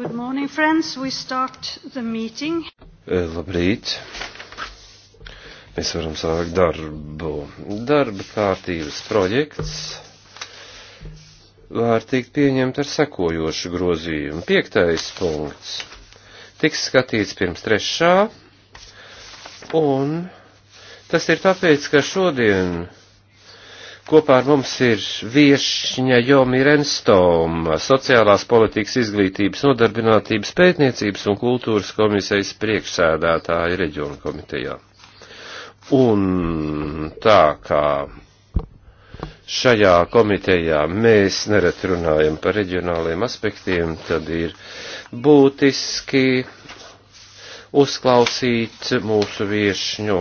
Good morning, friends. We start the meeting. Eh, labrīt. Mēs varam sākt darbu. Darba kārtības projekts var tikt pieņemt ar sekojošu grozījumu. Piektais punkts tiks skatīts pirms trešā, un tas ir tāpēc, ka šodien Kopā ar mums ir viešņa Jomi Renstoma, sociālās politikas izglītības nodarbinātības pētniecības un kultūras komisijas priekšsēdētāja reģiona komitejā. Un tā kā šajā komitejā mēs neret runājam par reģionāliem aspektiem, tad ir būtiski uzklausīt mūsu viešņu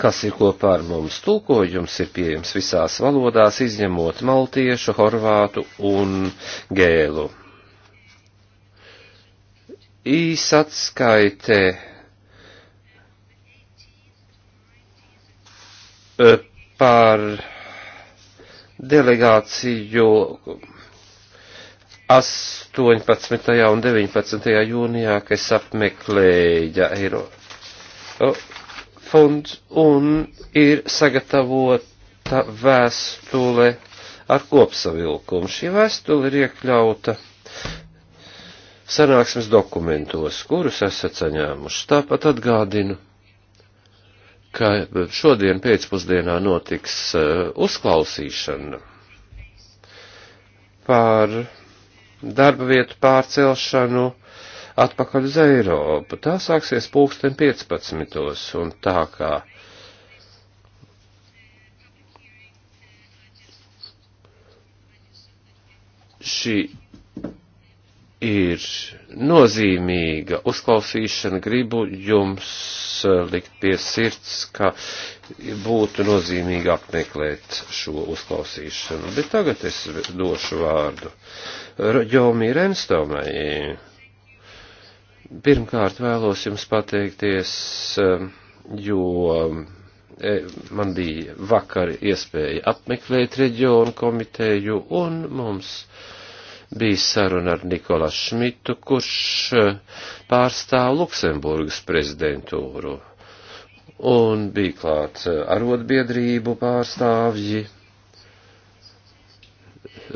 kas ir kopā ar mums. Tulkojums ir pieejams visās valodās, izņemot maltiešu, horvātu un gēlu. Īs atskaitē e, par delegāciju 18. un 19. jūnijā, kas apmeklēja Eiro. Oh fonds un ir sagatavota vēstule ar kopsavilkumu. Šī vēstule ir iekļauta sanāksmes dokumentos, kurus esat saņēmuši. Tāpat atgādinu, ka šodien pēcpusdienā notiks uh, uzklausīšana par darba vietu pārcelšanu atpakaļ uz Eiropu. Tā sāksies pulksten 15. un tā kā. Šī ir nozīmīga uzklausīšana, gribu jums eh, likt pie sirds, ka būtu nozīmīgi apmeklēt šo uzklausīšanu. Bet tagad es došu vārdu Jomī Renstomai Pirmkārt vēlos jums pateikties, um, jo um, e, man bija vakar iespēja apmeklēt reģionu komiteju un mums bija saruna ar Nikolas Šmitu, kurš e, pārstāv Luksemburgas prezidentūru. Un bija klāt e, arotbiedrību pārstāvji,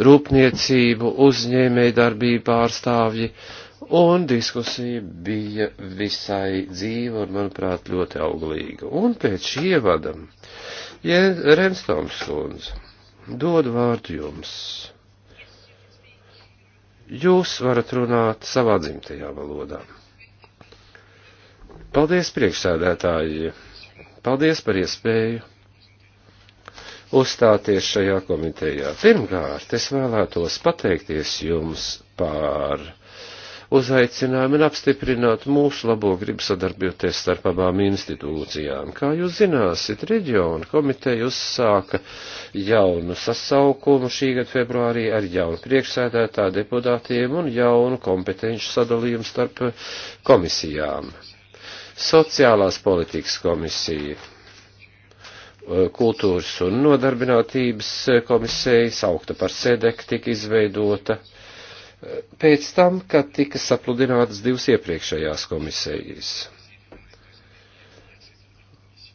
rūpniecību, uzņēmējdarbību pārstāvji, Un diskusija bija visai dzīva un, manuprāt, ļoti auglīga. Un pēc šī ievada, ja Renstoms kundze, dod vārdu jums. Jūs varat runāt savā dzimtajā valodā. Paldies, priekšsēdētāji! Paldies par iespēju uzstāties šajā komitejā. Pirmkārt, es vēlētos pateikties jums par uzaicinājumu un apstiprināt mūsu labo gribu sadarbjoties starp abām institūcijām. Kā jūs zināsit, reģiona komiteja uzsāka jaunu sasaukumu šī gada februārī ar jaunu priekšsēdētā deputātiem un jaunu kompetenci sadalījumu starp komisijām. Sociālās politikas komisija kultūras un nodarbinātības komisēja, saukta par SEDEK, tika izveidota uh, pēc tam, kad tika sapludinātas divas iepriekšējās komisijas.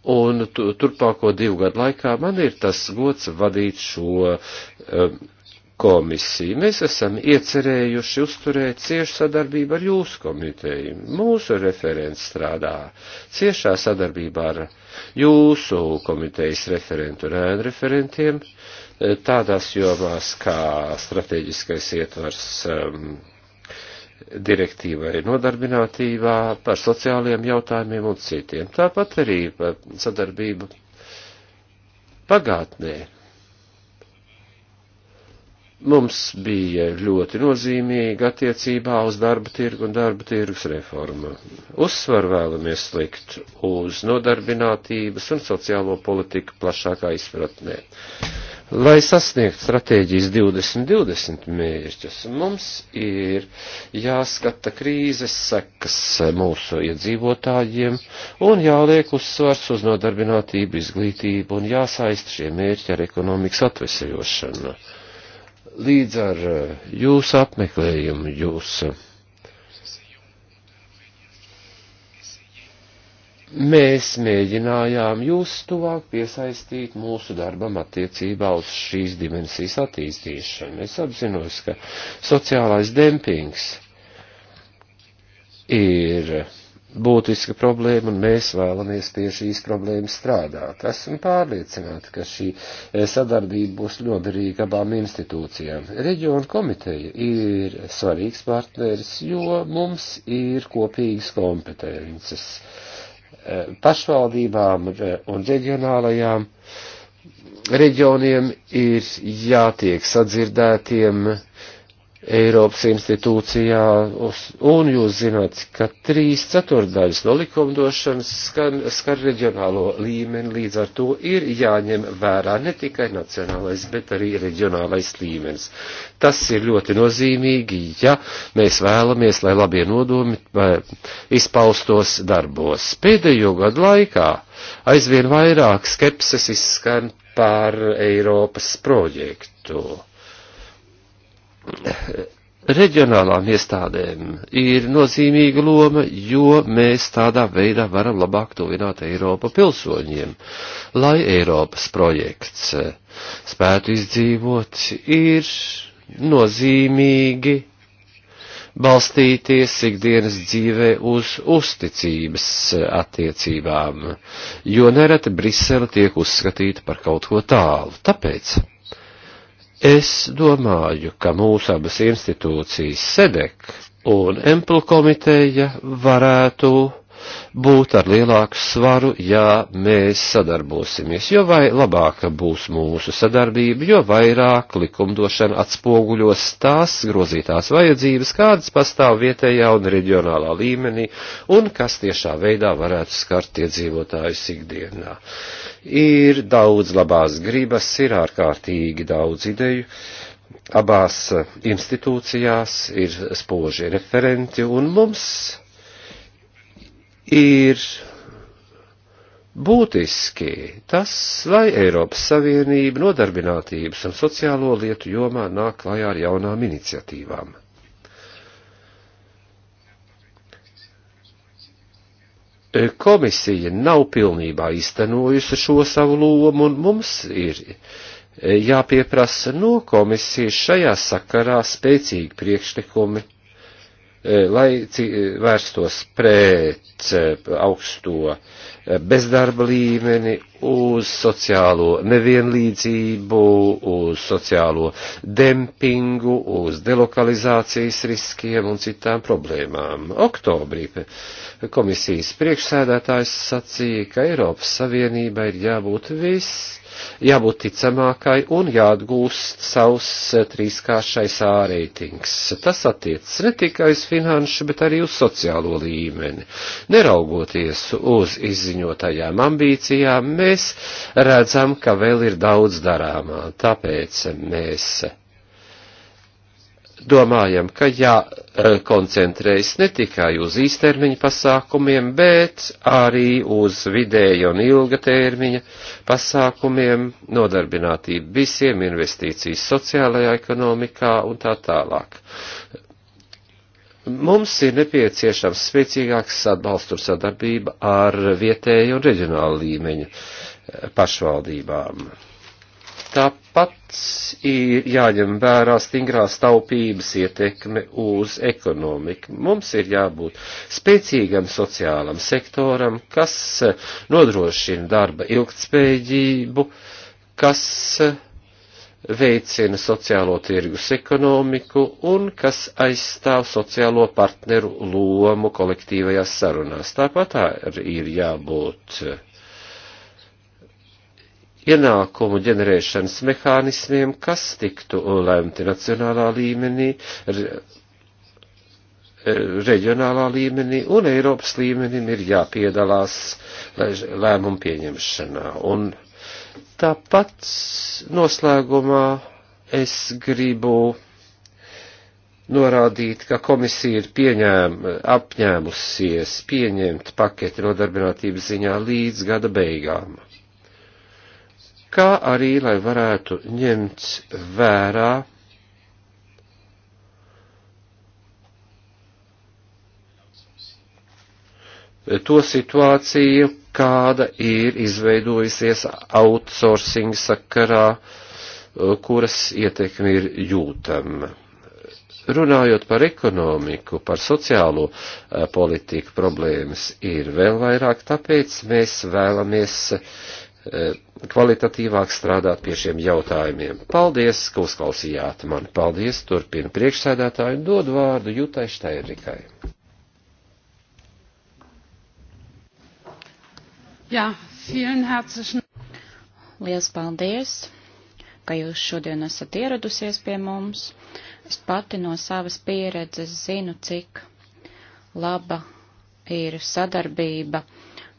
Un tu, turpāko divu gadu laikā man ir tas gods vadīt šo um, komisiju. Mēs esam iecerējuši uzturēt ciešu sadarbību ar jūsu komiteju. Mūsu referents strādā ciešā sadarbībā ar jūsu komitejas referentu un ēnreferentiem. referentiem tādās jomās kā strateģiskais ietvars um, direktīvai nodarbinātībā, par sociāliem jautājumiem un citiem. Tāpat arī uh, sadarbība pagātnē. Mums bija ļoti nozīmīga attiecībā uz darba tirgu un darba tirgus reformu. Uzsvaru vēlamies likt uz nodarbinātības un sociālo politiku plašākā izpratnē Lai sasniegtu stratēģijas 2020 mērķus, mums ir jāskata krīzes sekas mūsu iedzīvotājiem un jāliek uzsvars uz nodarbinātību, izglītību un jāsaista šie mērķi ar ekonomikas atvesejošanu. Līdz ar jūsu apmeklējumu jūs. Apmeklējum, jūs mēs mēģinājām jūs tuvāk piesaistīt mūsu darbam attiecībā uz šīs dimensijas attīstīšanu. Es apzinos, ka sociālais dempings ir būtiska problēma, un mēs vēlamies pie šīs problēmas strādāt. Esmu pārliecināta, ka šī eh, sadarbība būs noderīga abām institūcijām. Reģiona komiteja ir svarīgs partneris, jo mums ir kopīgas kompetences. Uh, Eh, pašvaldībām eh, un reģionālajām reģioniem ir jātiek sadzirdētiem Eiropas institūcijā, un jūs zināt, ka trīs ceturdaļas no likumdošanas skan, skar reģionālo līmeni, līdz ar to ir jāņem vērā ne tikai nacionālais, bet arī reģionālais līmenis. Tas ir ļoti nozīmīgi, ja mēs vēlamies, lai labie nodomi izpaustos darbos. Pēdējo gadu laikā aizvien vairāk skepses izskan par Eiropas projektu reģionālām iestādēm ir nozīmīga loma, jo mēs tādā veidā varam labāk tuvināt Eiropu pilsoņiem, lai Eiropas projekts eh, spētu izdzīvot, ir nozīmīgi balstīties ikdienas dzīvē uz uzticības eh, attiecībām, jo nereti Brisele tiek uzskatīta par kaut ko tālu. Tāpēc Es domāju, ka mūsu abas institūcijas SEDEK un Emplu komiteja varētu būt ar lielāku svaru, ja mēs sadarbosimies, jo vai labāka būs mūsu sadarbība, jo vairāk likumdošana atspoguļos tās grozītās vajadzības, kādas pastāv vietējā un reģionālā līmenī, un kas tiešā veidā varētu skart iedzīvotājus ikdienā. Ir daudz labās gribas, ir ārkārtīgi daudz ideju. Abās eh, institūcijās ir spoži referenti, un mums ir būtiski tas, lai Eiropas Savienība nodarbinātības un sociālo lietu jomā nāk klajā ar jaunām iniciatīvām. E, komisija nav pilnībā iztenojusi šo savu lomu, un mums ir e, jāpieprasa no komisijas šajā sakarā spēcīgi priekšlikumi Eh, lai eh, vērstos pret eh, augsto bezdarba līmeni, uz sociālo nevienlīdzību, uz sociālo dempingu, uz delokalizācijas riskiem un citām problēmām. Oktobrī komisijas priekšsēdētājs sacīja, ka Eiropas Savienība ir jābūt viss jābūt ticamākai un jāatgūst savs trīskāršais ārreitings. Tas attiecas ne tikai uz finanšu, bet arī uz sociālo līmeni. Neraugoties uz izziņotajām ambīcijām, mēs redzam, ka vēl ir daudz darāmā, tāpēc mēs domājam, ka jā. Ja Eh, koncentrējas ne tikai uz īstermiņa pasākumiem, bet arī uz vidēja un ilga termiņa pasākumiem, nodarbinātību visiem, investīcijas sociālajā ekonomikā un tā tālāk. Mums ir nepieciešams spēcīgāks atbalstu sadarbība ar vietēju un reģionālu līmeņu pašvaldībām. Tāpēc Tāpat ir jāņem vērā stingrā staupības ietekme uz ekonomiku. Mums ir jābūt spēcīgam sociālam sektoram, kas nodrošina darba ilgtspējību, kas veicina sociālo tirgus ekonomiku un kas aizstāv sociālo partneru lomu kolektīvajās sarunās. Tāpat tā ir jābūt ienākumu ģenerēšanas mehānismiem, kas tiktu lemti nacionālā līmenī, e, reģionālā līmenī un Eiropas līmenim ir jāpiedalās lēmumu pieņemšanā. Un tāpat noslēgumā es gribu norādīt, ka komisija ir pieņēm, apņēmusies pieņemt paketi nodarbinātības ziņā līdz gada beigām kā arī, lai varētu ņemt vērā to situāciju, kāda ir izveidojusies outsourcing sakarā, kuras ietekmi ir jūtama. Runājot par ekonomiku, par sociālo eh, politiku problēmas ir vēl vairāk, tāpēc mēs vēlamies eh, kvalitatīvāk strādāt pie šiem jautājumiem. Paldies, ka uzklausījāt mani. Paldies, turpina priekšsēdētāju un dod vārdu Jutai Štairikai. Jā, vielen herzlichen. Liels paldies, ka jūs šodien esat ieradusies pie mums. Es pati no savas pieredzes zinu, cik laba ir sadarbība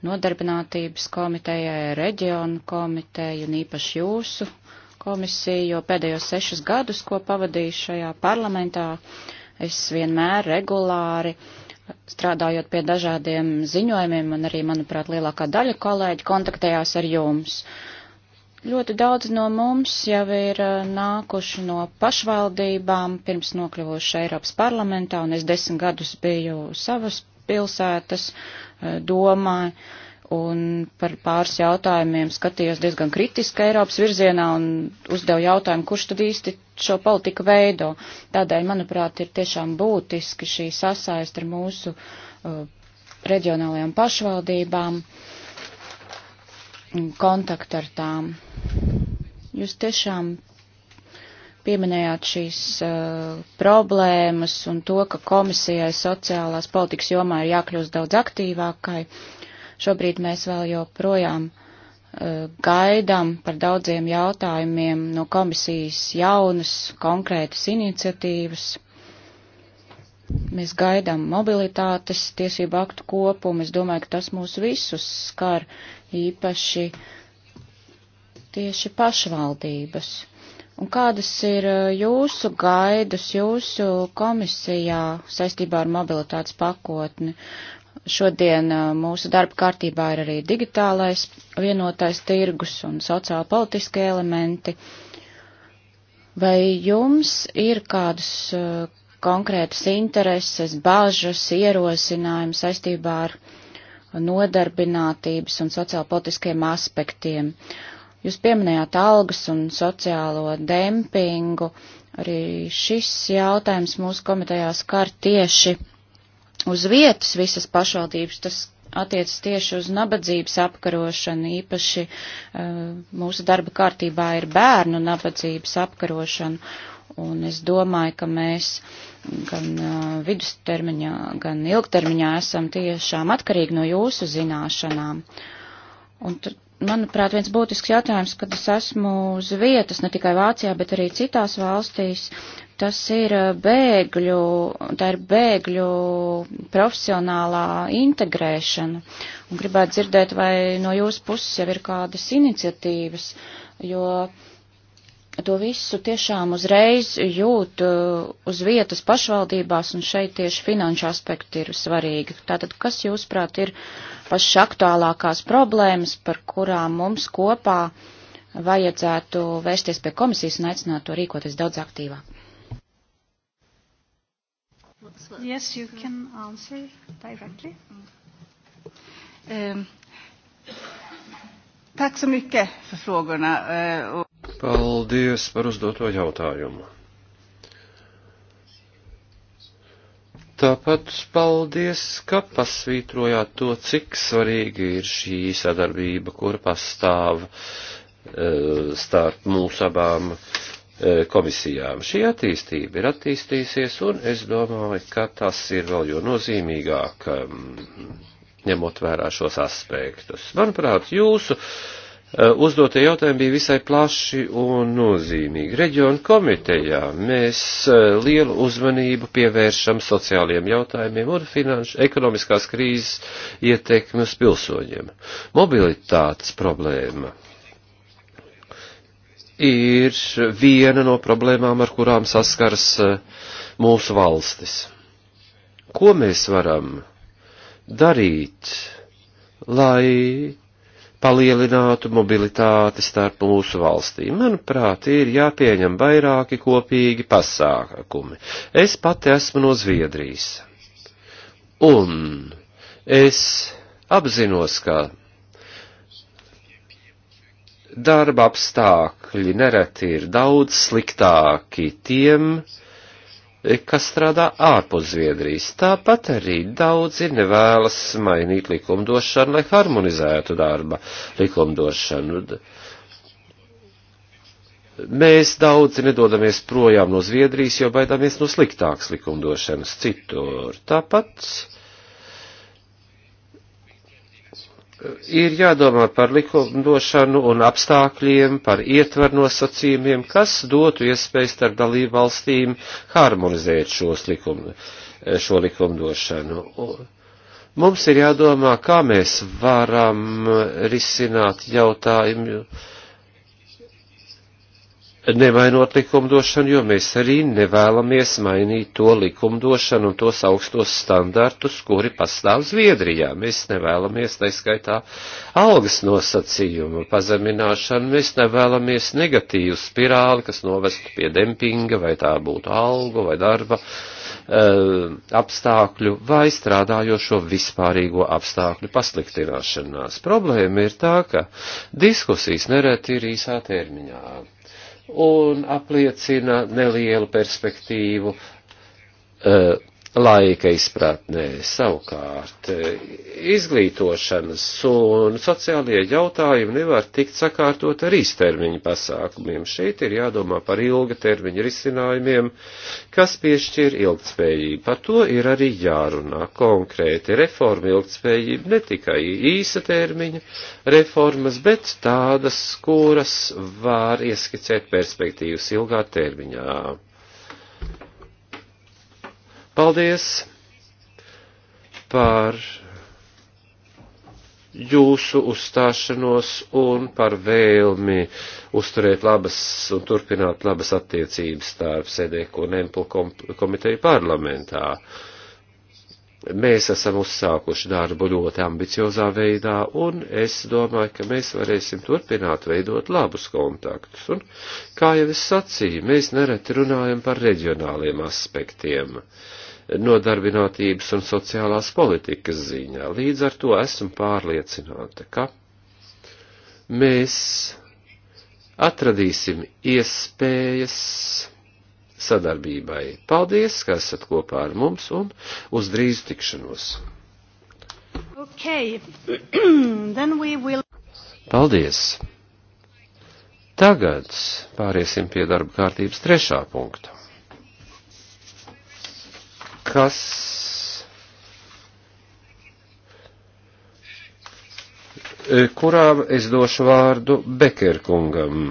nodarbinātības komitejai, reģionu komiteju un īpaši jūsu komisiju, jo pēdējos sešus gadus, ko pavadīju šajā parlamentā, es vienmēr regulāri strādājot pie dažādiem ziņojumiem, un arī, manuprāt, lielākā daļa kolēģi kontaktējās ar jums. Ļoti daudz no mums jau ir uh, nākuši no pašvaldībām, pirms nokļuvuši Eiropas parlamentā, un es desmit gadus biju savas pilsētas, eh, domāju, un par pāris jautājumiem skatījos diezgan kritiski Eiropas virzienā un uzdevu jautājumu, kurš tad īsti šo politiku veido. Tādēļ, manuprāt, ir tiešām būtiski šī sasaist ar mūsu uh, reģionālajām pašvaldībām, kontaktu ar tām. Jūs tiešām pieminējāt šīs uh, problēmas un to, ka komisijai sociālās politikas jomā ir jākļūst daudz aktīvākai. Šobrīd mēs vēl joprojām uh, gaidām par daudziem jautājumiem no komisijas jaunas, konkrētas iniciatīvas. Mēs gaidām mobilitātes tiesību aktu kopumu. Es domāju, ka tas mūs visus skar īpaši tieši pašvaldības. Un kādas ir uh, jūsu gaidas jūsu komisijā saistībā ar mobilitātes pakotni? Šodien uh, mūsu darba kārtībā ir arī digitālais vienotais tirgus un sociāla politiskie elementi. Vai jums ir kādas uh, konkrētas intereses, bažas, ierosinājumi saistībā ar nodarbinātības un sociāla politiskiem aspektiem? Uh, Jūs pieminējāt algas un sociālo dempingu. Arī šis jautājums mūsu komitejā skar tieši uz vietas visas pašvaldības. Tas attiecas tieši uz nabadzības apkarošanu, īpaši eh, mūsu darba kārtībā ir bērnu nabadzības apkarošana. Un es domāju, ka mēs gan eh, vidustermiņā, gan ilgtermiņā esam tiešām atkarīgi no jūsu zināšanām. Un manuprāt, viens būtisks jautājums, kad es esmu uz vietas, ne tikai Vācijā, bet arī citās valstīs, tas ir eh, bēgļu, tā ir bēgļu profesionālā integrēšana. Un gribētu dzirdēt, vai no jūsu puses jau ir kādas iniciatīvas, jo uh, to visu tiešām uzreiz jūt uh, uz vietas pašvaldībās, un šeit tieši finanšu aspekti ir svarīgi. Tātad, kas jūsuprāt ir pašas aktuālākās problēmas, par kurām mums kopā vajadzētu vērsties pie komisijas un aicināt to rīkoties daudz aktīvāk? Yes, you can answer directly. Um, Tack så mycket för frågorna. Eh, paldies par uzdoto jautājumu. Tāpat paldies, ka pasvītrojāt to, cik svarīgi ir šī sadarbība, kur pastāv eh, starp mūsu abām eh, komisijām. Šī attīstība ir attīstījusies, un es domāju, ka tas ir vēl jo nozīmīgāk mm, ņemot vērā šos aspektus. Manuprāt, jūsu e, uzdotie jautājumi bija visai plaši un nozīmīgi. Reģiona komitejā mēs e, lielu uzmanību pievēršam sociāliem jautājumiem un finanšu ekonomiskās krīzes ietekmi uz pilsoņiem. Mobilitātes problēma ir viena no problēmām, ar kurām saskars e, mūsu valstis. Ko mēs varam darīt, lai palielinātu mobilitāti starp mūsu valstīm. Manuprāt, ir jāpieņem vairāki kopīgi pasākumi. Es pati esmu no Zviedrijas. Un es apzinos, ka darba apstākļi nereti ir daudz sliktāki tiem, uh, E, kas strādā ārpus Zviedrijas. Tāpat arī daudzi nevēlas mainīt likumdošanu, lai harmonizētu darba likumdošanu. Mēs daudzi nedodamies projām no Zviedrijas, jo baidāmies no sliktākas likumdošanas citur. Tāpat ir jādomā par likumdošanu un apstākļiem, par ietvernosacījumiem, kas dotu iespēju starp dalību valstīm harmonizēt šos likum, šo likumdošanu. Mums ir jādomā, kā mēs varam risināt jautājumu nemainot likumdošanu, jo mēs arī nevēlamies mainīt to likumdošanu un tos augstos standartus, kuri pastāv Zviedrijā. Mēs nevēlamies, tā skaitā, algas nosacījumu pazemināšanu, mēs nevēlamies negatīvu spirāli, kas novestu pie dempinga, vai tā būtu algu vai darba uh, apstākļu vai strādājošo vispārīgo apstākļu pasliktināšanās. Problēma ir tā, ka diskusijas nereti ir īsā termiņā un apliecina nelielu perspektīvu uh, laika izpratnē. Savukārt, izglītošanas un sociālie jautājumi nevar tikt sakārtot ar īstermiņu pasākumiem. Šeit ir jādomā par ilga termiņa risinājumiem, kas piešķir ilgtspējību. Par to ir arī jārunā konkrēti reforma ilgtspējība, ne tikai īsa termiņa reformas, bet tādas, kuras var ieskicēt perspektīvas ilgā termiņā Paldies par jūsu uzstāšanos un par vēlmi uzturēt labas un turpināt labas attiecības starp Sēdēko un Emplu komiteju parlamentā. Mēs esam uzsākuši darbu ļoti ambiciozā veidā, un es domāju, ka mēs varēsim turpināt veidot labus kontaktus. Un, kā jau es sacīju, mēs nereti runājam par reģionāliem aspektiem. Uh, nodarbinātības un sociālās politikas ziņā. Līdz ar to esmu pārliecināta, ka mēs atradīsim iespējas sadarbībai. Paldies, ka esat kopā ar mums un uz drīz tikšanos. Okay. will... Paldies! Tagad pāriesim pie darba kārtības trešā punkta kas kurām es došu vārdu Bekerkungam,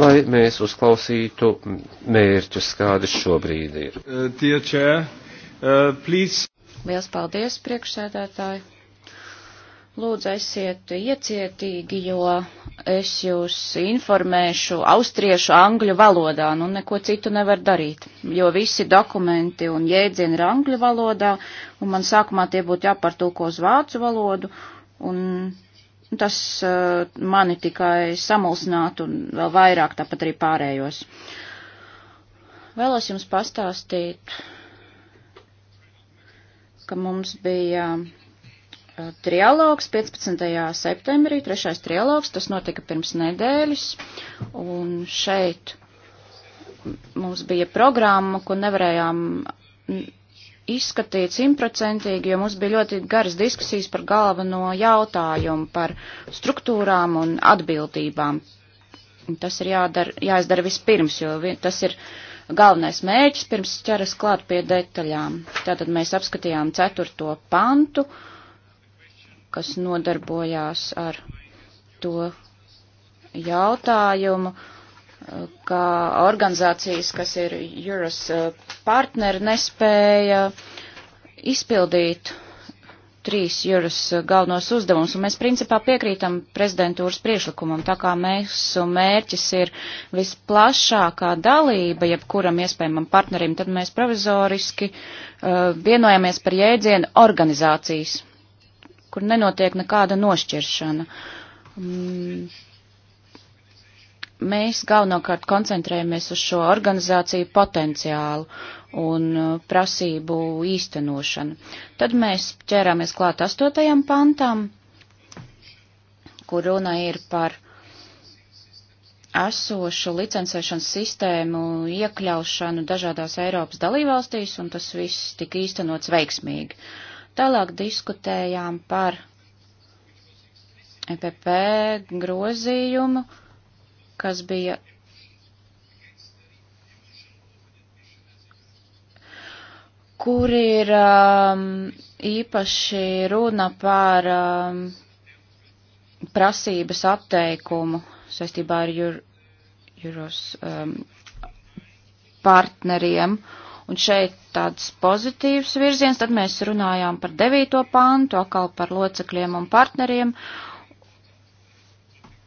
lai mēs uzklausītu mērķus, kādi šobrīd ir. Uh, uh, Liels paldies, priekšsēdētāji! Lūdzu, esiet iecietīgi, jo es jūs informēšu austriešu angļu valodā, nu neko citu nevar darīt, jo visi dokumenti un jēdzieni ir angļu valodā, un man sākumā tie būtu jāpārtulko uz vācu valodu, un tas uh, mani tikai samulsinātu un vēl vairāk tāpat arī pārējos. Vēlos jums pastāstīt, ka mums bija. Uh, Uh, trialogs 15. septembrī, trešais trialogs, tas notika pirms nedēļas, un šeit mums bija programma, ko nevarējām izskatīt simtprocentīgi, jo mums bija ļoti garas diskusijas par galveno jautājumu, par struktūrām un atbildībām. Tas ir jādara, jāizdara vispirms, jo tas ir galvenais mērķis pirms ķeras klāt pie detaļām. Tātad mēs apskatījām ceturto pantu, uh, kas nodarbojās ar to jautājumu, kā organizācijas, kas ir jūras eh, partneri, nespēja izpildīt trīs jūras eh, galvenos uzdevumus, un mēs principā piekrītam prezidentūras priešlikumam, tā kā mūsu mērķis ir visplašākā dalība jebkuram iespējamam partnerim, tad mēs provizoriski uh, vienojamies par jēdzienu organizācijas kur nenotiek nekāda nošķiršana. Mm. Mēs galvenokārt koncentrējamies uz šo organizāciju potenciālu un uh, prasību īstenošanu. Tad mēs ķērāmies klāt astotajam pantam, kur runa ir par esošu licencēšanas sistēmu iekļaušanu dažādās Eiropas dalībvalstīs, un tas viss tika īstenots veiksmīgi. Uh, Tālāk diskutējām par EPP grozījumu, kas bija kur ir um, īpaši runa par um, prasības apteikumu saistībā ar jur, juros um, partneriem. Uh, Un šeit tāds pozitīvs virziens, tad mēs runājām par devīto pāntu, atkal par locekļiem un partneriem,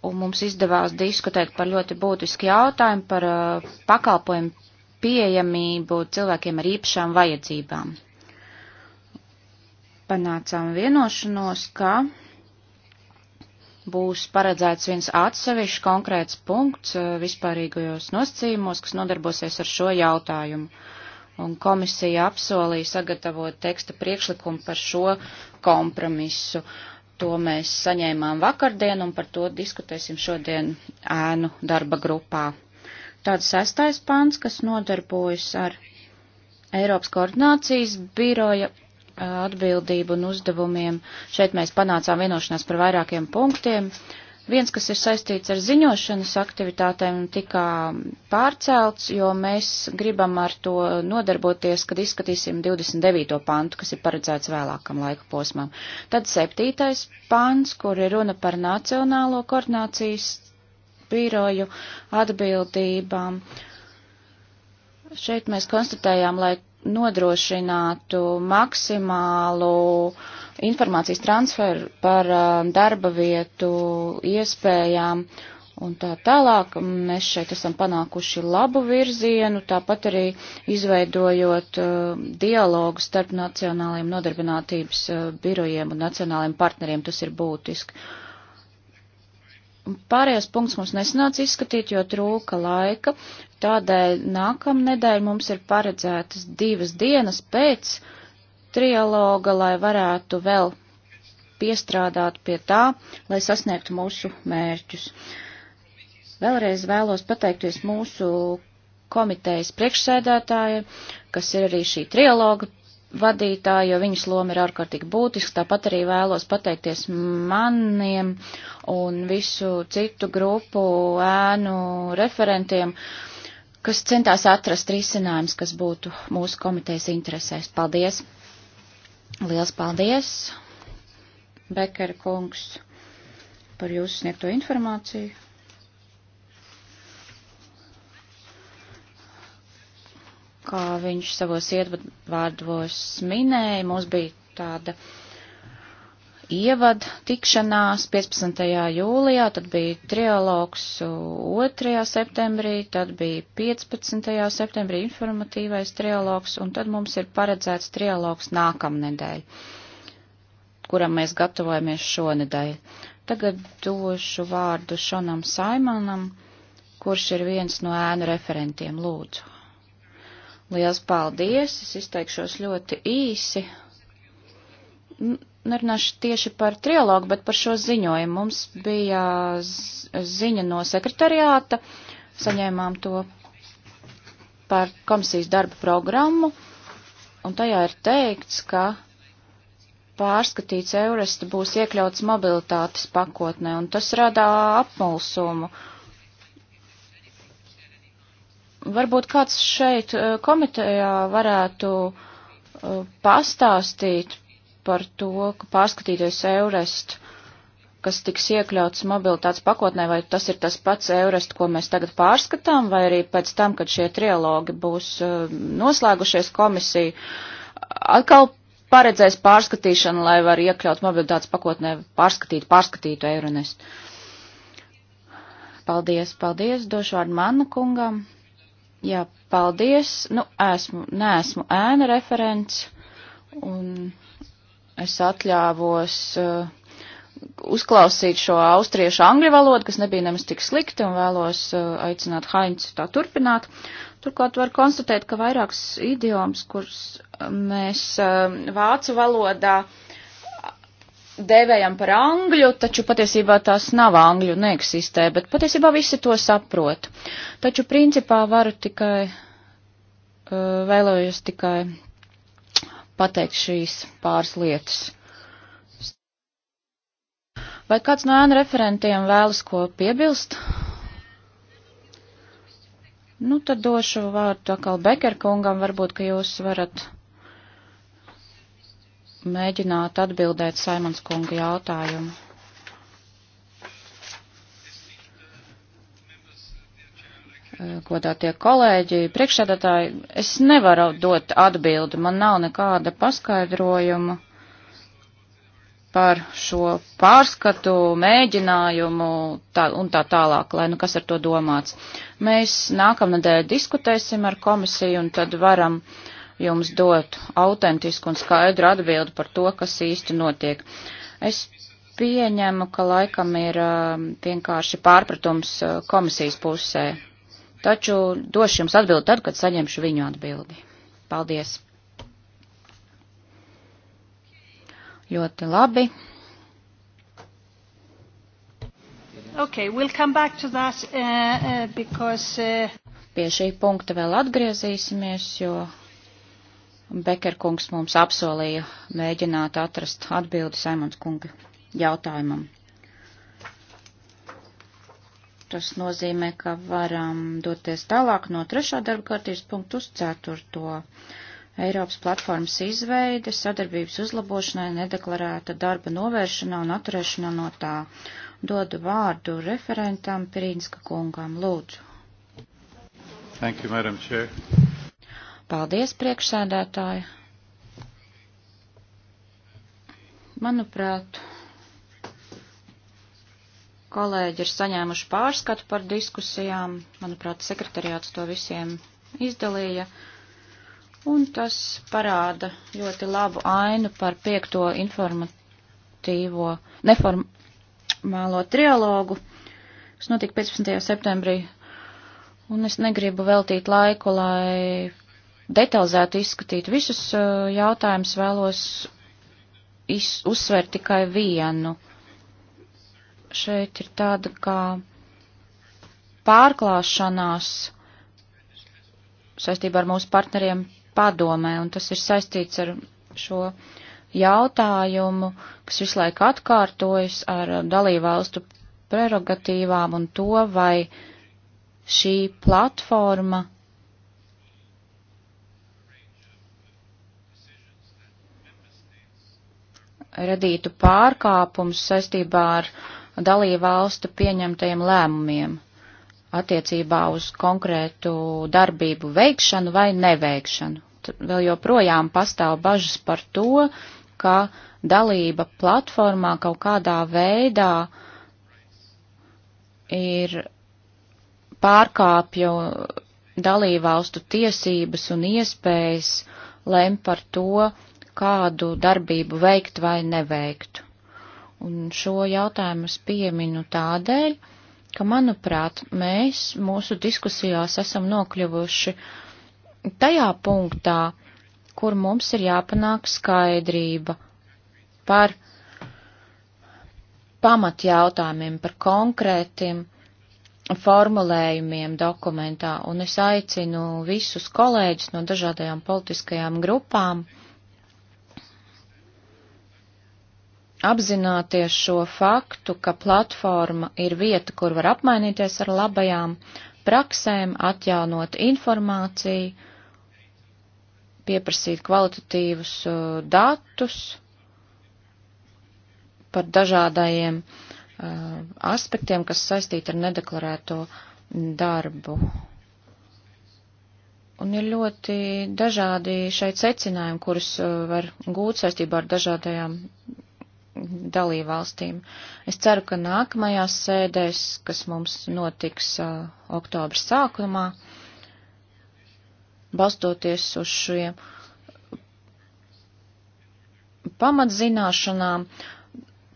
un mums izdevās diskutēt par ļoti būtisku jautājumu par uh, pakalpojumu pieejamību cilvēkiem ar īpašām vajadzībām. Panācām vienošanos, ka būs paredzēts viens atsevišķs konkrēts punkts uh, vispārīgajos nosacījumos, kas nodarbosies ar šo jautājumu. Uh, un komisija apsolīja sagatavot teksta priekšlikumu par šo kompromisu. To mēs saņēmām vakardien un par to diskutēsim šodien ēnu darba grupā. Tāds sestais pants, kas nodarbojas ar Eiropas koordinācijas biroja atbildību un uzdevumiem. Šeit mēs panācām vienošanās par vairākiem punktiem. Uh, Viens, kas ir saistīts ar ziņošanas aktivitātēm, tika pārcelts, jo mēs gribam ar to nodarboties, kad izskatīsim 29. pantu, kas ir paredzēts vēlākam laika posmam. Tad 7. pants, kur ir runa par Nacionālo koordinācijas biroju atbildībām. Šeit mēs konstatējām, lai nodrošinātu maksimālu informācijas transferu par um, darba vietu iespējām un tā tālāk. Mēs šeit esam panākuši labu virzienu, tāpat arī izveidojot um, dialogu starp nacionālajiem nodarbinātības uh, birojiem un nacionālajiem partneriem. Tas ir būtiski. Pārējais punkts mums nesanāca izskatīt, jo trūka laika. Tādēļ nākamnedēļ mums ir paredzētas divas dienas pēc trialoga, lai varētu vēl piestrādāt pie tā, lai sasniegtu mūsu mērķus. Vēlreiz vēlos pateikties mūsu komitejas priekšsēdētājiem, kas ir arī šī trialoga vadītāju, jo viņas loma ir ārkārtīgi būtiska. Tāpat arī vēlos pateikties maniem un visu citu grupu ēnu referentiem, kas centās atrast risinājums, kas būtu mūsu komitejas interesēs. Paldies! Liels paldies, Bekera kungs, par jūsu sniegto informāciju! kā viņš savos ievadvārdos minēja, mums bija tāda ievad tikšanās 15. jūlijā, tad bija trialogs 2. septembrī, tad bija 15. septembrī informatīvais trialogs, un tad mums ir paredzēts trialogs nākamnedēļ, kuram mēs gatavojamies šonedēļ. Tagad došu vārdu Šonam Saimanam, kurš ir viens no ēnu referentiem. Lūdzu. Liels paldies! Es izteikšos ļoti īsi. Nerunāšu tieši par trilogu, bet par šo ziņojumu. Mums bija ziņa no sekretariāta, saņēmām to par komisijas darba programmu, un tajā ir teikts, ka pārskatīts Eurest būs iekļauts mobilitātes pakotnē, un tas rada apmulsumu. Uh, Varbūt kāds šeit eh, komitejā varētu eh, pastāstīt par to, ka pārskatīties Eurest, kas tiks iekļauts mobilitātes pakotnē, vai tas ir tas pats Eurest, ko mēs tagad pārskatām, vai arī pēc tam, kad šie trialogi būs eh, noslēgušies komisija, atkal paredzēs pārskatīšanu, lai var iekļaut mobilitātes pakotnē, pārskatīt, pārskatītu Euronest. Paldies, paldies, došu vārdu manu kungam. Jā, paldies. Nu, esmu, neesmu ēna referents, un es atļāvos uh, uzklausīt šo austriešu angļu valodu, kas nebija nemaz tik slikti, un vēlos uh, aicināt Haincu tā turpināt. Turklāt var konstatēt, ka vairākas idiomas, kuras mēs uh, vācu valodā uh, dēvējam par angļu, taču patiesībā tās nav angļu, neeksistē, bet patiesībā visi to saprot. Taču principā varu tikai, eh, vēlējos tikai pateikt šīs pāris lietas. Vai kāds no ēna referentiem vēlas ko piebilst? Nu, tad došu vārdu atkal Bekerkungam, varbūt, ka jūs varat mēģināt atbildēt Saimons kunga jautājumu. Eh, Godātie kolēģi, priekšsēdētāji, es nevaru dot atbildi, man nav nekāda paskaidrojuma par šo pārskatu, mēģinājumu tā, un tā tālāk, lai nu kas ar to domāts. Mēs nākamnedēļ diskutēsim ar komisiju un tad varam uh, jums dot autentisku un skaidru atbildi par to, kas īsti notiek. Es pieņemu, ka laikam ir um, vienkārši pārpratums uh, komisijas pusē, taču došu jums atbildi tad, kad saņemšu viņu atbildi. Paldies! Ļoti labi. Okay, we'll come back to that uh, uh, because. Uh... Pie šī punkta vēl atgriezīsimies, jo Bekerkungs mums apsolīja mēģināt atrast atbildi Saimons kunga jautājumam. Tas nozīmē, ka varam doties tālāk no trešā darba kārtības punktu uz ceturto. Eiropas platformas izveide sadarbības uzlabošanai nedeklarēta darba novēršanā un atturēšanā no tā. Dodu vārdu referentam Pirīnska kungām. Lūdzu. Thank you, Madam Chair. Paldies, priekšsēdētāji. Manuprāt, kolēģi ir saņēmuši pārskatu par diskusijām. Manuprāt, sekretariāts to visiem izdalīja. Un tas parāda ļoti labu ainu par piekto informatīvo neformālo trialogu, kas notika 15. septembrī. Un es negribu veltīt laiku, lai detalizēti izskatīt visus eh, jautājumus, vēlos iz, uzsvērt tikai vienu. Šeit ir tāda kā pārklāšanās saistībā ar mūsu partneriem padomē, un tas ir saistīts ar šo jautājumu, kas visu laiku atkārtojas ar dalībvalstu prerogatīvām un to, vai šī platforma radītu pārkāpums saistībā ar dalību valstu pieņemtajiem lēmumiem attiecībā uz konkrētu darbību veikšanu vai neveikšanu. Tad vēl joprojām pastāv bažas par to, ka dalība platformā kaut kādā veidā ir pārkāpju dalībvalstu tiesības un iespējas lem par to, kādu darbību veikt vai neveikt. Un šo jautājumu es pieminu tādēļ, ka, manuprāt, mēs mūsu diskusijās esam nokļuvuši tajā punktā, kur mums ir jāpanāk skaidrība par pamatjautājumiem, par konkrētiem formulējumiem dokumentā, un es aicinu visus kolēģus no dažādajām politiskajām grupām apzināties šo faktu, ka platforma ir vieta, kur var apmainīties ar labajām praksēm, atjaunot informāciju, pieprasīt kvalitatīvus uh, datus par dažādajiem uh, aspektiem, kas saistīti ar nedeklarēto darbu. Un ir ļoti dažādi šeit secinājumi, kurus uh, var gūt saistībā ar dažādajām dalībvalstīm. Es ceru, ka nākamajās sēdēs, kas mums notiks uh, oktobra sākumā, balstoties uz šiem pamatzināšanām,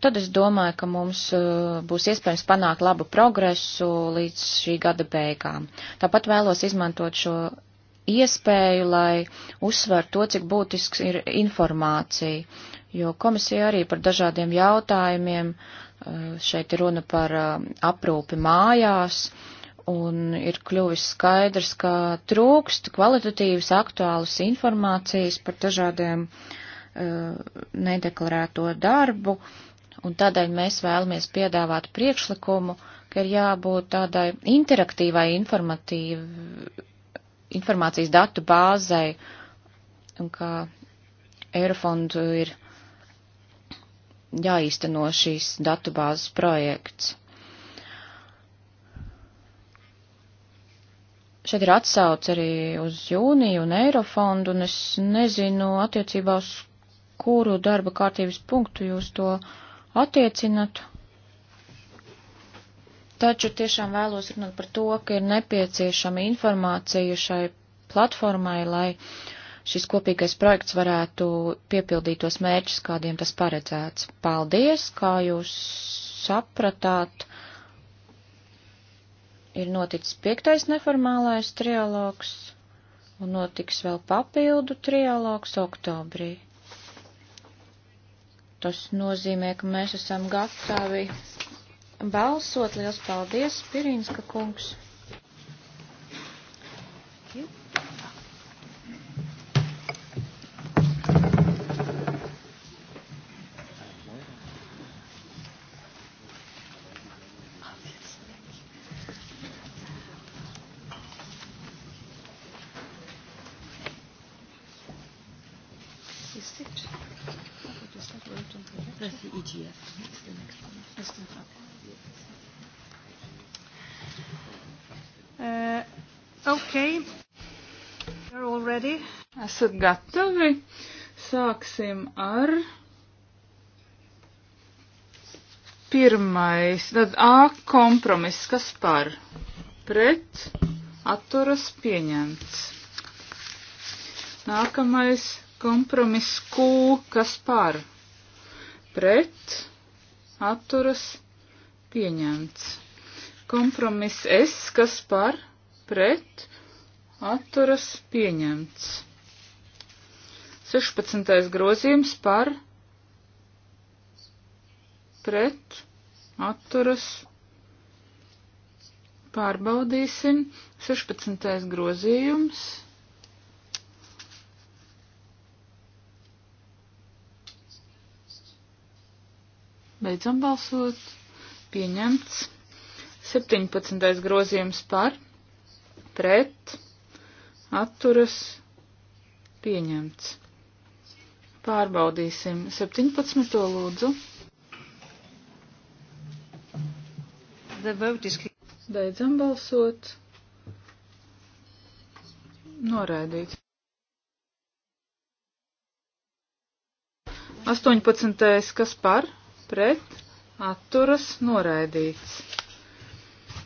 tad es domāju, ka mums uh, būs iespējams panākt labu progresu līdz šī gada beigām. Tāpat vēlos izmantot šo iespēju, lai uzsver to, cik būtisks ir informācija jo komisija arī par dažādiem jautājumiem, eh, šeit ir runa par eh, aprūpi mājās, un ir kļuvis skaidrs, ka trūkst kvalitatīvas aktuālas informācijas par dažādiem eh, nedeklarēto darbu, un tādēļ mēs vēlamies piedāvāt priekšlikumu, ka ir jābūt tādai interaktīvai informācijas datu bāzei, un ka Eurofondu ir jāīsteno šīs datubāzes projekts. Šeit ir atsauc arī uz jūniju un eirofondu, un es nezinu attiecībā uz kuru darba kārtības punktu jūs to attiecinat. Taču tiešām vēlos runāt par to, ka ir nepieciešama informācija šai platformai, lai uh, šis kopīgais projekts varētu piepildīt tos mērķus, kādiem tas paredzēts. Paldies, kā jūs sapratāt, ir noticis piektais neformālais trialogs un notiks vēl papildu trialogs oktobrī. Tas nozīmē, ka mēs esam gatavi balsot. Liels paldies, Pirinska kungs! Thank you. Uh, okay. You're all ready. Esat gatavi? Sāksim ar pirmais, tad A kompromiss, kas par pret atturas pieņemts. Nākamais kompromiss Q, kas par pret atturas pieņemts. Kompromiss S, kas par, pret, atturas pieņemts. 16. grozījums par, pret, atturas pārbaudīsim. 16. grozījums. Beidzam balsot. Pieņemts. 17. grozījums par, pret, atturas, pieņemts. Pārbaudīsim 17. lūdzu. Beidzam balsot. Noraidīt. 18. kas par? pret, atturas, noraidīts.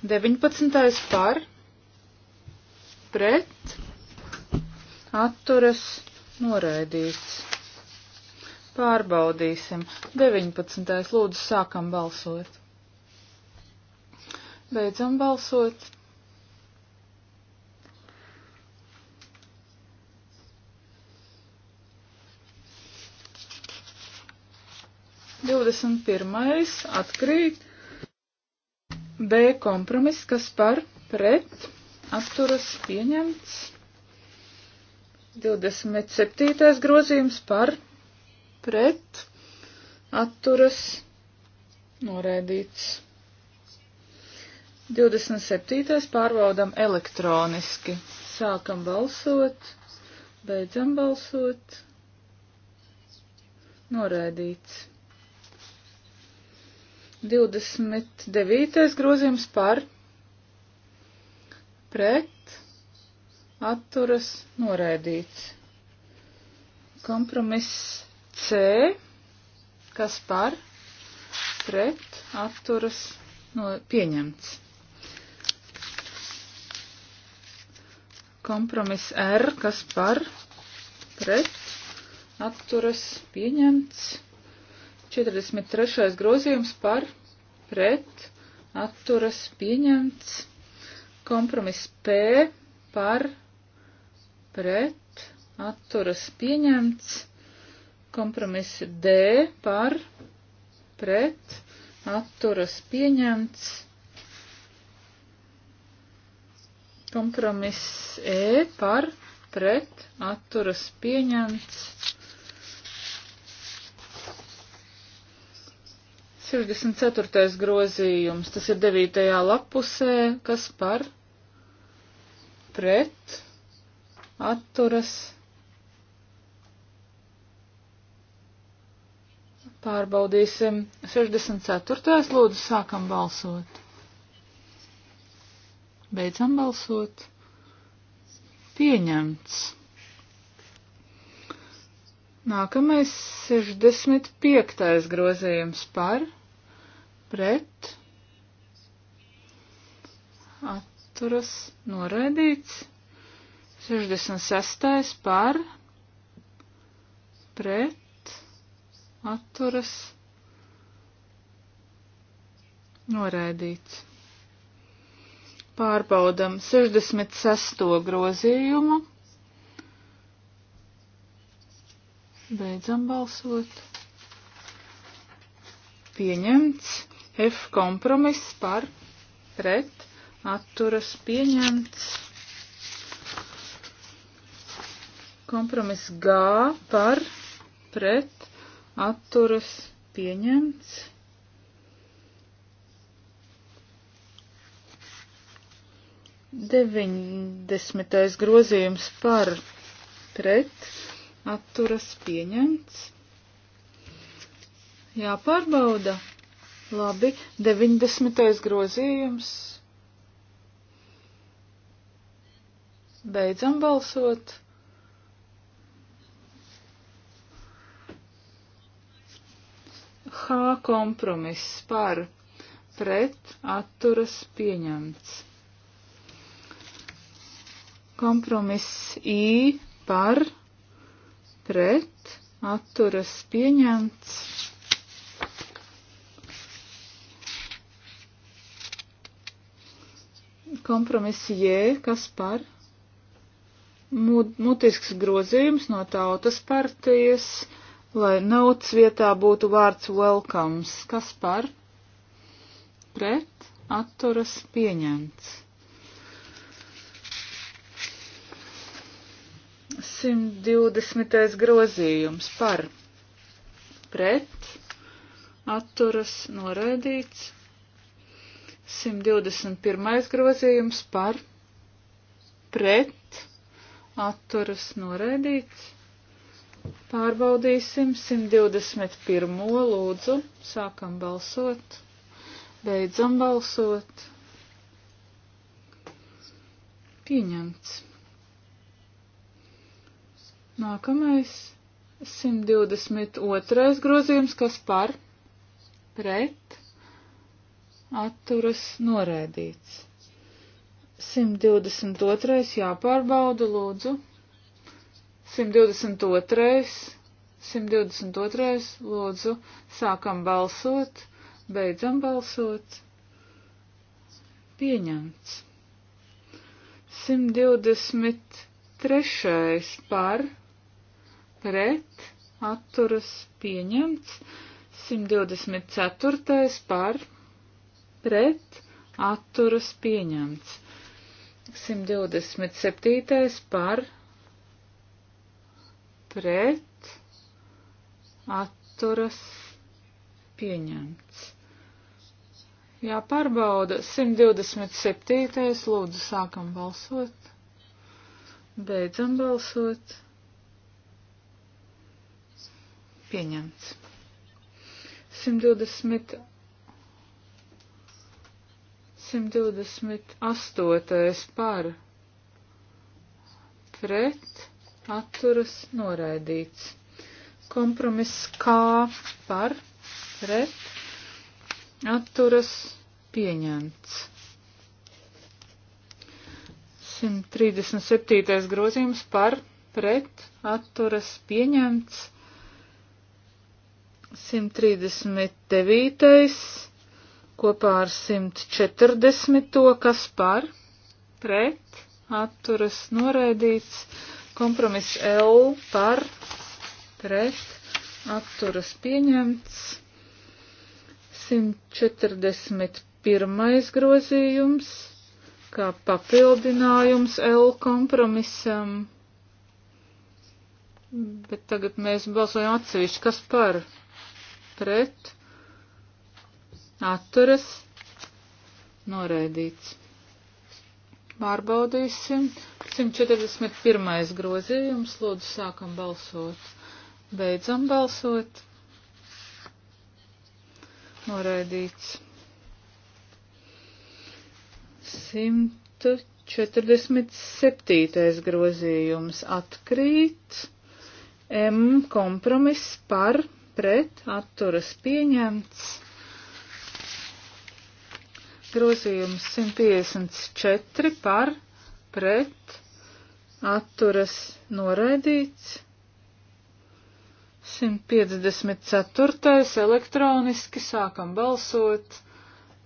19. par, pret, atturas, noraidīts. Pārbaudīsim. 19. lūdzu sākam balsot. Beidzam balsot. 21. atkrīt. B kompromiss, kas par pret atturas pieņemts. 27. grozījums par pret atturas noraidīts. 27. pārbaudam elektroniski. Sākam balsot, beidzam balsot. Noraidīts. 29. grozījums par pret atturas noraidīts. Kompromiss C, kas par pret atturas no, pieņemts. Kompromiss R, kas par pret atturas pieņemts. 43. grozījums par pret atturas pieņemts. Kompromiss P par pret atturas pieņemts. Kompromiss D par pret atturas pieņemts. Kompromiss E par pret atturas pieņemts. 64. grozījums, tas ir 9. lapusē, kas par pret atturas pārbaudīsim 64. lūdzu sākam balsot. Beidzam balsot. Pieņemts. Nākamais 65. grozījums par, pret, atturas, noraidīts. 66. par, pret, atturas, noraidīts. Pārbaudam 66. grozījumu. Beidzam balsot. Pieņemts. F kompromiss par pret atturas pieņemts. Kompromiss G par pret atturas pieņemts. Deviņdesmitais grozījums par pret atturas pieņemts. Jāpārbauda. Labi, 90. grozījums. Beidzam balsot. H kompromiss par pret atturas pieņemts. Kompromiss I par pret pret, atturas pieņemts. Kompromiss J, kas par? Mutisks grozījums no tautas partijas, lai nauts vietā būtu vārds welcomes. Kas par? Pret, atturas pieņemts. 120. grozījums par pret atturas noraidīts. 121. grozījums par pret atturas noraidīts. Pārbaudīsim 121. lūdzu. Sākam balsot. Beidzam balsot. Pieņemts. Nākamais 122. grozījums, kas par pret atturas norēdīts. 122. jāpārbauda, lūdzu. 122. 122. lūdzu, sākam balsot, beidzam balsot. Pieņemts. 123. par pret, atturas pieņemts. 124. par, pret, atturas pieņemts. 127. par, pret, atturas pieņemts. Jāpārbauda 127. lūdzu sākam balsot. Beidzam balsot. Pieņemts. 120. 128. par pret atturas noraidīts. Kompromiss kā par pret atturas pieņemts. 137. grozījums par pret atturas pieņemts. 139. kopā ar 140. kas par pret atturas noraidīts. Kompromiss L par pret atturas pieņemts. 141. grozījums kā papildinājums L kompromisam. Bet tagad mēs balsojam atsevišķi, kas par pret, atturas, noraidīts. Pārbaudīsim. 141. grozījums. Lūdzu, sākam balsot. Beidzam balsot. Noraidīts. 147. grozījums atkrīt. M kompromiss par pret atturas pieņemts. Grozījums 154 par pret atturas noraidīts. 154. elektroniski sākam balsot,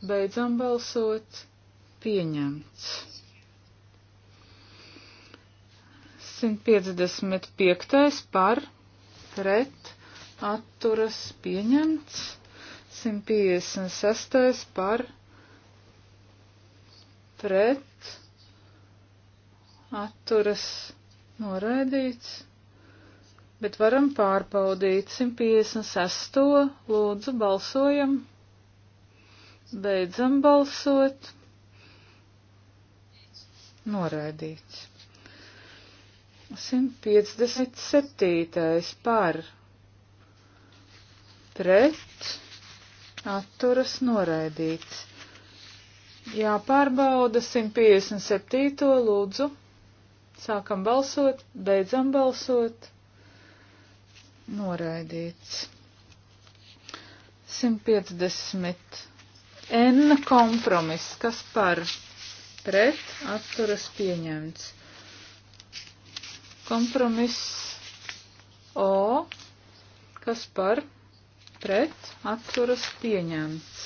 beidzam balsot, pieņemts. 155. par pret atturas pieņemts. 156. par pret atturas noraidīts. Bet varam pārbaudīt 156. Lūdzu, balsojam. Beidzam balsot. Noraidīts. 157. par pret pret, atturas noraidīts. Jāpārbauda 157. lūdzu. Sākam balsot, beidzam balsot. Noraidīts. 150. N kompromiss, kas par pret atturas pieņemts. Kompromiss O, kas par pret pret atturas pieņemts.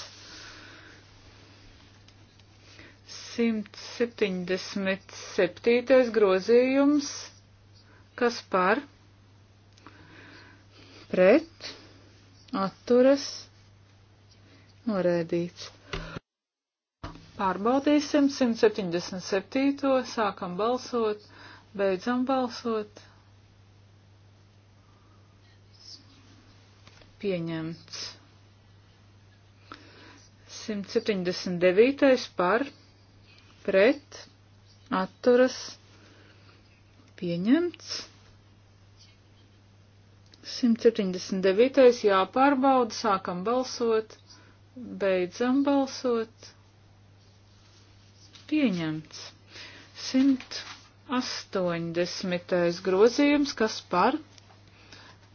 177. grozījums, kas par pret atturas norēdīts. Pārbaudīsim 177. sākam balsot, beidzam balsot. pieņemts. 179. par pret atturas pieņemts. 179. jāpārbauda, sākam balsot, beidzam balsot. Pieņemts. 180. grozījums, kas par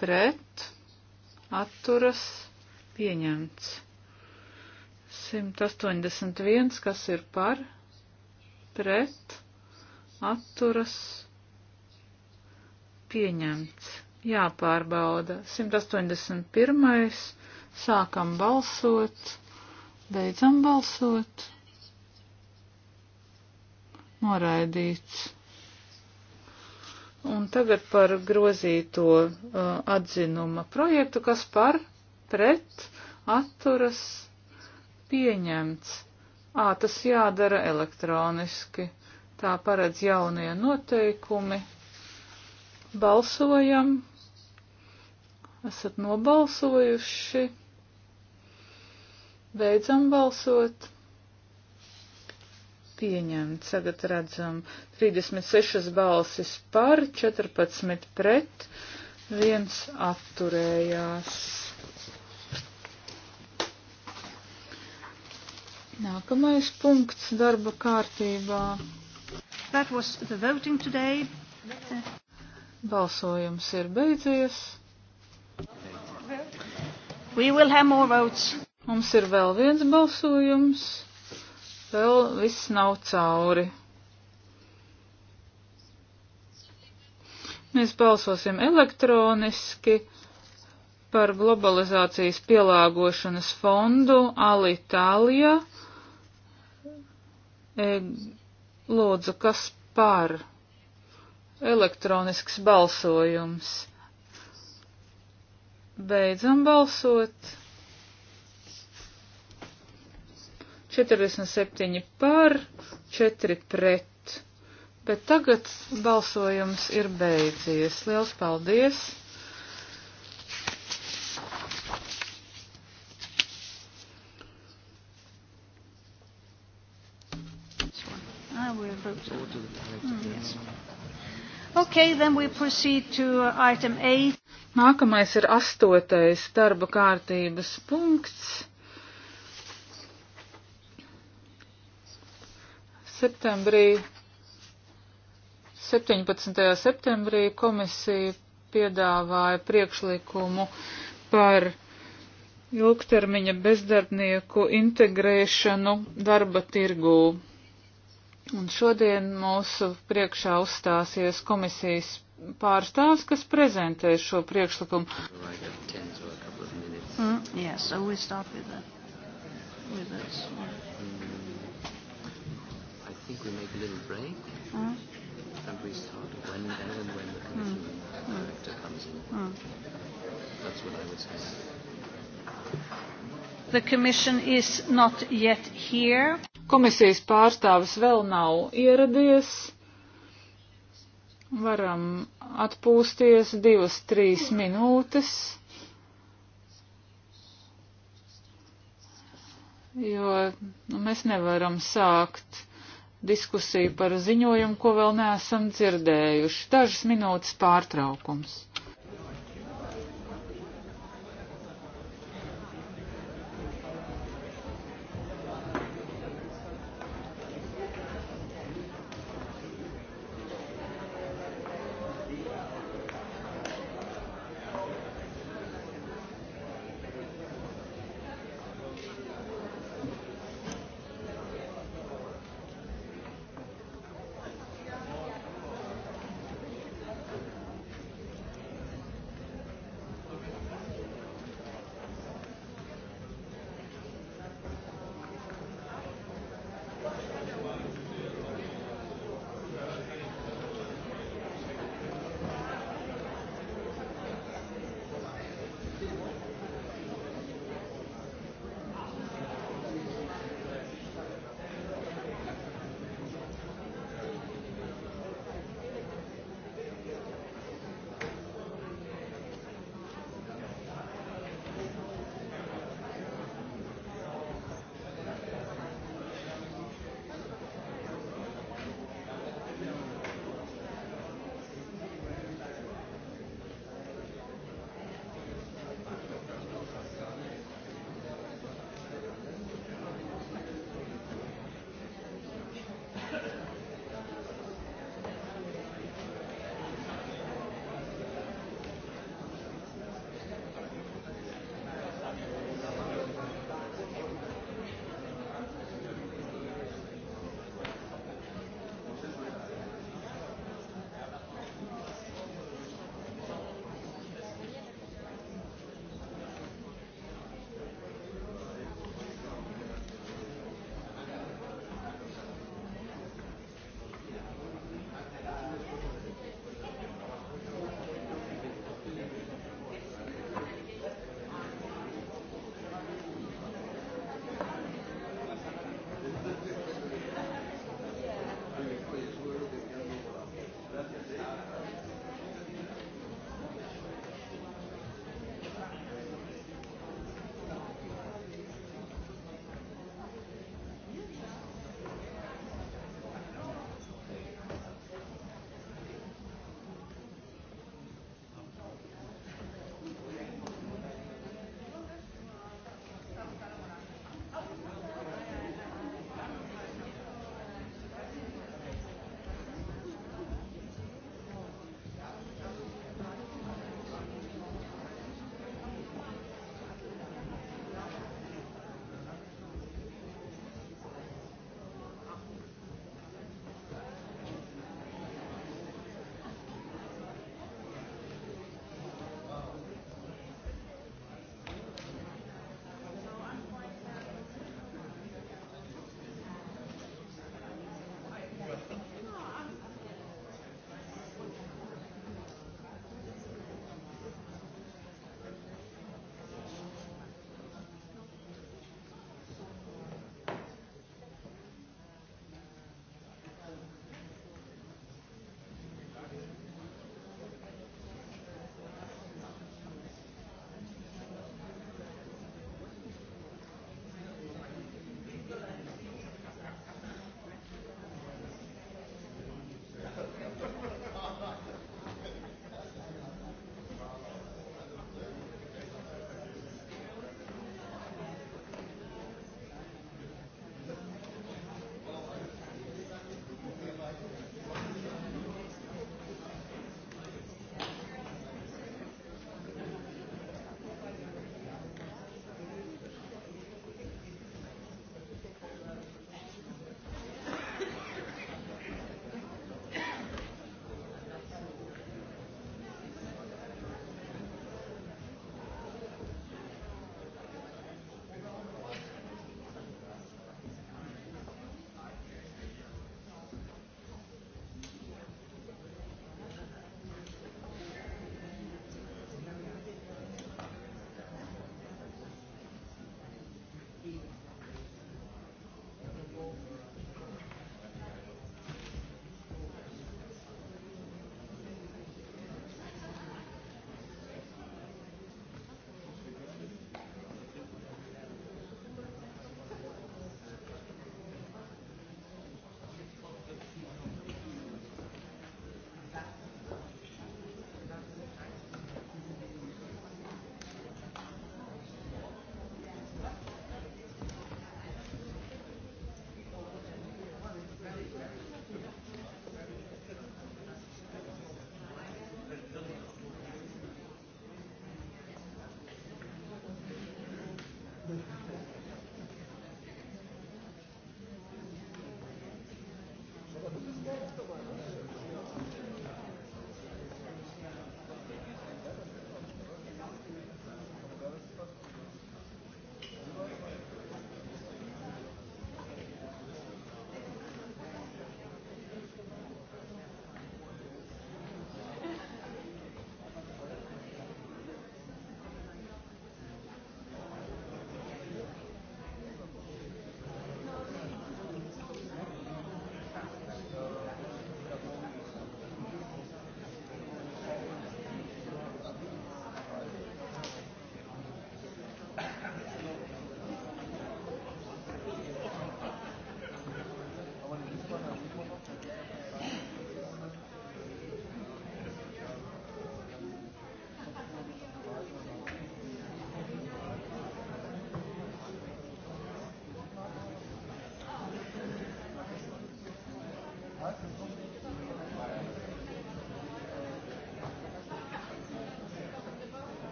pret atturas pieņemts. 181, kas ir par, pret, atturas pieņemts. Jāpārbauda. 181. Sākam balsot, beidzam balsot. Noraidīts. Un tagad par grozīto uh, atzinuma projektu, kas par pret atturas pieņemts. Ā, tas jādara elektroniski. Tā paredz jaunie noteikumi. Balsojam. Esat nobalsojuši. Beidzam balsot pieņemts. Tagad redzam 36 balsis par, 14 pret, viens atturējās. Nākamais punkts darba kārtībā. Balsojums ir beidzies. Mums ir vēl viens balsojums. Vēl viss nav cauri. Mēs balsosim elektroniski par globalizācijas pielāgošanas fondu Alitālijā. E, lūdzu, kas par elektronisks balsojums? Beidzam balsot. 47 par, 4 pret. Bet tagad balsojums ir beidzies. Liels paldies! Ah, hmm, okay, then we proceed to item 8. Nākamais ir astotais darba kārtības punkts. Septembrī, 17. septembrī komisija piedāvāja priekšlikumu par ilgtermiņa bezdarbnieku integrēšanu darba tirgū. Un šodien mūsu priekšā uzstāsies komisijas pārstāvs, kas prezentē šo priekšlikumu. Mm, yeah, so we start with, the, with this. Yeah think we make a little break mm. and we start when as and when the commission mm. director comes in. Mm. That's what I would say. The commission is not yet here. Komisijas pārstāvis vēl nav ieradies. Varam atpūsties divas, trīs minūtes. jo nu, mēs nevaram sākt diskusiju par ziņojumu, ko vēl neesam dzirdējuši. Dažas minūtes pārtraukums.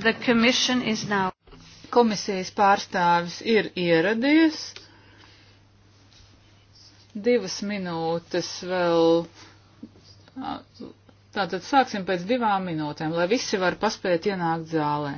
Now... Komisijas pārstāvis ir ieradies. Divas minūtes vēl. Tātad sāksim pēc divām minūtēm, lai visi var paspēt ienākt zālē.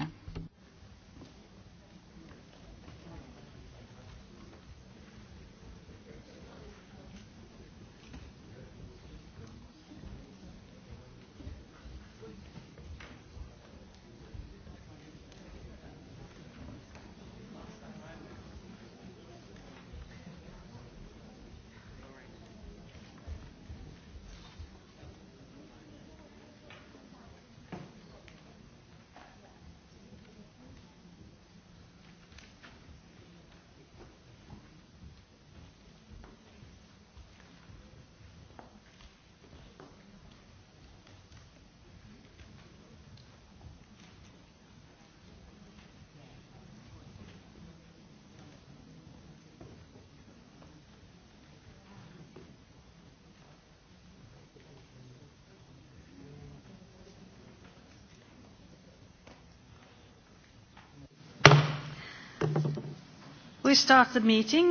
we start the meeting.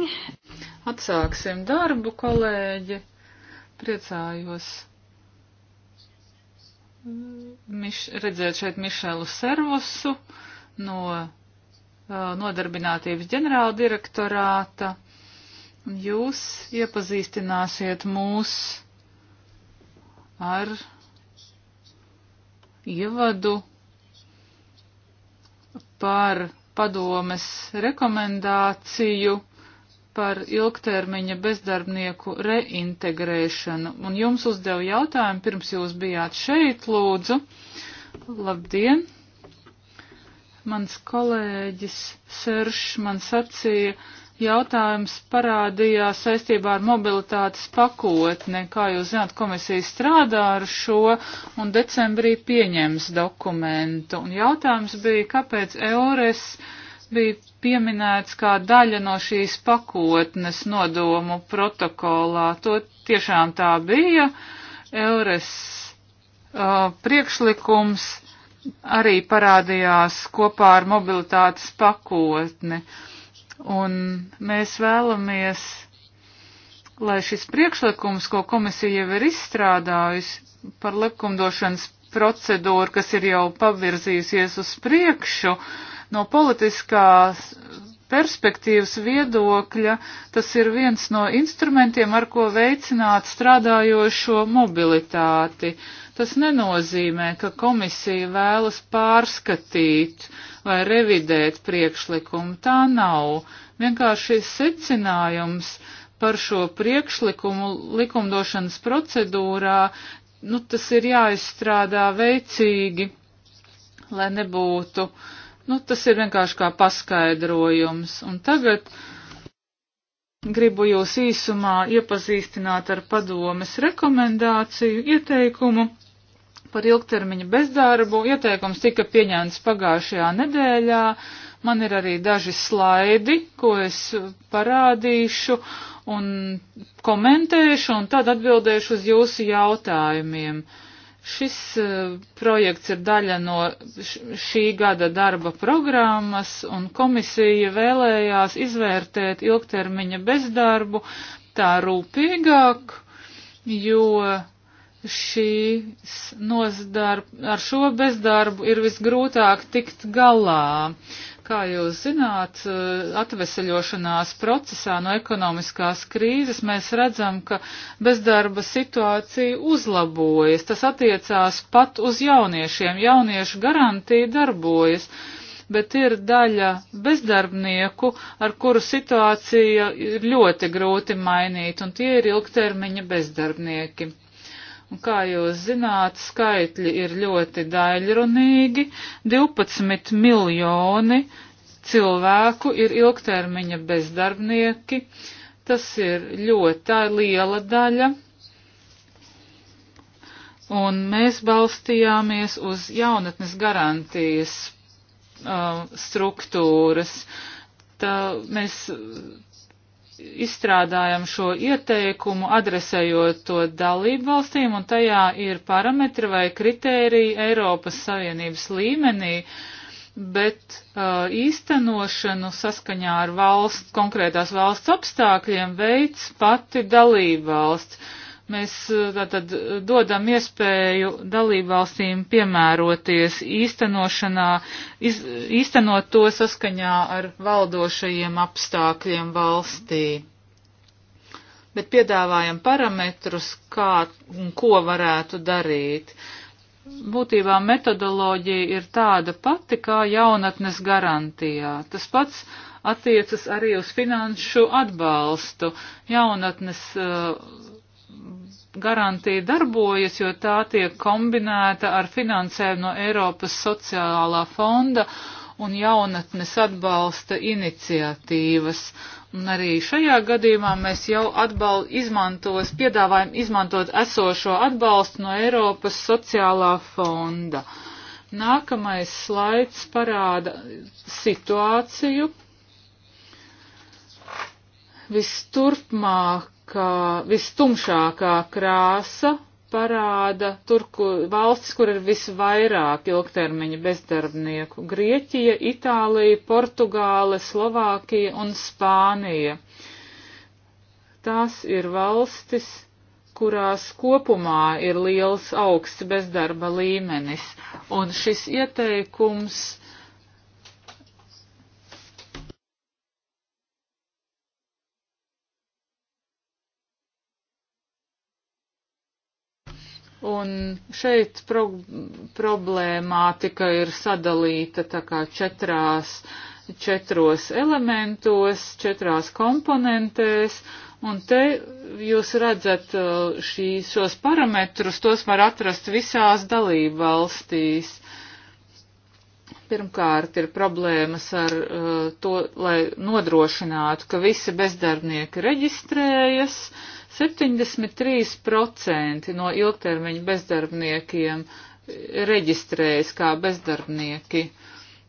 Atsāksim darbu, kolēģi. Priecājos Miš, redzēt šeit Mišelu Servusu no uh, Nodarbinātības ģenerāla direktorāta. Jūs iepazīstināsiet mūs ar ievadu par padomes rekomendāciju par ilgtermiņa bezdarbnieku reintegrēšanu. Un jums uzdevu jautājumu, pirms jūs bijāt šeit, lūdzu. Labdien! Mans kolēģis Serš man sacīja, jautājums parādījās saistībā ar mobilitātes pakotni. Kā jūs zināt, komisija strādā ar šo un decembrī pieņems dokumentu. Un jautājums bija, kāpēc Eures bija pieminēts kā daļa no šīs pakotnes nodomu protokolā. To tiešām tā bija. Eures uh, priekšlikums arī parādījās kopā ar mobilitātes pakotni. Uh, Un mēs vēlamies, lai šis priekšlikums, ko komisija jau ir izstrādājusi par likumdošanas procedūru, kas ir jau pavirzījusies uz priekšu, no politiskās perspektīvas viedokļa, tas ir viens no instrumentiem, ar ko veicināt strādājošo mobilitāti. Tas nenozīmē, ka komisija vēlas pārskatīt vai revidēt priekšlikumu. Tā nav. Vienkārši secinājums par šo priekšlikumu likumdošanas procedūrā, nu, tas ir jāizstrādā veicīgi, lai nebūtu, nu, tas ir vienkārši kā paskaidrojums. Un tagad gribu jūs īsumā iepazīstināt ar padomes rekomendāciju ieteikumu par ilgtermiņa bezdarbu. Ieteikums tika pieņemts pagājušajā nedēļā. Man ir arī daži slaidi, ko es parādīšu un komentēšu, un tad atbildēšu uz jūsu jautājumiem. Šis uh, projekts ir daļa no šī gada darba programmas, un komisija vēlējās izvērtēt ilgtermiņa bezdarbu tā rūpīgāk, jo šīs nozdarb, ar šo bezdarbu ir visgrūtāk tikt galā. Kā jūs zināt, atveseļošanās procesā no ekonomiskās krīzes mēs redzam, ka bezdarba situācija uzlabojas. Tas attiecās pat uz jauniešiem. Jauniešu garantija darbojas, bet ir daļa bezdarbnieku, ar kuru situācija ir ļoti grūti mainīt, un tie ir ilgtermiņa bezdarbnieki. Un kā jūs zināt, skaitļi ir ļoti daļrunīgi. 12 miljoni cilvēku ir ilgtermiņa bezdarbnieki. Tas ir ļoti liela daļa. Un mēs balstījāmies uz jaunatnes garantijas uh, struktūras. Tā, mēs izstrādājam šo ieteikumu, adresējot to dalību valstīm, un tajā ir parametri vai kritēriji Eiropas Savienības līmenī, bet uh, īstenošanu saskaņā ar valsts, konkrētās valsts apstākļiem veids pati dalību valsts. Mēs e, tātad dodam iespēju dalībvalstīm piemēroties īstenošanā, iz, īstenot to saskaņā ar valdošajiem apstākļiem valstī. Bet piedāvājam parametrus, kā un ko varētu darīt. Būtībā metodoloģija ir tāda pati kā jaunatnes garantijā. Tas pats attiecas arī uz finanšu atbalstu. Jaunatnes uh, garantija darbojas, jo tā tiek kombinēta ar finansējumu no Eiropas sociālā fonda un jaunatnes atbalsta iniciatīvas. Un arī šajā gadījumā mēs jau atbal, izmantos, piedāvājam izmantot esošo atbalstu no Eiropas sociālā fonda. Nākamais slaids parāda situāciju. Visturpmāk ka vistumšākā krāsa parāda tur, kur, valstis, kur ir visvairāk ilgtermiņa bezdarbnieku - Grieķija, Itālija, Portugāle, Slovākija un Spānija. Tās ir valstis, kurās kopumā ir liels augsts bezdarba līmenis, un šis ieteikums Un šeit pro problēmātika ir sadalīta tā kā četrās, četros elementos, četrās komponentēs, un te jūs redzat uh, šī, šos parametrus, tos var atrast visās dalību valstīs. Pirmkārt ir problēmas ar uh, to, lai nodrošinātu, ka visi bezdarbnieki reģistrējas. Uh, 73% no ilgtermiņa bezdarbniekiem reģistrējas kā bezdarbnieki.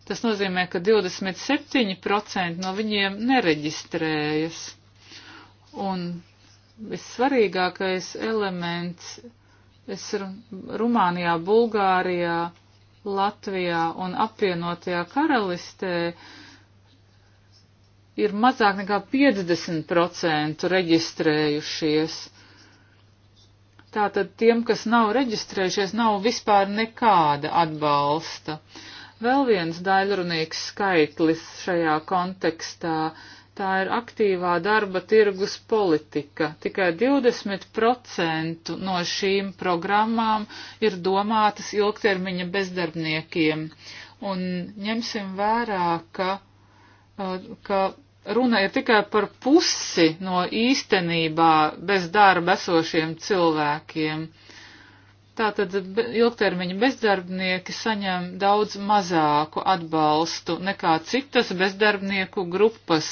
Tas nozīmē, ka 27% no viņiem nereģistrējas. Un vissvarīgākais elements es Rumānijā, Bulgārijā, Latvijā un apvienotajā karalistē ir mazāk nekā 50% reģistrējušies. Tātad tiem, kas nav reģistrējušies, nav vispār nekāda atbalsta. Vēl viens daļrunīgs skaitlis šajā kontekstā tā ir aktīvā darba tirgus politika. Tikai 20% no šīm programmām ir domātas ilgtermiņa bezdarbniekiem. Un ņemsim vērā, ka, uh, ka runa ir tikai par pusi no īstenībā bez darba esošiem cilvēkiem. Tātad ilgtermiņa bezdarbnieki saņem daudz mazāku atbalstu nekā citas bezdarbnieku grupas.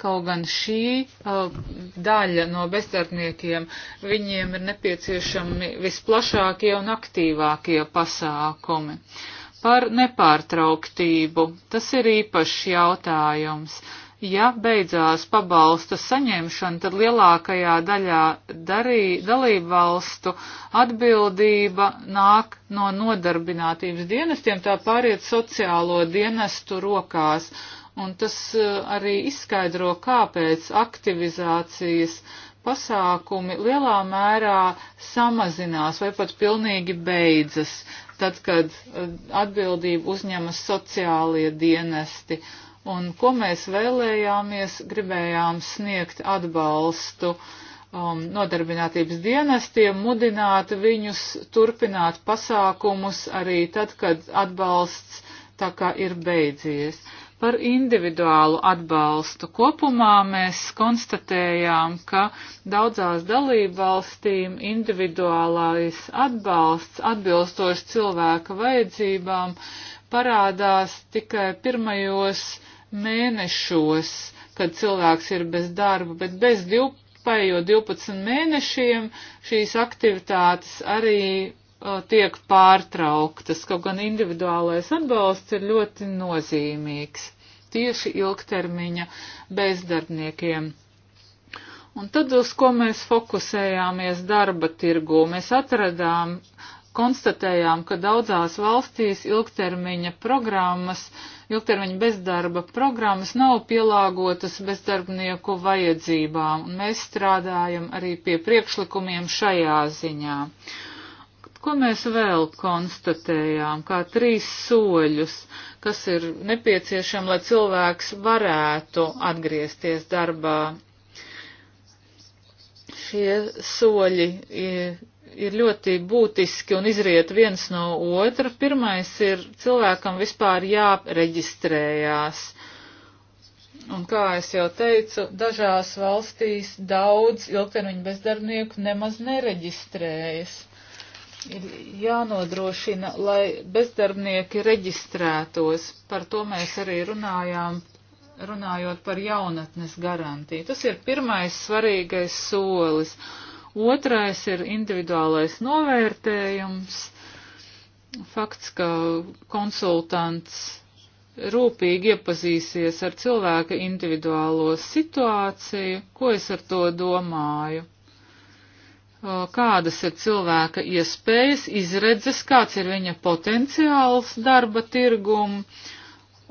Kaut gan šī uh, daļa no bezdarbniekiem, viņiem ir nepieciešami visplašākie un aktīvākie pasākumi. Uh, par nepārtrauktību. Tas ir īpašs jautājums. Ja beidzās pabalsta saņemšana, tad lielākajā daļā darī, dalību valstu atbildība nāk no nodarbinātības dienestiem, tā pāriet sociālo dienestu rokās. Un tas e, arī izskaidro, kāpēc aktivizācijas pasākumi lielā mērā samazinās vai pat pilnīgi beidzas tad, kad eh, atbildību uzņemas sociālie dienesti. Un ko mēs vēlējāmies, gribējām sniegt atbalstu um, nodarbinātības dienestiem, mudināt viņus turpināt pasākumus arī tad, kad atbalsts tā kā ir beidzies. Par individuālu atbalstu kopumā mēs konstatējām, ka daudzās dalību valstīm individuālais atbalsts atbilstoši cilvēka vajadzībām parādās tikai pirmajos mēnešos, kad cilvēks ir bez darba, bet bez 12 paiet 12 mēnešiem, šīs aktivitātes arī tiek pārtrauktas, kaut gan individuālais atbalsts ir ļoti nozīmīgs tieši ilgtermiņa bezdarbniekiem. Un tad, uz ko mēs fokusējāmies darba tirgu, mēs atradām, konstatējām, ka daudzās valstīs ilgtermiņa programmas, ilgtermiņa bezdarba programmas nav pielāgotas bezdarbnieku vajadzībām, un mēs strādājam arī pie priekšlikumiem šajā ziņā. Uh, Ko mēs vēl konstatējām, kā trīs soļus, kas ir nepieciešami, lai cilvēks varētu atgriezties darbā? Šie soļi ir, ir ļoti būtiski un izriet viens no otra. Pirmais ir cilvēkam vispār jāreģistrējās. Un kā es jau teicu, dažās valstīs daudz ilgtermiņu bezdarbnieku nemaz nereģistrējas ir jānodrošina, lai bezdarbnieki reģistrētos. Par to mēs arī runājām, runājot par jaunatnes garantiju. Tas ir pirmais svarīgais solis. Otrais ir individuālais novērtējums. Fakts, ka konsultants rūpīgi iepazīsies ar cilvēka individuālo situāciju, ko es ar to domāju Uh, kādas ir cilvēka iespējas, izredzes, kāds ir viņa potenciāls darba tirgum,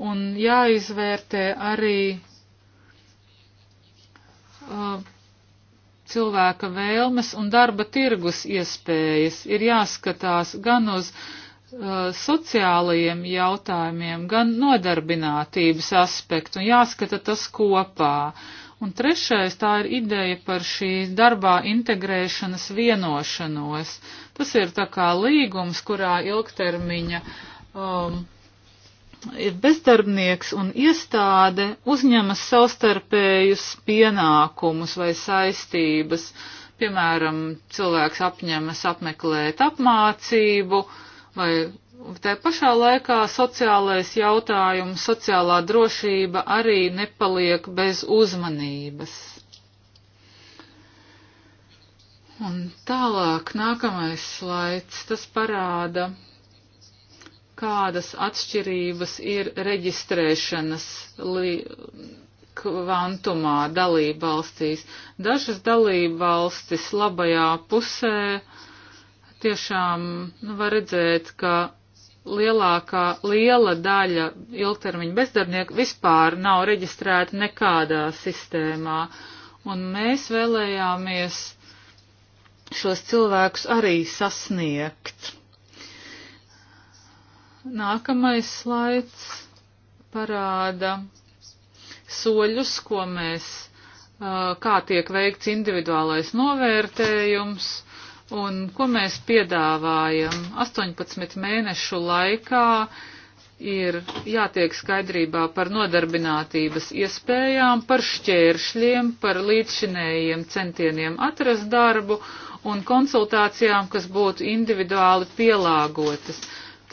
un jāizvērtē arī uh, cilvēka vēlmes un darba tirgus iespējas. Ir jāskatās gan uz uh, sociālajiem jautājumiem, gan nodarbinātības aspektu, un jāskata tas kopā. Uh, Un trešais tā ir ideja par šīs darbā integrēšanas vienošanos. Tas ir tā kā līgums, kurā ilgtermiņa um, bezdarbnieks un iestāde uzņemas savstarpējus pienākumus vai saistības. Piemēram, cilvēks apņemas apmeklēt apmācību vai Tā pašā laikā sociālais jautājums, sociālā drošība arī nepaliek bez uzmanības. Un tālāk nākamais slaids, tas parāda, kādas atšķirības ir reģistrēšanas kvantumā dalība valstīs. Dažas dalība valstis labajā pusē tiešām nu, var redzēt, ka lielākā liela daļa ilgtermiņa bezdarbnieku vispār nav reģistrēta nekādā sistēmā. Un mēs vēlējāmies šos cilvēkus arī sasniegt. Nākamais slaids parāda soļus, ko mēs, kā tiek veikts individuālais novērtējums Un ko mēs piedāvājam? 18 mēnešu laikā ir jātiek skaidrībā par nodarbinātības iespējām, par šķēršļiem, par līdzšinējiem centieniem atrast darbu un konsultācijām, kas būtu individuāli pielāgotas.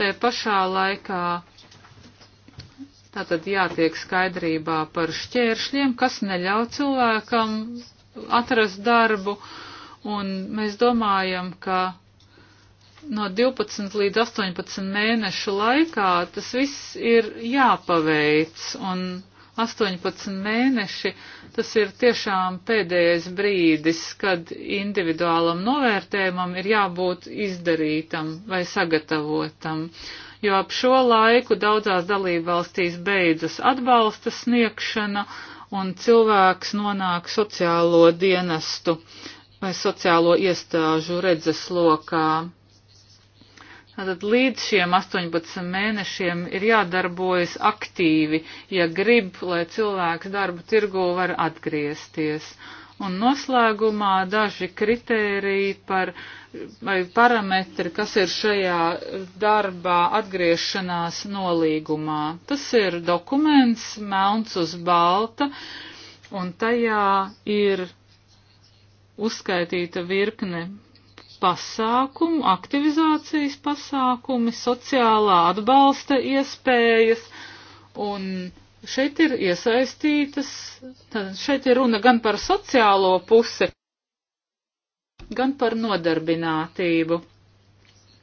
Te pašā laikā tātad jātiek skaidrībā par šķēršļiem, kas neļauj cilvēkam atrast darbu. Uh, un mēs domājam, ka no 12 līdz 18 mēnešu laikā tas viss ir jāpaveic, un 18 mēneši tas ir tiešām pēdējais brīdis, kad individuālam novērtējumam ir jābūt izdarītam vai sagatavotam, jo ap šo laiku daudzās dalībvalstīs beidzas atbalsta sniegšana, un cilvēks nonāk sociālo dienestu uh, vai sociālo iestāžu redzes lokā. Tātad līdz šiem 18 mēnešiem ir jādarbojas aktīvi, ja grib, lai cilvēks darba tirgu var atgriezties. Un noslēgumā daži kritēriji par, vai parametri, kas ir šajā darbā atgriešanās nolīgumā. Tas ir dokuments melns uz balta, un tajā ir uzskaitīta virkne pasākumu, aktivizācijas pasākumi, sociālā atbalsta iespējas, un šeit ir iesaistītas, šeit ir runa gan par sociālo pusi, gan par nodarbinātību,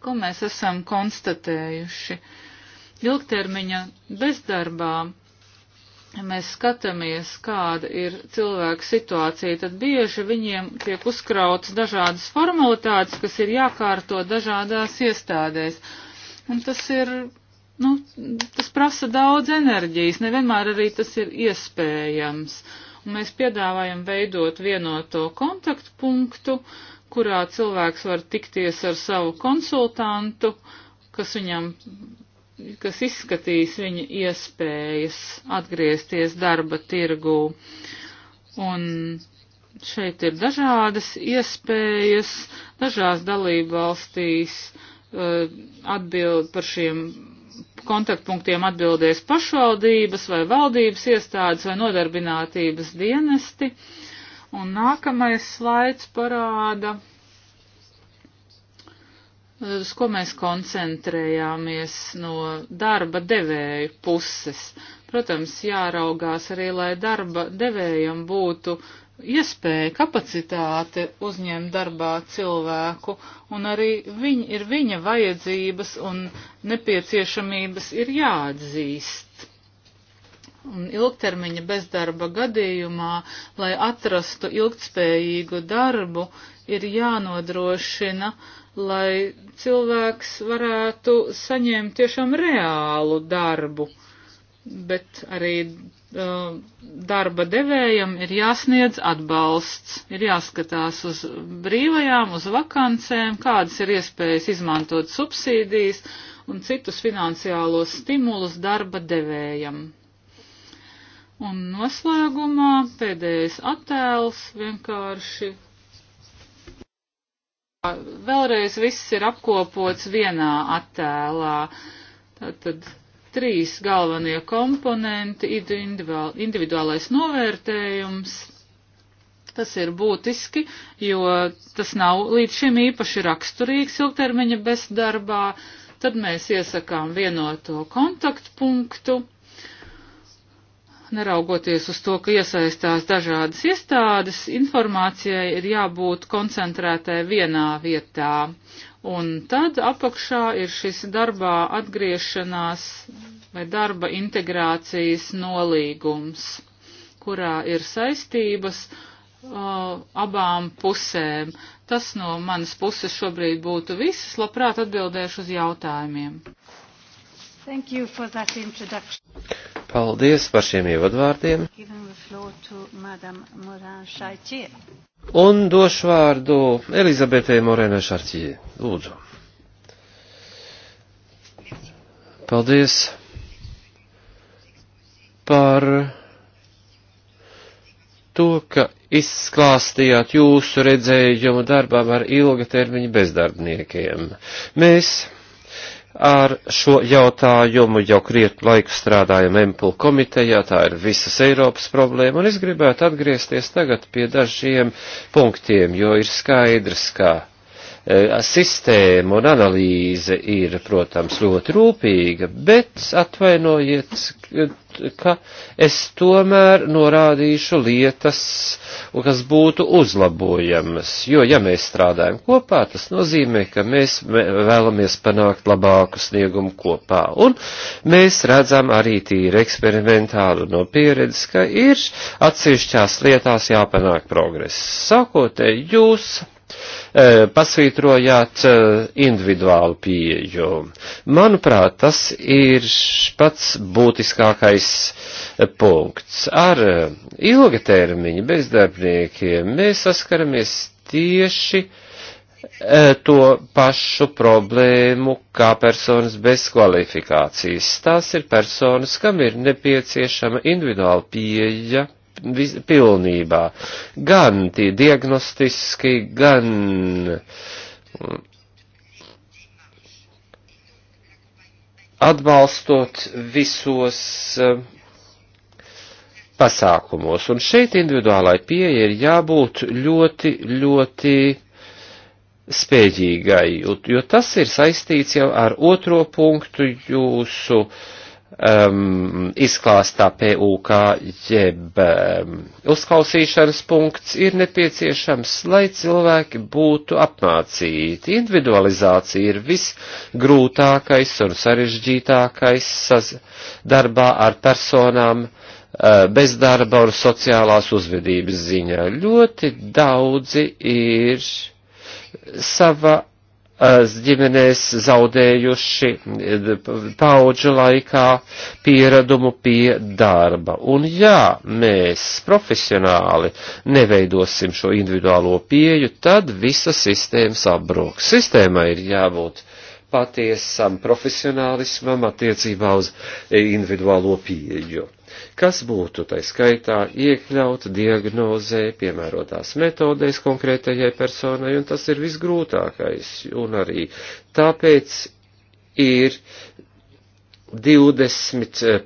ko mēs esam konstatējuši. Ilgtermiņa bezdarbā mēs skatāmies, kāda ir cilvēka situācija, tad bieži viņiem tiek uzkrauts dažādas formalitātes, kas ir jākārto dažādās iestādēs. Un tas ir, nu, tas prasa daudz enerģijas, nevienmēr arī tas ir iespējams. Un mēs piedāvājam veidot vienoto kontaktpunktu, kurā cilvēks var tikties ar savu konsultantu, kas viņam kas izskatīs viņa iespējas atgriezties darba tirgū. Un šeit ir dažādas iespējas, dažās dalībvalstīs uh, atbild par šiem kontaktpunktiem atbildēs pašvaldības vai valdības iestādes vai nodarbinātības dienesti. Un nākamais slaids parāda uz ko mēs koncentrējāmies no darba devēju puses. Protams, jāraugās arī, lai darba devējam būtu iespēja, kapacitāte uzņemt darbā cilvēku, un arī viņ, ir viņa vajadzības un nepieciešamības ir jāatzīst. Un ilgtermiņa bezdarba gadījumā, lai atrastu ilgtspējīgu darbu, ir jānodrošina uh, lai cilvēks varētu saņemt tiešām reālu darbu, bet arī uh, darba devējam ir jāsniedz atbalsts, ir jāskatās uz brīvajām, uz vakancēm, kādas ir iespējas izmantot subsīdijas un citus finansiālos stimulus darba devējam. Un noslēgumā pēdējais attēls vienkārši Vēlreiz viss ir apkopots vienā attēlā. Tātad trīs galvenie komponenti - individuālais novērtējums. Tas ir būtiski, jo tas nav līdz šim īpaši raksturīgs ilgtermiņa bezdarbā. Tad mēs iesakām vienoto kontaktpunktu neraugoties uz to, ka iesaistās dažādas iestādes, informācijai ir jābūt koncentrētai vienā vietā. Un tad apakšā ir šis darbā atgriešanās vai darba integrācijas nolīgums, kurā ir saistības uh, abām pusēm. Tas no manas puses šobrīd būtu viss. Labprāt atbildēšu uz jautājumiem. Thank you for that introduction. Paldies par šiem ievadvārdiem. Un došu vārdu Elizabetei Morēnai Šarķijai. Lūdzu. Paldies par to, ka izklāstījāt jūsu redzējumu darbām ar ilga termiņa bezdarbniekiem. Mēs Ar šo jautājumu jau krietnu laiku strādājam Empul komitejā, tā ir visas Eiropas problēma, un es gribētu atgriezties tagad pie dažiem punktiem, jo ir skaidrs, ka Eh, sistēma un analīze ir, protams, ļoti rūpīga, bet atvainojiet, ka es tomēr norādīšu lietas, kas būtu uzlabojamas, jo ja mēs strādājam kopā, tas nozīmē, ka mēs vēlamies panākt labāku sniegumu kopā. Un mēs redzam arī tīri eksperimentāli no pieredzes, ka ir atsevišķās lietās jāpanāk progress. Sākotnēji jūs Eh, pasvītrojāt eh, individuālu pieeju. Manuprāt, tas ir pats būtiskākais eh, punkts. Ar ilgatermiņu bezdarbniekiem mēs saskaramies tieši to pašu problēmu kā personas bez kvalifikācijas. Tās ir personas, kam ir nepieciešama individuāla pieeja vis, pilnībā. Gan tie diagnostiski, gan mm, atbalstot visos mm, pasākumos. Un šeit individuālai pieeja ir jābūt ļoti, ļoti spēcīgai, jo, jo tas ir saistīts jau ar otro punktu jūsu uh, um, izklāstā PUK jeb um, uzklausīšanas punkts ir nepieciešams, lai cilvēki būtu apmācīti. Individualizācija ir visgrūtākais un sarežģītākais darbā ar personām uh, bezdarba un sociālās uzvedības ziņā. Ļoti daudzi ir sava ģimenēs zaudējuši paudžu laikā pieradumu pie darba. Un jā, mēs profesionāli neveidosim šo individuālo pieju, tad visa sistēma sabrūk. Sistēmai ir jābūt patiesam profesionālismam attiecībā uz individuālo pieju kas būtu tai skaitā iekļaut diagnozē, piemērotās metodēs konkrētajai personai, un tas ir visgrūtākais, un arī tāpēc ir 20%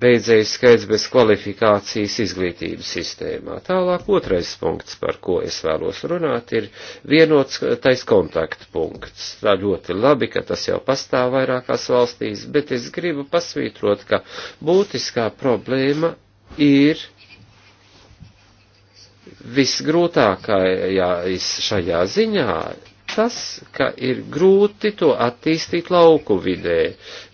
beidzēju skaits bez kvalifikācijas izglītības sistēmā. Tālāk otrais punkts, par ko es vēlos runāt, ir vienots tais kontaktpunkts. Tā ļoti labi, ka tas jau pastāv vairākās valstīs, bet es gribu pasvītrot, ka būtiskā problēma ir visgrūtākajā šajā ziņā tas, ka ir grūti to attīstīt lauku vidē.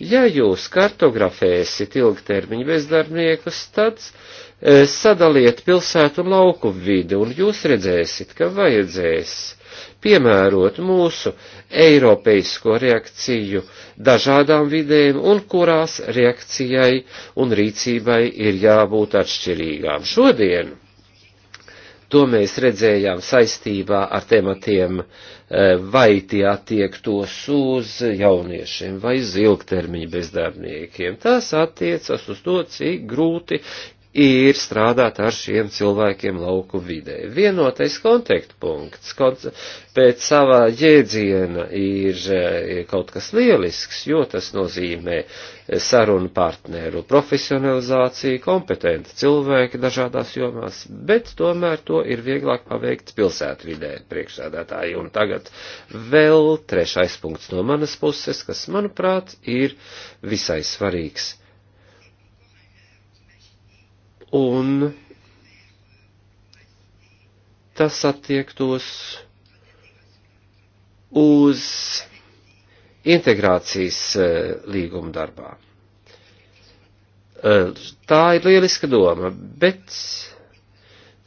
Ja jūs kartografēsit ilgtermiņu bezdarbniekus, tad e, sadaliet pilsētu un lauku vidi, un jūs redzēsit, ka vajadzēs piemērot mūsu eiropeisko reakciju dažādām vidēm un kurās reakcijai un rīcībai ir jābūt atšķirīgām. Šodien To mēs redzējām saistībā ar tematiem, e, vai tie attiektos uz jauniešiem vai ilgtermiņa bezdarbniekiem. Tas attiecas uz to, cik grūti ir strādāt ar šiem cilvēkiem lauku vidē. Vienotais kontaktpunkts kaut, pēc savā jēdziena ir eh, kaut kas lielisks, jo tas nozīmē sarunu partneru profesionalizāciju, kompetenti cilvēki dažādās jomās, bet tomēr to ir vieglāk paveikt pilsētvidē priekšsēdētāji. Un tagad vēl trešais punkts no manas puses, kas, manuprāt, ir visai svarīgs un tas attiektos uz integrācijas e, līguma darbā. E, tā ir lieliska doma, bet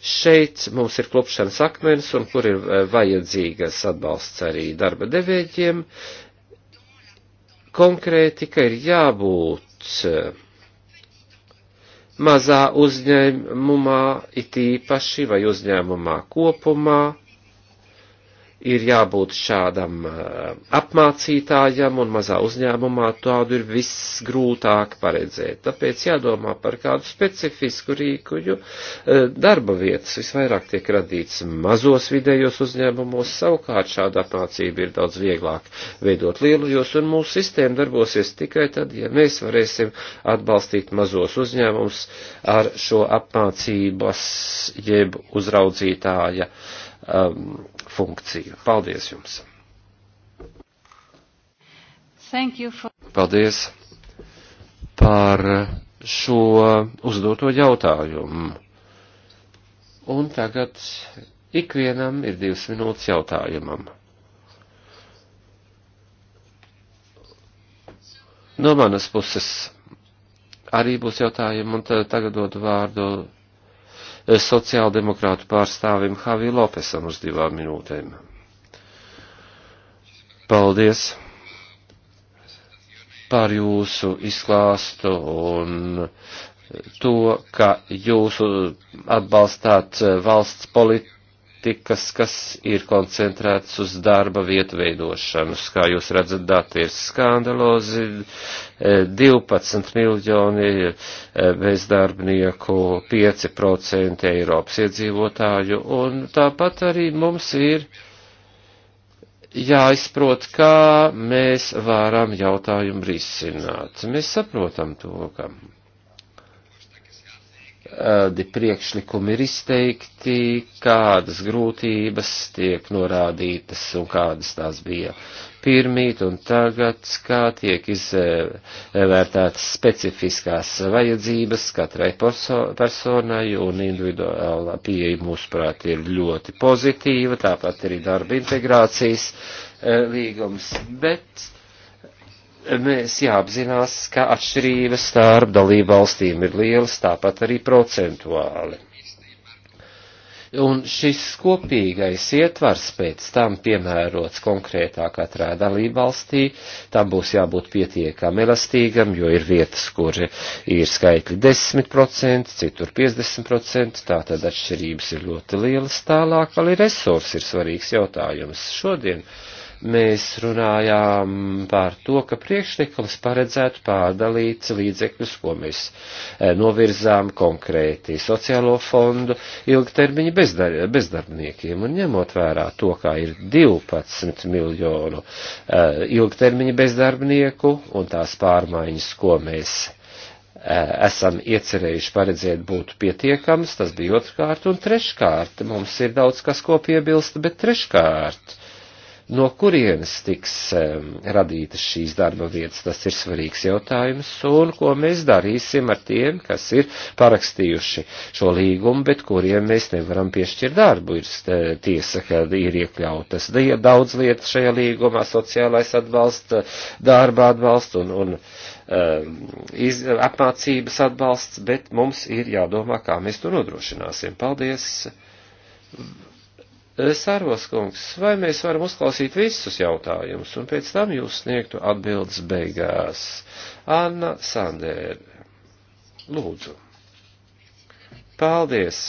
šeit mums ir klopšanas akmens, un kur ir e, vajadzīgas atbalsts arī darba devēģiem, konkrēti, ka ir jābūt mazā uzņēmumā, it īpaši vai uzņēmumā kopumā, ir jābūt šādam eh, apmācītājam, un mazā uzņēmumā tādu ir visgrūtāk paredzēt. Tāpēc jādomā par kādu specifisku rīku, jo eh, darba vietas visvairāk tiek radīts mazos vidējos uzņēmumos, savukārt šāda apmācība ir daudz vieglāk veidot lielajos, un mūsu sistēma darbosies tikai tad, ja mēs varēsim atbalstīt mazos uzņēmumus ar šo apmācības jeb uzraudzītāja um, funkciju. Paldies jums! For... Paldies par šo uzdoto jautājumu. Un tagad ikvienam ir divas minūtes jautājumam. No manas puses arī būs jautājumi, un tagad dodu vārdu sociāldemokrātu pārstāvim Havī Lopesam uz divām minūtēm. Paldies par jūsu izklāstu un to, ka jūs atbalstāt valsts politiku politikas, kas ir koncentrētas uz darba vietu veidošanas. Kā jūs redzat, dati ir skandalozi, 12 e, miljoni e, bezdarbnieku, 5% Eiropas iedzīvotāju, un tāpat arī mums ir jāizprot, kā mēs varam jautājumu risināt. Mēs saprotam to, kam kādi priekšlikumi ir izteikti, kādas grūtības tiek norādītas un kādas tās bija pirmīt un tagad, kā tiek izvērtētas specifiskās vajadzības katrai perso personai un individuālā pieeja mūsuprāt ir ļoti pozitīva, tāpat arī darba integrācijas eh, līgums, bet mēs jāapzinās, ka atšķirības starp dalību valstīm ir lielas, tāpat arī procentuāli. Un šis kopīgais ietvars pēc tam piemērots konkrētā katrā dalība valstī, tam būs jābūt pietiekam elastīgam, jo ir vietas, kur ir skaitļi 10%, citur 50%, tātad atšķirības ir ļoti lielas tālāk, vēl ir resursi ir svarīgs jautājums. Šodien uh, mēs runājām par to, ka priekšlikums paredzētu pārdalīt līdzekļus, ko mēs e, novirzām konkrēti sociālo fondu ilgtermiņa bezdar bezdarbniekiem. Un ņemot vērā to, kā ir 12 miljonu e, ilgtermiņa bezdarbnieku un tās pārmaiņas, ko mēs e, esam iecerējuši paredzēt būtu pietiekams, tas bija otrkārt, un treškārt, mums ir daudz kas ko piebilst, bet treškārt, No kurienes tiks radītas šīs darba vietas, tas ir svarīgs jautājums, un ko mēs darīsim ar tiem, kas ir parakstījuši šo līgumu, bet kuriem mēs nevaram piešķirt darbu. Ir eh, tiesa, ka ir iekļautas daudz lietas šajā līgumā, sociālais atbalsts, darba atbalsts un, un iz, apmācības atbalsts, bet mums ir jādomā, kā mēs to nodrošināsim. Paldies! Eh, Sārvas kungs, vai mēs varam uzklausīt visus jautājumus un pēc tam jūs sniegtu atbildes beigās? Anna Sandēra, lūdzu. Paldies,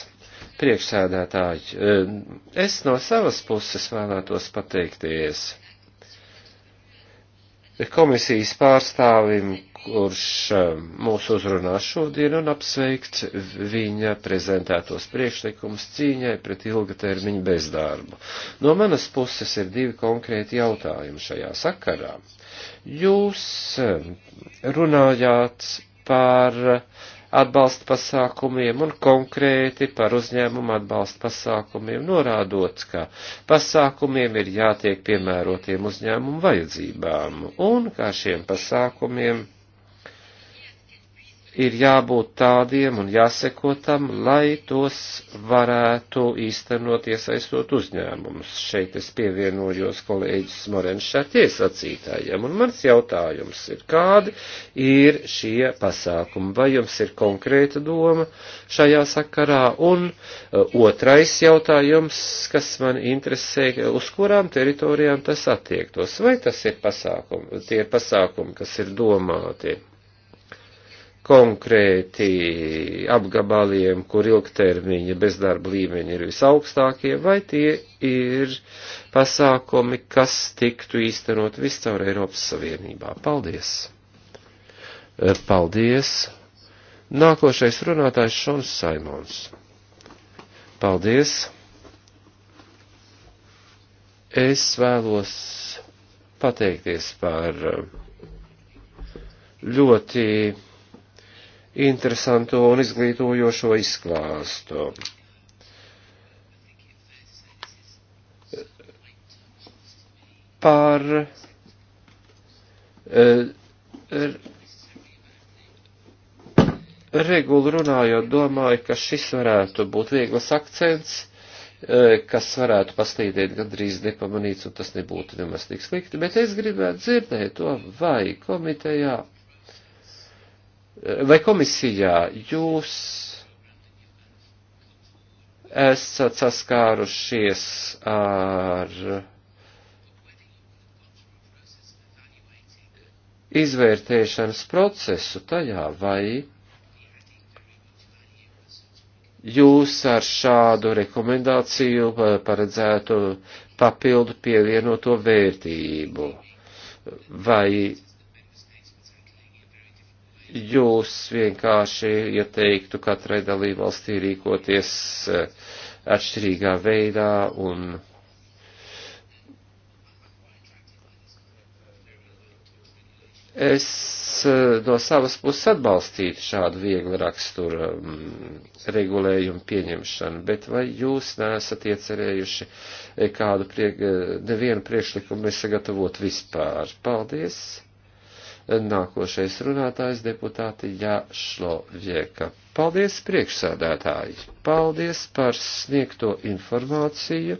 priekšsēdētāji. Eh, es no savas puses vēlētos pateikties komisijas pārstāvim, kurš eh, mūsu uzrunā šodien un apsveikt viņa prezentētos priekšlikumus cīņai pret ilgatermiņu bezdarbu. No manas puses ir divi konkrēti jautājumi šajā sakarā. Jūs eh, runājāt par atbalsta pasākumiem un konkrēti par uzņēmumu atbalsta pasākumiem, norādot, ka pasākumiem ir jātiek piemērotiem uzņēmumu vajadzībām un kā šiem pasākumiem ir jābūt tādiem un jāsekotam, lai tos varētu īstenot iesaistot uzņēmumus. Šeit es pievienojos kolēģis Morens Šartie sacītājiem, un mans jautājums ir, kādi ir šie pasākumi, vai jums ir konkrēta doma šajā sakarā, un uh, otrais jautājums, kas man interesē, uz kurām teritorijām tas attiektos, vai tas ir pasākumi, tie ir pasākumi, kas ir domāti konkrēti apgabaliem, kur ilgtermiņa bezdarba līmeņi ir visaugstākie, vai tie ir pasākumi, kas tiktu īstenot viscaur Eiropas Savienībā. Paldies! Eh, paldies! Nākošais runātājs Šons Saimons. Paldies! Es vēlos pateikties par eh, ļoti interesanto un izglītojošo izklāstu. Par e, regulu runājot, domāju, ka šis varētu būt vieglas akcents, e, kas varētu paslīdēt gandrīz nepamanīts, un tas nebūtu nemaz tik slikti, bet es gribētu dzirdēt to vai komitejā vai komisijā jūs esat saskārušies ar izvērtēšanas procesu tajā, vai jūs ar šādu rekomendāciju paredzētu papildu pievienoto vērtību, vai jūs vienkārši ieteiktu katrai dalībvalstī rīkoties e, atšķirīgā veidā un es e, no savas puses atbalstītu šādu vieglu raksturu mm, regulējumu pieņemšanu, bet vai jūs nesat iecerējuši e, kādu, prie, nevienu priekšlikumu nesagatavot vispār? Paldies! Nākošais runātājs deputāti Jāšlovieka. Paldies priekšsādātāji! Paldies par sniegto informāciju!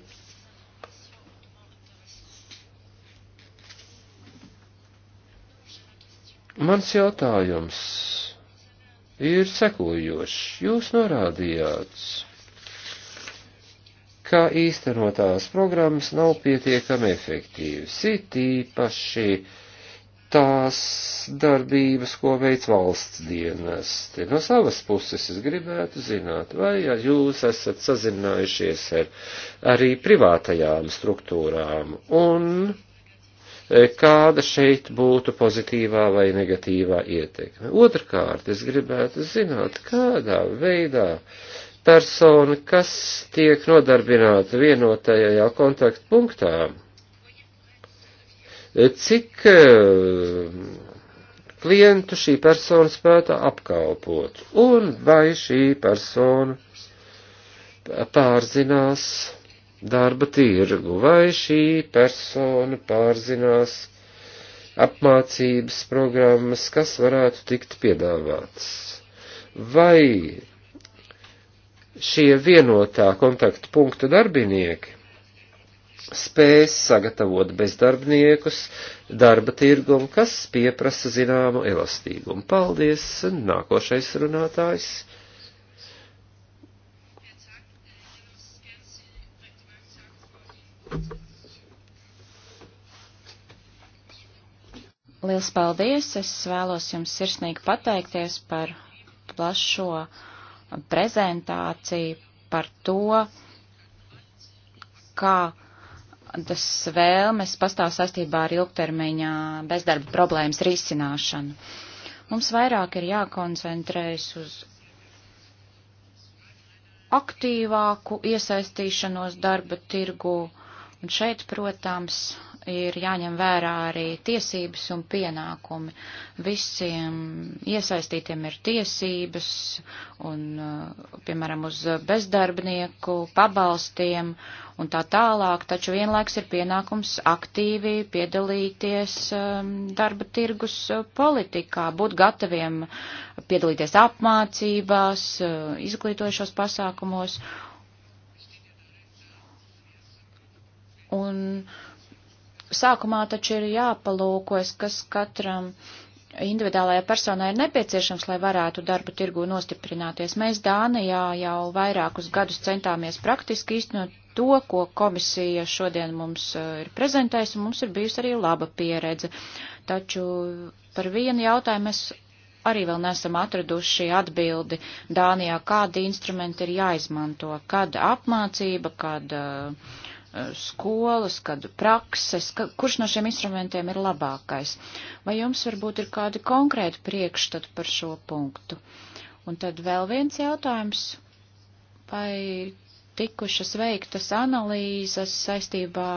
Mans jautājums ir sekojošs. Jūs norādījāt, ka īstenotās programmas nav pietiekami efektīvas, it īpaši uh, tās darbības, ko veic valsts dienesti. No savas puses es gribētu zināt, vai ja jūs esat sazinājušies ar arī privātajām struktūrām un e, kāda šeit būtu pozitīvā vai negatīvā ietekme. Otrkārt, es gribētu zināt, kādā veidā persona, kas tiek nodarbināta vienotajā kontaktpunktā, Cik eh, klientu šī persona spētu apkalpot, un vai šī persona pārzinās darba tirgu, vai šī persona pārzinās apmācības programmas, kas varētu tikt piedāvāts. Vai šie vienotā kontaktu punkta darbinieki spēs sagatavot bezdarbniekus darba tirgumu, kas pieprasa zināmu elastīgumu. Paldies! Nākošais runātājs. Liels paldies! Es vēlos jums sirsnīgi pateikties par plašo prezentāciju, par to, kā kādas vēlmes pastāv saistībā ar ilgtermiņā bezdarba problēmas risināšanu. Mums vairāk ir jākoncentrējas uz aktīvāku iesaistīšanos darba tirgu, un šeit, protams, ir jāņem vērā arī tiesības un pienākumi. Visiem iesaistītiem ir tiesības un, uh, piemēram, uz bezdarbnieku, pabalstiem un tā tālāk, taču vienlaiks ir pienākums aktīvi piedalīties um, darba tirgus uh, politikā, būt gataviem piedalīties apmācībās, uh, izglītojušos pasākumos. Un sākumā taču ir jāpalūkojas, kas katram individuālajai personai ir nepieciešams, lai varētu darba tirgu nostiprināties. Mēs Dānijā jau vairākus gadus centāmies praktiski īstenot to, ko komisija šodien mums uh, ir prezentējusi, un mums ir bijusi arī laba pieredze. Taču par vienu jautājumu mēs arī vēl nesam atraduši atbildi Dānijā, kādi instrumenti ir jāizmanto, kad apmācība, kad uh, Eh, skolas, kad prakses, ka, kurš no šiem instrumentiem ir labākais. Vai jums varbūt ir kādi konkrēti priekšstati par šo punktu? Un tad vēl viens jautājums, vai tikušas veiktas analīzes saistībā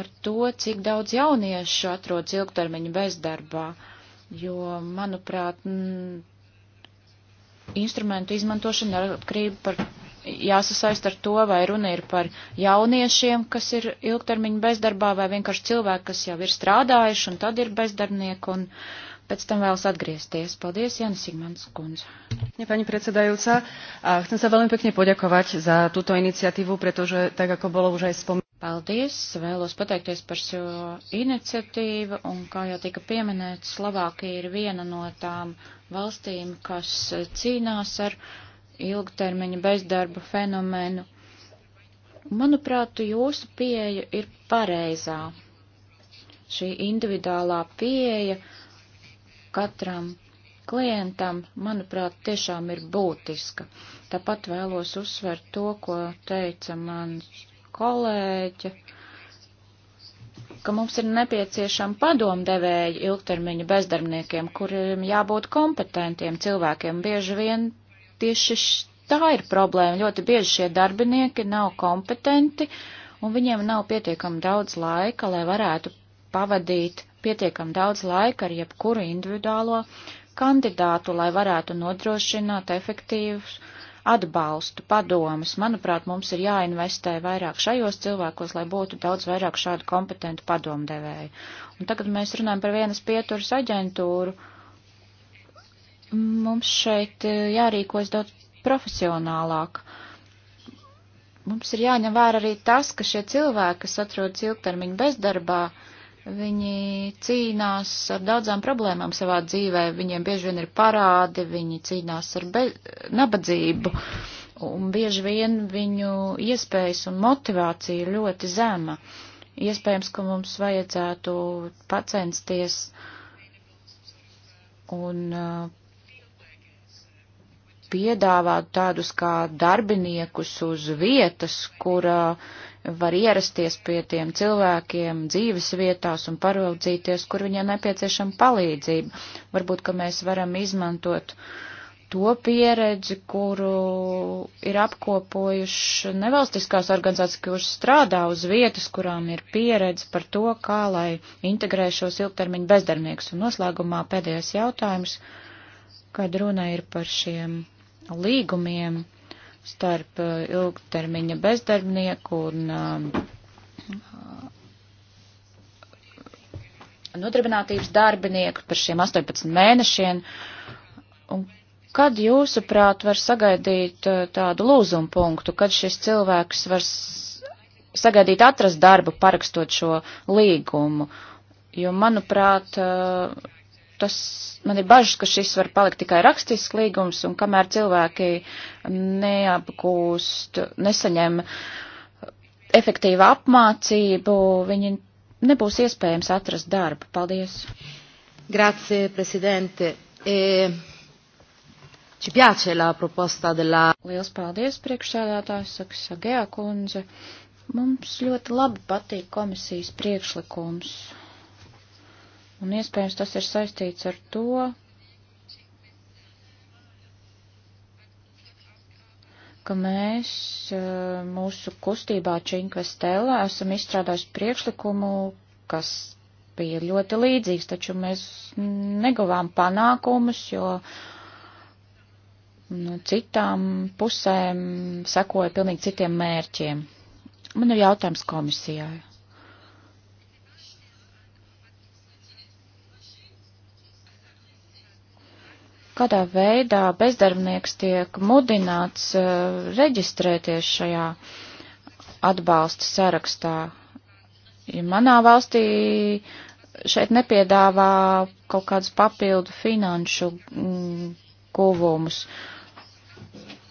ar to, cik daudz jauniešu atrodas ilgtermiņu bezdarbā, jo, manuprāt, instrumentu izmantošana atkarība par jāsasaist ar to, vai runa ir par jauniešiem, kas ir ilgtermiņa bezdarbā, vai vienkārši cilvēki, kas jau ir strādājuši un tad ir bezdarbnieki un pēc tam vēlas atgriezties. Paldies, Jānis Sigmans kundze. Ja, pani predsedajúca, chcem sa veľmi pekne poďakovať za túto iniciatívu, pretože, tak ako bolo už aj spomenuté, Paldies! Vēlos pateikties par šo iniciatīvu, un kā jau tika pieminēts, Slovākija ir viena no tām valstīm, kas cīnās ar ilgtermiņa bezdarba fenomenu. Manuprāt, jūsu pieeja ir pareizā. Šī individuālā pieeja katram klientam, manuprāt, tiešām ir būtiska. Tāpat vēlos uzsvert to, ko teica mans kolēģi, ka mums ir nepieciešama padomdevēja ilgtermiņa bezdarbniekiem, kuriem jābūt kompetentiem cilvēkiem. Bieži vien tieši tā ir problēma. Ļoti bieži šie darbinieki nav kompetenti un viņiem nav pietiekami daudz laika, lai varētu pavadīt pietiekami daudz laika ar jebkuru individuālo kandidātu, lai varētu nodrošināt efektīvus atbalstu, padomus. Manuprāt, mums ir jāinvestē vairāk šajos cilvēkos, lai būtu daudz vairāk šādu kompetentu padomdevēju. Un tagad mēs runājam par vienas pieturas aģentūru. Uh, Mums šeit eh, jārīkojas daudz profesionālāk. Mums ir jāņem vērā arī tas, ka šie cilvēki, kas atrodas ilgtermiņa bezdarbā, viņi cīnās ar daudzām problēmām savā dzīvē, viņiem bieži vien ir parādi, viņi cīnās ar be... nabadzību, un bieži vien viņu iespējas un motivācija ir ļoti zema. Iespējams, ka mums vajadzētu pacensties un eh, piedāvāt tādus kā darbiniekus uz vietas, kur uh, var ierasties pie tiem cilvēkiem dzīves vietās un paraudzīties, kur viņiem nepieciešama palīdzība. Varbūt, ka mēs varam izmantot to pieredzi, kuru ir apkopojuši nevalstiskās organizācijas, kuras strādā uz vietas, kurām ir pieredze par to, kā lai integrē šos ilgtermiņu bezdarbniekus. Un noslēgumā pēdējais jautājums, kad runa ir par šiem līgumiem starp uh, ilgtermiņa bezdarbnieku un uh, uh, nodarbinātības darbinieku par šiem 18 mēnešiem. Un kad jūsuprāt var sagaidīt tādu lūzumu punktu, kad šis cilvēks var sagaidīt atrast darbu, parakstot šo līgumu? Jo, manuprāt, tas, man ir bažas, ka šis var palikt tikai rakstisks līgums, un kamēr cilvēki neapgūst, nesaņem efektīvu apmācību, viņi nebūs iespējams atrast darbu. Paldies! Grazie, prezidente! E... Ci piace la proposta della... Liels paldies, priekšsēdētājs, saka Sagea kundze. Mums ļoti labi patīk komisijas priekšlikums Un iespējams tas ir saistīts ar to, ka mēs eh, mūsu kustībā Činkvestēlā esam izstrādājuši priekšlikumu, kas bija ļoti līdzīgs, taču mēs neguvām panākumus, jo nu, citām pusēm sekoja pilnīgi citiem mērķiem. Man ir jautājums komisijai. kādā veidā bezdarbnieks tiek mudināts uh, reģistrēties šajā atbalsta sarakstā. Ja manā valstī šeit nepiedāvā kaut kādus papildu finanšu mm, guvumus. Mm,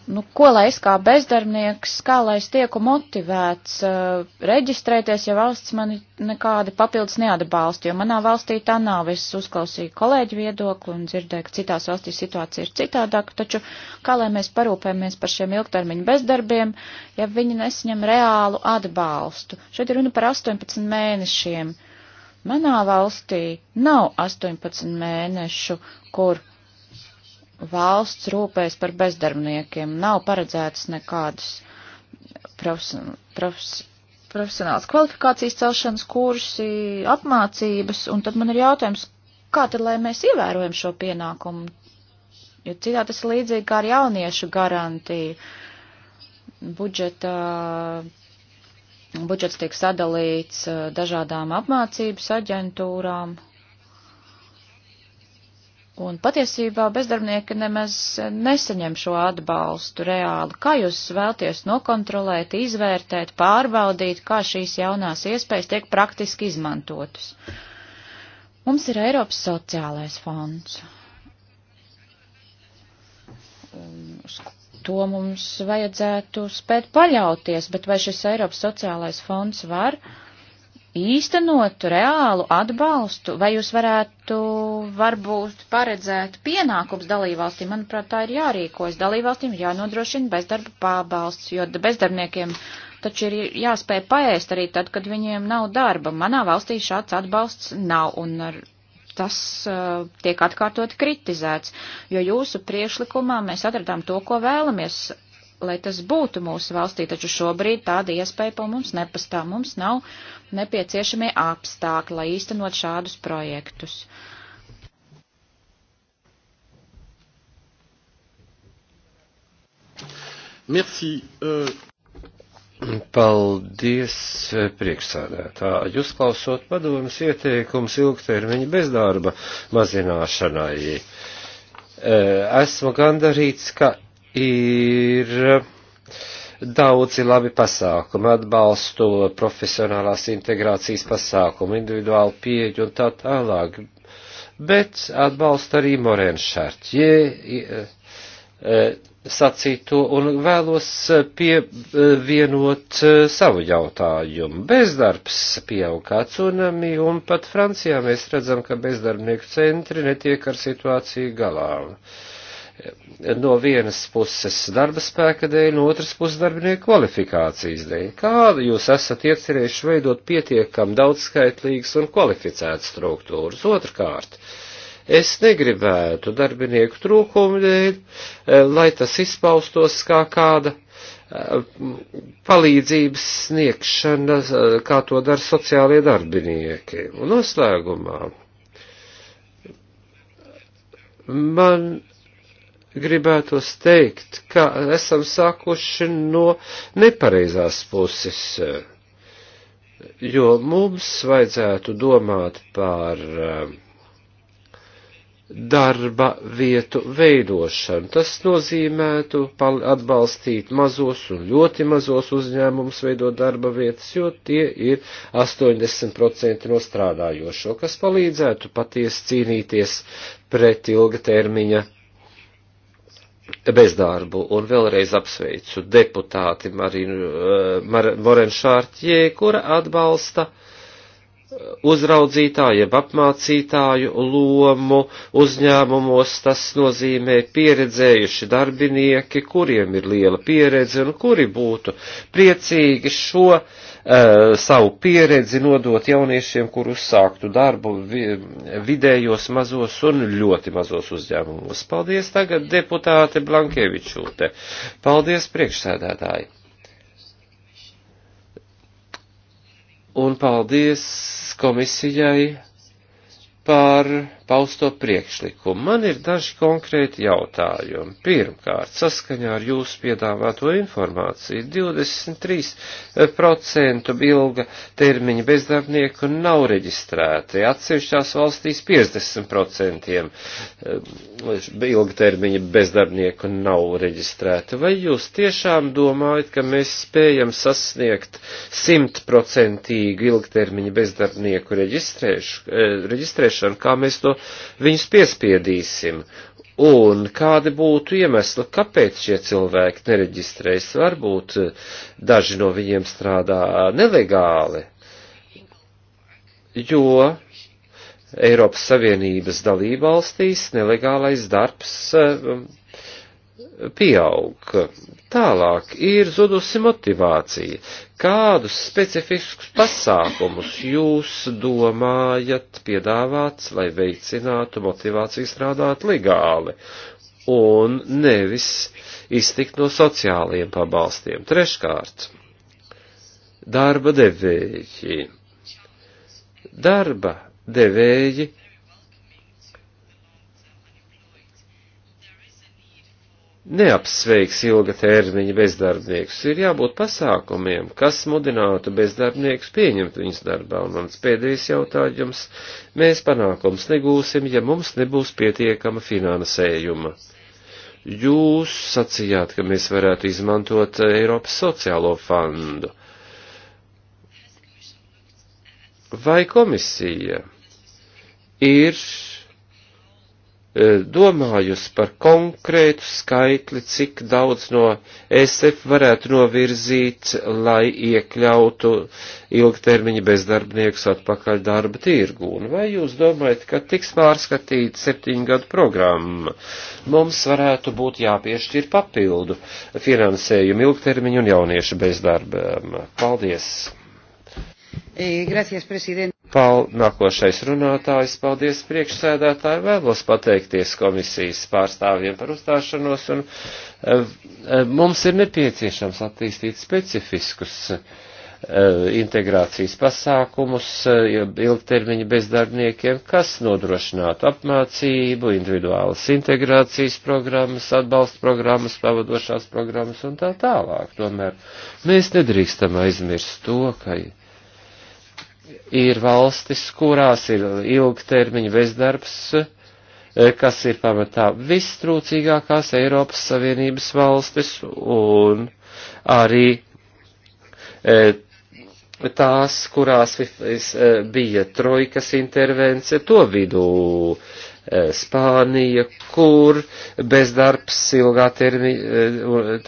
nu, ko lai es kā bezdarbnieks, kā lai es tieku motivēts uh, reģistrēties, ja valsts mani nekādi papildus neatbalsta, jo manā valstī tā nav. Es uzklausīju kolēģi viedokli un dzirdēju, ka citās valstīs situācija ir citādāka, taču kā lai mēs parūpējamies par šiem ilgtermiņu bezdarbiem, ja viņi nesaņem reālu atbalstu. Šeit ir runa par 18 mēnešiem. Manā valstī nav 18 mēnešu, kur valsts rūpēs par bezdarbniekiem. Nav paredzētas nekādas profesion, profes, profesionālas kvalifikācijas celšanas kursi, apmācības, un tad man ir jautājums, kā tad, lai mēs ievērojam šo pienākumu? Jo citā tas ir līdzīgi kā ar jauniešu garantiju. Budžeta, budžets tiek sadalīts eh, dažādām apmācības aģentūrām, Un patiesībā bezdarbnieki nemaz nesaņem šo atbalstu reāli. Kā jūs vēlties nokontrolēt, izvērtēt, pārbaudīt, kā šīs jaunās iespējas tiek praktiski izmantotas? Mums ir Eiropas sociālais fonds. Un uz to mums vajadzētu spēt paļauties, bet vai šis Eiropas sociālais fonds var? Uh, īstenot reālu atbalstu, vai jūs varētu varbūt paredzēt pienākums dalībvalstīm? Manuprāt, tā ir jārīkojas. Dalībvalstīm jānodrošina bezdarba pabalsts, jo bezdarbniekiem taču ir jāspēj paēst arī tad, kad viņiem nav darba. Manā valstī šāds atbalsts nav un ar tas uh, tiek atkārtot kritizēts, jo jūsu priešlikumā mēs atradām to, ko vēlamies lai tas būtu mūsu valstī, taču šobrīd tāda iespēja pa mums nepastāv. Mums nav nepieciešamie apstākļi, lai īstenot šādus projektus. Merci. Uh... Paldies, priekšsādētāji. Uzklausot padomus ieteikums ilgtermiņa bezdarba mazināšanai. Esmu gandarīts, ka ir eh, daudzi labi pasākumi, atbalstu profesionālās integrācijas pasākumu, individuālu pieeju un tā tālāk. Bet atbalstu arī Morēna Šārķie ja, eh, ja, eh, sacīto un vēlos pievienot savu jautājumu. Bezdarbs pieaug kā tsunami un pat Francijā mēs redzam, ka bezdarbnieku centri netiek ar situāciju galā. Uh, no vienas puses darba spēka dēļ, no otras puses darbinieku kvalifikācijas dēļ. Kādu jūs esat iecerējuši veidot pietiekam daudzskaitlīgas un kvalificētas struktūras? Otrkārt, es negribētu darbinieku trūkumu dēļ, eh, lai tas izpaustos kā kāda eh, palīdzības sniegšana, eh, kā to dara sociālie darbinieki. Un noslēgumā man gribētos teikt, ka esam sākuši no nepareizās puses, jo mums vajadzētu domāt par eh, darba vietu veidošanu. Tas nozīmētu atbalstīt mazos un ļoti mazos uzņēmumus veidot darba vietas, jo tie ir 80% no strādājošo, kas palīdzētu patiesi cīnīties pret ilga termiņa bezdarbu un vēlreiz apsveicu deputāti Marinu eh, Mar Moren Šārtjē, kura atbalsta eh, uzraudzītāju, jeb apmācītāju lomu uzņēmumos, tas nozīmē pieredzējuši darbinieki, kuriem ir liela pieredze un kuri būtu priecīgi šo Eh, savu pieredzi nodot jauniešiem, kur uzsāktu darbu vidējos mazos un ļoti mazos uzņēmumos. Paldies tagad deputāte Blankevičūte. Paldies priekšsēdētāji. Un paldies komisijai par pausto priekšlikumu. Man ir daži konkrēti jautājumi. Pirmkārt, saskaņā ar jūsu piedāvāto informāciju 23% eh, ilga termiņa bezdarbnieku nav reģistrēti, atsevišķās valstīs 50% eh, ilga termiņa bezdarbnieku nav reģistrēti. Vai jūs tiešām domājat, ka mēs spējam sasniegt 100% ilgtermiņa bezdarbnieku eh, reģistrēšanu, kā mēs to viņus piespiedīsim. Un kādi būtu iemesli, kāpēc šie cilvēki nereģistrējas? Varbūt eh, daži no viņiem strādā nelegāli, jo Eiropas Savienības dalībvalstīs nelegālais darbs eh, pieaug. Tālāk ir zudusi motivācija. Kādus specifiskus pasākumus jūs domājat piedāvāt, lai veicinātu motivāciju strādāt legāli un nevis iztikt no sociālajiem pabalstiem? Treškārt, darba devēji. Darba devēji neapsveiks ilga termiņa bezdarbniekus. Ir jābūt pasākumiem, kas mudinātu bezdarbniekus pieņemt viņus darbā. Un mans pēdējais jautājums - mēs panākums negūsim, ja mums nebūs pietiekama finansējuma. Jūs sacījāt, ka mēs varētu izmantot Eiropas sociālo fondu. Vai komisija ir E, domājusi par konkrētu skaitli, cik daudz no SF varētu novirzīt, lai iekļautu ilgtermiņa bezdarbniekus atpakaļ darba tirgu. Un vai jūs domājat, ka tiks pārskatīta septiņu gadu programma? Mums varētu būt jāpiešķir papildu finansējumu ilgtermiņu un jauniešu bezdarbam. Paldies! Eh, gracias, presidente. Pal, nākošais runātājs, paldies priekšsēdētāji, vēlos pateikties komisijas pārstāvjiem par uzstāšanos, un e, e, mums ir nepieciešams attīstīt specifiskus e, integrācijas pasākumus e, ilgtermiņa bezdarbniekiem, kas nodrošinātu apmācību, individuālas integrācijas programmas, atbalsta programmas, pavadošās programmas un tā tālāk. Tomēr mēs nedrīkstam aizmirst to, ka ir valstis, kurās ir ilgtermiņa bezdarbs, e, kas ir pamatā vistrūcīgākās Eiropas Savienības valstis un arī e, tās, kurās e, bija trojkas intervence to vidū. Eh, Spānija, kur bezdarbs ilgā, termi, eh,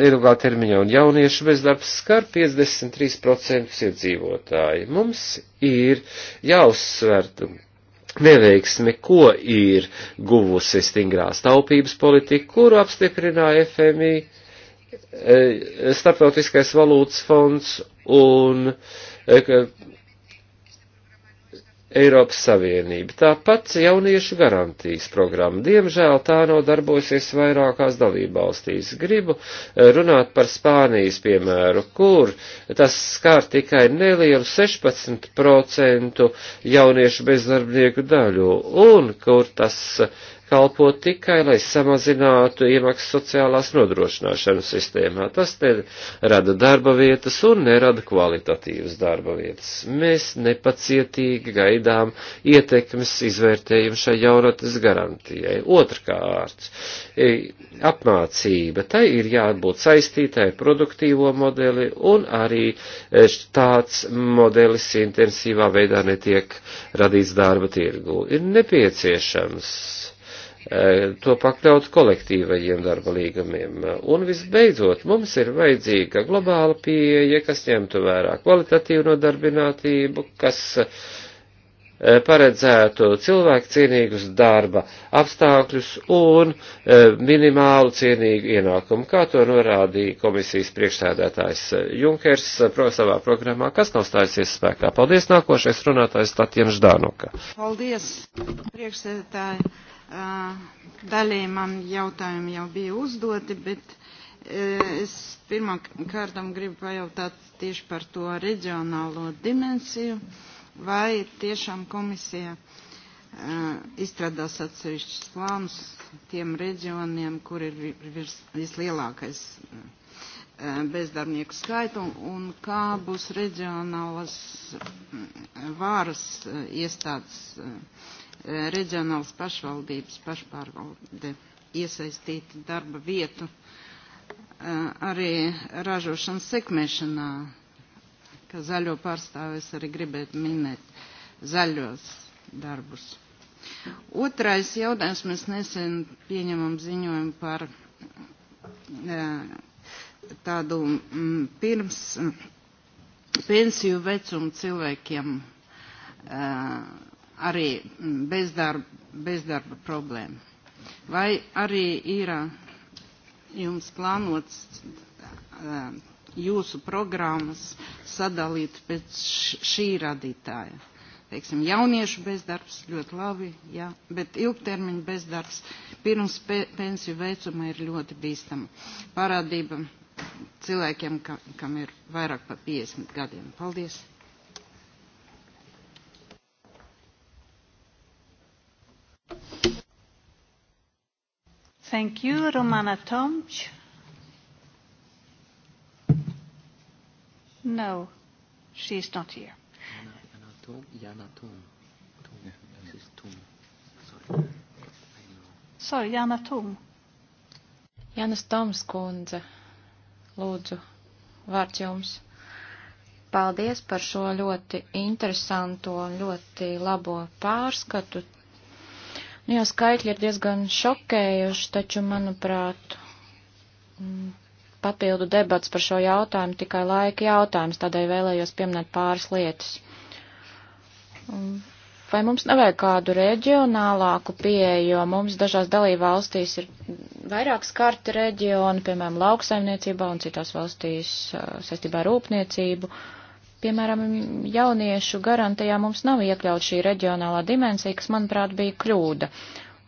ilgā termiņā un jauniešu bezdarbs skar 53% iedzīvotāji. Mums ir jāuzsver neveiksmi, ko ir guvusi stingrā staupības politika, kuru apstiprināja FMI, eh, Starptautiskais valūtas fonds un Eiropas Savienība. Tāpat jauniešu garantijas programma. Diemžēl tā nav darbosies vairākās dalībvalstīs. Gribu eh, runāt par Spānijas piemēru, kur tas skār tikai nelielu 16% jauniešu bezdarbnieku daļu un kur tas kalpo tikai, lai samazinātu iemaksas sociālās nodrošināšanas sistēmā. Tas te rada darba vietas un nerada kvalitatīvas darba vietas. Mēs nepacietīgi gaidām ietekmes izvērtējumu šai jaunatas garantijai. Otrkārt, apmācība. Tai ir jābūt saistītai produktīvo modeli un arī e, tāds modelis intensīvā veidā netiek radīts darba tirgu. Ir nepieciešams Eh, to pakļaut kolektīvajiem darba līgumiem. Un visbeidzot, mums ir vajadzīga globāla pieeja, kas ņemtu vērā kvalitatīvu nodarbinātību, kas eh, paredzētu cilvēku cienīgus darba apstākļus un eh, minimālu cienīgu ienākumu, kā to norādīja komisijas priekšsēdētājs Junkers pro savā programmā, kas nav stājusies spēkā. Paldies, nākošais runātājs Tatjana Ždānoka. Paldies, priekšsēdētāji. Daļai man jautājumi jau bija uzdoti, bet es pirmām kārtām gribu pajautāt tieši par to reģionālo dimensiju, vai tiešām komisija izstrādās atsevišķus plānus tiem reģioniem, kur ir vislielākais bezdarbnieku skaitu un kā būs reģionālas vāras iestādes Eh, reģionāls pašvaldības pašpārvalde iesaistīti darba vietu eh, arī ražošanas sekmēšanā, ka zaļo pārstāvis arī gribētu minēt zaļos darbus. Otrais jautājums, mēs nesen pieņemam ziņojumu par eh, tādu mm, pirms mm, pensiju vecumu cilvēkiem arī mm, bezdarba, bezdarba problēma. Vai arī ir jums plānots jūsu programmas sadalīt pēc šī radītāja? Teiksim, jauniešu bezdarbs ļoti labi, jā, bet ilgtermiņa bezdarbs pirms pe pensiju veicuma ir ļoti bīstama parādība cilvēkiem, ka, kam ir vairāk par 50 gadiem. Paldies! Thank you. Romana Tomc? No, she's not here. Jana Tom. Tom. Sorry. Sorry, Jana Tom. Janas Toms kundze, lūdzu, vārds jums. Paldies par šo ļoti interesanto un ļoti labo pārskatu Nu jā, skaitļi ir diezgan šokējuši, taču, manuprāt, papildu debats par šo jautājumu tikai laika jautājums, tādēļ vēlējos pieminēt pāris lietas. Vai mums nevajag kādu reģionālāku pieeju, jo mums dažās dalībvalstīs ir vairāk skarti reģioni, piemēram, lauksaimniecībā un citās valstīs saistībā ar rūpniecību. Uh, Piemēram, jauniešu garantijā mums nav iekļaut šī reģionālā dimensija, kas, manuprāt, bija kļūda.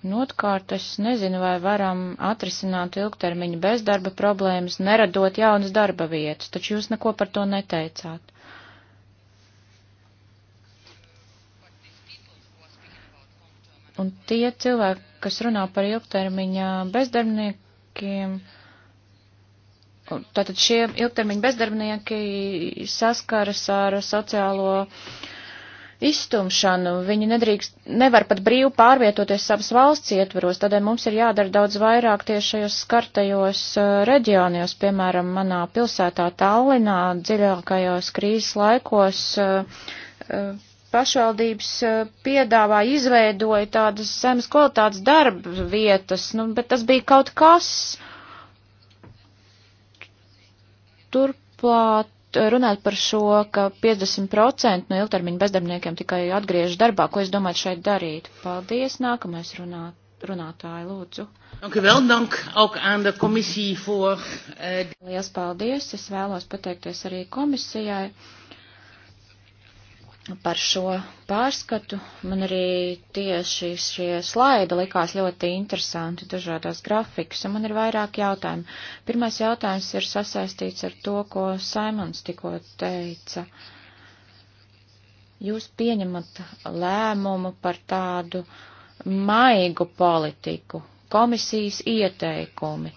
Un otkārt, es nezinu, vai varam atrisināt ilgtermiņu bezdarba problēmas, neradot jaunas darba vietas, taču jūs neko par to neteicāt. Un tie cilvēki, kas runā par ilgtermiņa bezdarbniekiem, Tātad šie ilgtermiņa bezdarbnieki saskaras ar sociālo izstumšanu. Viņi nedrīkst, nevar pat brīvi pārvietoties savas valsts ietveros, tādēļ mums ir jādara daudz vairāk tieši šajos skartajos uh, reģionos, piemēram, manā pilsētā Tallinā dziļākajos krīzes laikos. Uh, uh, pašvaldības piedāvā izveidoja tādas zemes kvalitātes darba vietas, nu, bet tas bija kaut kas, uh, Turklāt eh, runāt par šo, ka 50% no ilgtermiņa bezdarbniekiem tikai atgriežas darbā, ko es domāju šeit darīt. Paldies, nākamais runāt, runātāji, lūdzu. Vēl, dank, ook aan de komisiju for... Eh, Liels paldies, es vēlos pateikties arī komisijai. Uh, par šo pārskatu. Man arī tieši šie slaidi likās ļoti interesanti dažādos grafikus, un man ir vairāk jautājumu. Pirmais jautājums ir sasaistīts ar to, ko Saimons tikko teica. Jūs pieņemat lēmumu par tādu maigu politiku, komisijas ieteikumi.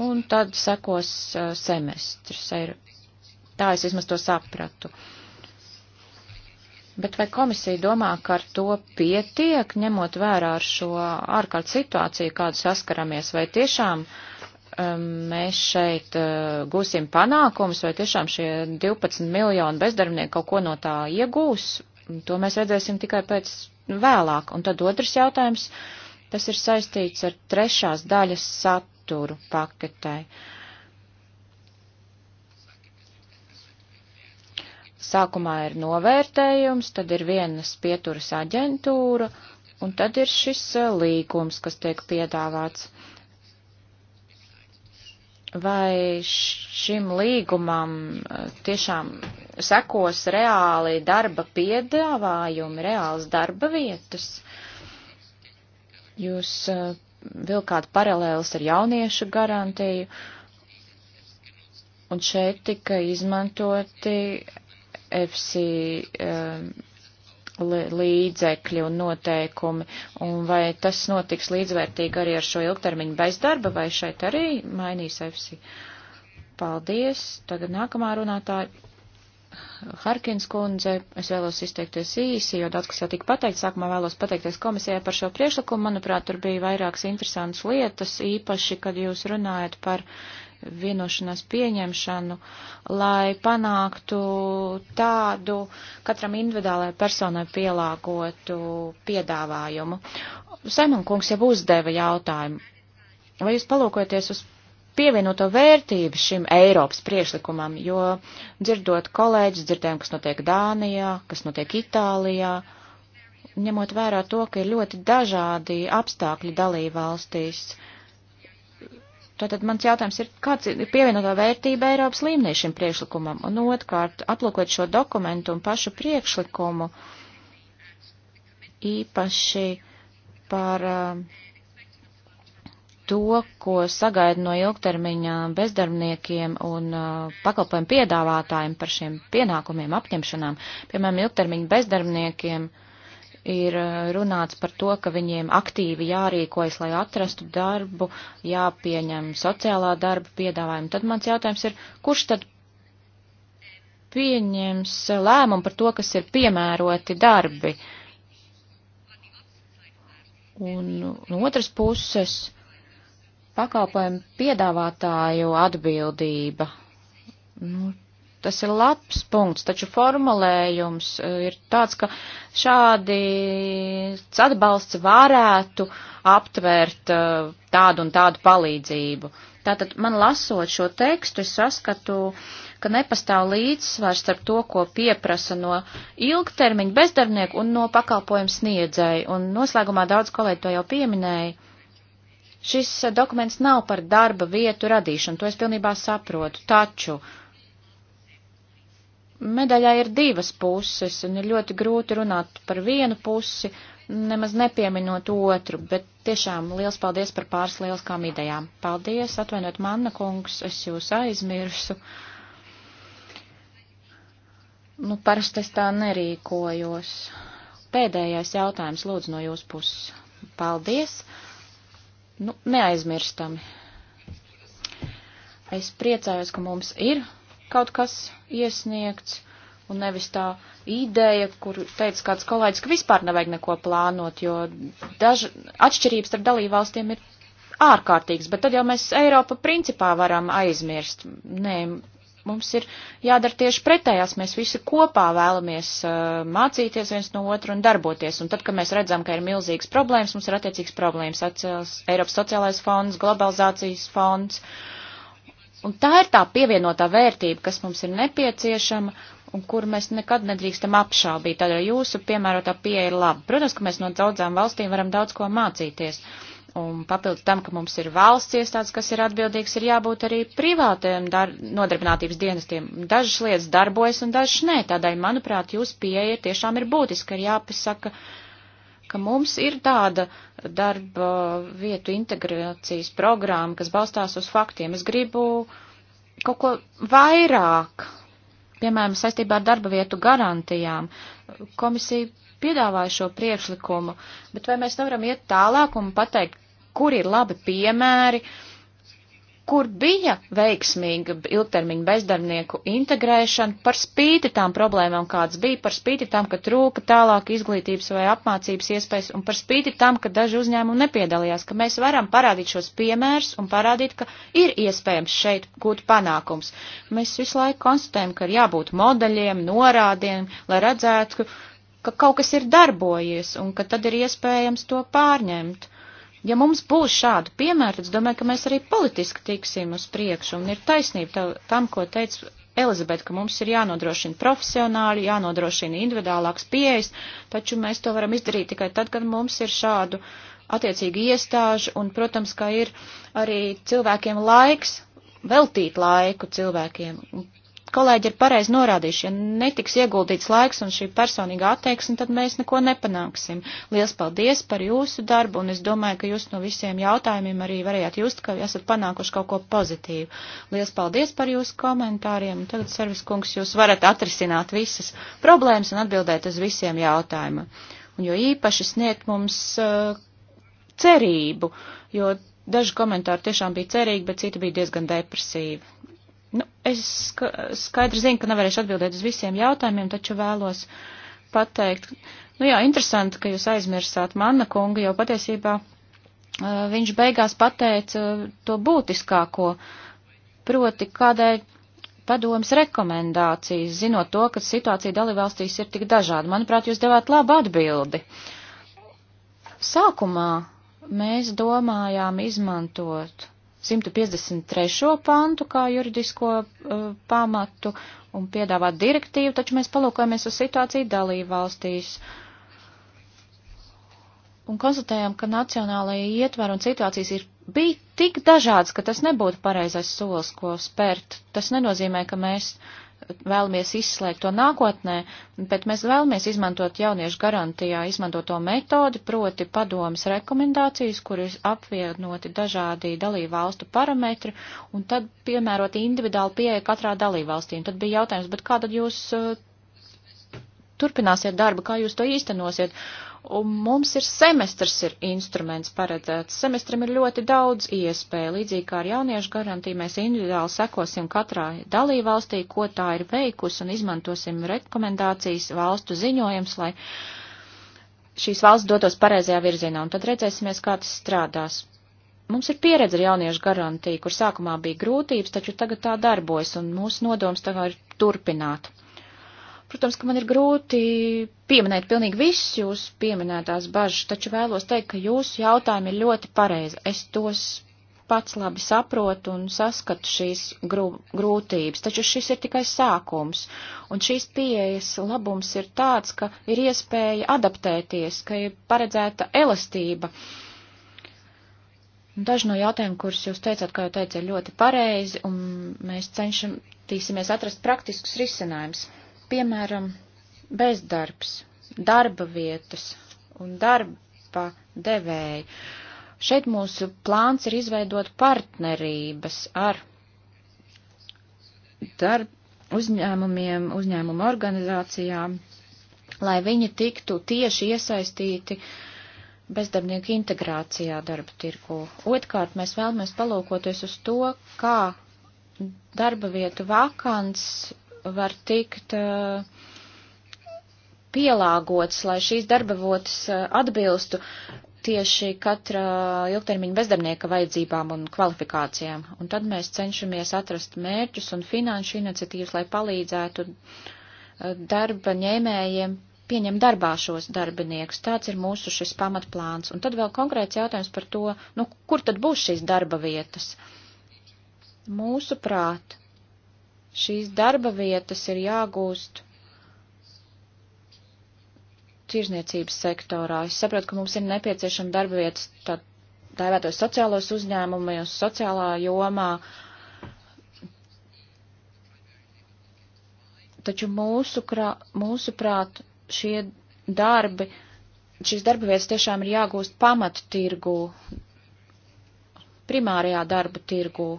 Un tad sekos uh, semestrs, Eiropas Tā es vismaz to sapratu. Bet vai komisija domā, ka ar to pietiek, ņemot vērā ar šo ārkārt situāciju, kādu saskaramies, vai tiešām um, mēs šeit uh, gūsim panākumus, vai tiešām šie 12 miljoni bezdarbnieku kaut ko no tā iegūs, to mēs redzēsim tikai pēc nu, vēlāk. Un tad otrs jautājums, tas ir saistīts ar trešās daļas saturu paketē. Uh, Sākumā ir novērtējums, tad ir vienas pieturas aģentūra, un tad ir šis eh, līgums, kas tiek piedāvāts. Vai šim līgumam eh, tiešām sekos reāli darba piedāvājumi, reāls darba vietas? Jūs eh, vilkāt paralēlis ar jauniešu garantiju, un šeit tika izmantoti EFSI um, līdzekļi un noteikumi, un vai tas notiks līdzvērtīgi arī ar šo ilgtermiņu bezdarba, vai šeit arī mainīs EFSI? Paldies. Tagad nākamā runātāja. Harkins kundze, es vēlos izteikties īsi, jo daudz kas jau tika pateikt. Sākumā vēlos pateikties komisijai par šo priekšlikumu. Manuprāt, tur bija vairākas interesantas lietas, īpaši, kad jūs runājat par uh, vienošanās pieņemšanu, lai panāktu tādu katram individuālajai personai pielāgotu piedāvājumu. Saimon kungs jau uzdeva jautājumu, vai jūs palūkojaties uz pievienoto vērtību šim Eiropas priekšlikumam, jo dzirdot kolēģis, dzirdējam, kas notiek Dānijā, kas notiek Itālijā, ņemot vērā to, ka ir ļoti dažādi apstākļi dalībvalstīs. valstīs Tātad mans jautājums ir, kāds ir pievienotā vērtība Eiropas līmenī šim priekšlikumam? Un otrkārt, aplūkot šo dokumentu un pašu priekšlikumu, īpaši par uh, to, ko sagaida no ilgtermiņa bezdarbniekiem un uh, pakalpojumu piedāvātājiem par šiem pienākumiem, apņemšanām, piemēram, ilgtermiņa bezdarbniekiem. Uh, ir eh, runāts par to, ka viņiem aktīvi jārīkojas, lai atrastu darbu, jāpieņem sociālā darba piedāvājumu. Tad mans jautājums ir, kurš tad pieņems lēmumu par to, kas ir piemēroti darbi? Un no otras puses, pakalpojumu piedāvātāju atbildība. Nu, Tas ir labs punkts, taču formulējums e, ir tāds, ka šādi atbalsts varētu aptvērt e, tādu un tādu palīdzību. Tātad man lasot šo tekstu, es saskatu, ka nepastāv līdzsvars starp to, ko pieprasa no ilgtermiņa bezdarbnieku un no pakalpojumu sniedzēju. Un noslēgumā daudz kolēģi to jau pieminēja. Šis dokuments nav par darba vietu radīšanu, to es pilnībā saprotu, taču medaļā ir divas puses, un ir ļoti grūti runāt par vienu pusi, nemaz nepieminot otru, bet tiešām liels paldies par pāris lieliskām idejām. Paldies, atvainot manna kungs, es jūs aizmirsu. Nu, parasti es tā nerīkojos. Pēdējais jautājums lūdzu no jūsu puses. Paldies. Nu, neaizmirstami. Es priecājos, ka mums ir kaut kas iesniegts, un nevis tā ideja, kur teica kāds kolēģis, ka vispār nevajag neko plānot, jo daži atšķirības starp dalībvalstiem ir ārkārtīgas, bet tad jau mēs Eiropu principā varam aizmirst. Nē, mums ir jādara tieši pretējās. Mēs visi kopā vēlamies uh, mācīties viens no otru un darboties. Un tad, kad mēs redzam, ka ir milzīgas problēmas, mums ir attiecīgas problēmas. Atcels Eiropas sociālais fonds, globalizācijas fonds. Uh, Un tā ir tā pievienotā vērtība, kas mums ir nepieciešama un kuru mēs nekad nedrīkstam apšaubīt. Tādēļ jūsu piemērotā pieeja ir laba. Protams, ka mēs no daudzām valstīm varam daudz ko mācīties. Un papildus tam, ka mums ir valsts iestādes, kas ir atbildīgs, ir jābūt arī privātiem nodarbinātības dienestiem. Dažas lietas darbojas un dažas nē. Tādēļ, manuprāt, jūsu pieeja tiešām ir būtiska, ir jāpasaka ka mums ir tāda darba vietu integrācijas programma, kas balstās uz faktiem. Es gribu kaut ko vairāk, piemēram, saistībā ar darba vietu garantijām. Komisija piedāvāja šo priekšlikumu, bet vai mēs nevaram iet tālāk un pateikt, kur ir labi piemēri, uh, kur bija veiksmīga ilgtermiņa bezdarbnieku integrēšana, par spīti tām problēmām, kādas bija, par spīti tam, ka trūka tālāk izglītības vai apmācības iespējas, un par spīti tam, ka daži uzņēmumi nepiedalījās, ka mēs varam parādīt šos piemērus un parādīt, ka ir iespējams šeit gūt panākums. Mēs visu laiku konstatējam, ka ir jābūt modeļiem, norādiem, lai redzētu, ka kaut kas ir darbojies un ka tad ir iespējams to pārņemt. Ja mums būs šādu piemēru, tad es domāju, ka mēs arī politiski tiksim uz priekšu, un ir taisnība tev, tam, ko teica Elizabete, ka mums ir jānodrošina profesionāļi, jānodrošina individuālāks pieejas, taču mēs to varam izdarīt tikai tad, kad mums ir šādu attiecīgu iestāžu, un, protams, ka ir arī cilvēkiem laiks veltīt laiku cilvēkiem kolēģi ir pareizi norādījuši, ja netiks ieguldīts laiks un šī personīga attieksme, tad mēs neko nepanāksim. Lielas paldies par jūsu darbu, un es domāju, ka jūs no visiem jautājumiem arī varējāt just, ka esat panākuši kaut ko pozitīvu. Lielas paldies par jūsu komentāriem, un tagad, servis kungs, jūs varat atrisināt visas problēmas un atbildēt uz visiem jautājumiem. Un jo īpaši sniegt mums uh, cerību, jo daži komentāri tiešām bija cerīgi, bet citi bija diezgan depresīvi. Es skaidri zinu, ka nevarēšu atbildēt uz visiem jautājumiem, taču vēlos pateikt, nu jā, interesanti, ka jūs aizmirsāt mana kunga, jo patiesībā viņš beigās pateica to būtiskāko, proti kādēļ padomas rekomendācijas, zinot to, ka situācija dalībvalstīs ir tik dažāda. Manuprāt, jūs devāt labu atbildi. Sākumā mēs domājām izmantot 153. pantu kā juridisko uh, pamatu un piedāvāt direktīvu, taču mēs palūkojamies uz situāciju dalību valstīs un konstatējam, ka nacionālajie ietvari un situācijas ir bija tik dažādas, ka tas nebūtu pareizais solis, ko spērt. Tas nenozīmē, ka mēs vēlamies izslēgt to nākotnē, bet mēs vēlamies izmantot jauniešu garantijā izmantoto metodi, proti padomas rekomendācijas, kur ir apvienoti dažādi dalībvalstu parametri, un tad piemērot individuāli pieeja katrā dalībvalstī. Un tad bija jautājums, bet kā tad jūs eh, turpināsiet darbu, kā jūs to īstenosiet? Un mums ir semestrs, ir instruments paredzēts. Semestram ir ļoti daudz iespēju. Līdzīgi kā ar jauniešu garantiju, mēs individuāli sekosim katrā dalībvalstī, ko tā ir veikusi, un izmantosim rekomendācijas valstu ziņojums, lai šīs valsts dotos pareizajā virzienā, un tad redzēsimies, kā tas strādās. Mums ir pieredze ar jauniešu garantiju, kur sākumā bija grūtības, taču tagad tā darbojas, un mūsu nodoms tagad ir turpināt. Protams, ka man ir grūti pieminēt pilnīgi visus jūs pieminētās bažas, taču vēlos teikt, ka jūsu jautājumi ir ļoti pareizi. Es tos pats labi saprotu un saskatu šīs grūtības, taču šis ir tikai sākums. Un šīs pieejas labums ir tāds, ka ir iespēja adaptēties, ka ir paredzēta elastība. Daži no jautājumiem, kurus jūs teicāt, kā jau teicu, ir ļoti pareizi, un mēs cenšamies atrast praktiskus risinājumus. Piemēram, bezdarbs, darba vietas un darba devēji. Šeit mūsu plāns ir izveidot partnerības ar darb, uzņēmumiem, uzņēmumu organizācijām, lai viņi tiktu tieši iesaistīti bezdarbnieku integrācijā darba tirku. Otkārt, mēs vēlamies palūkoties uz to, kā darba vietu vakants var tikt uh, pielāgots, lai šīs darba votas uh, atbilstu tieši katra ilgtermiņa bezdarbnieka vajadzībām un kvalifikācijām. Un tad mēs cenšamies atrast mērķus un finanšu iniciatīvas, lai palīdzētu darba ņēmējiem pieņem darbā šos darbiniekus. Tāds ir mūsu šis pamatplāns. Un tad vēl konkrēts jautājums par to, nu, kur tad būs šīs darba vietas. Mūsu prāt, Šīs darba vietas ir jāgūst tirzniecības sektorā. Es saprotu, ka mums ir nepieciešama darba vietas tā dēvētos sociālos uzņēmumos, sociālā jomā. Taču mūsu, krā, mūsu prāt šie darbi, šīs darba vietas tiešām ir jāgūst pamatu tirgū, primārajā darba tirgū,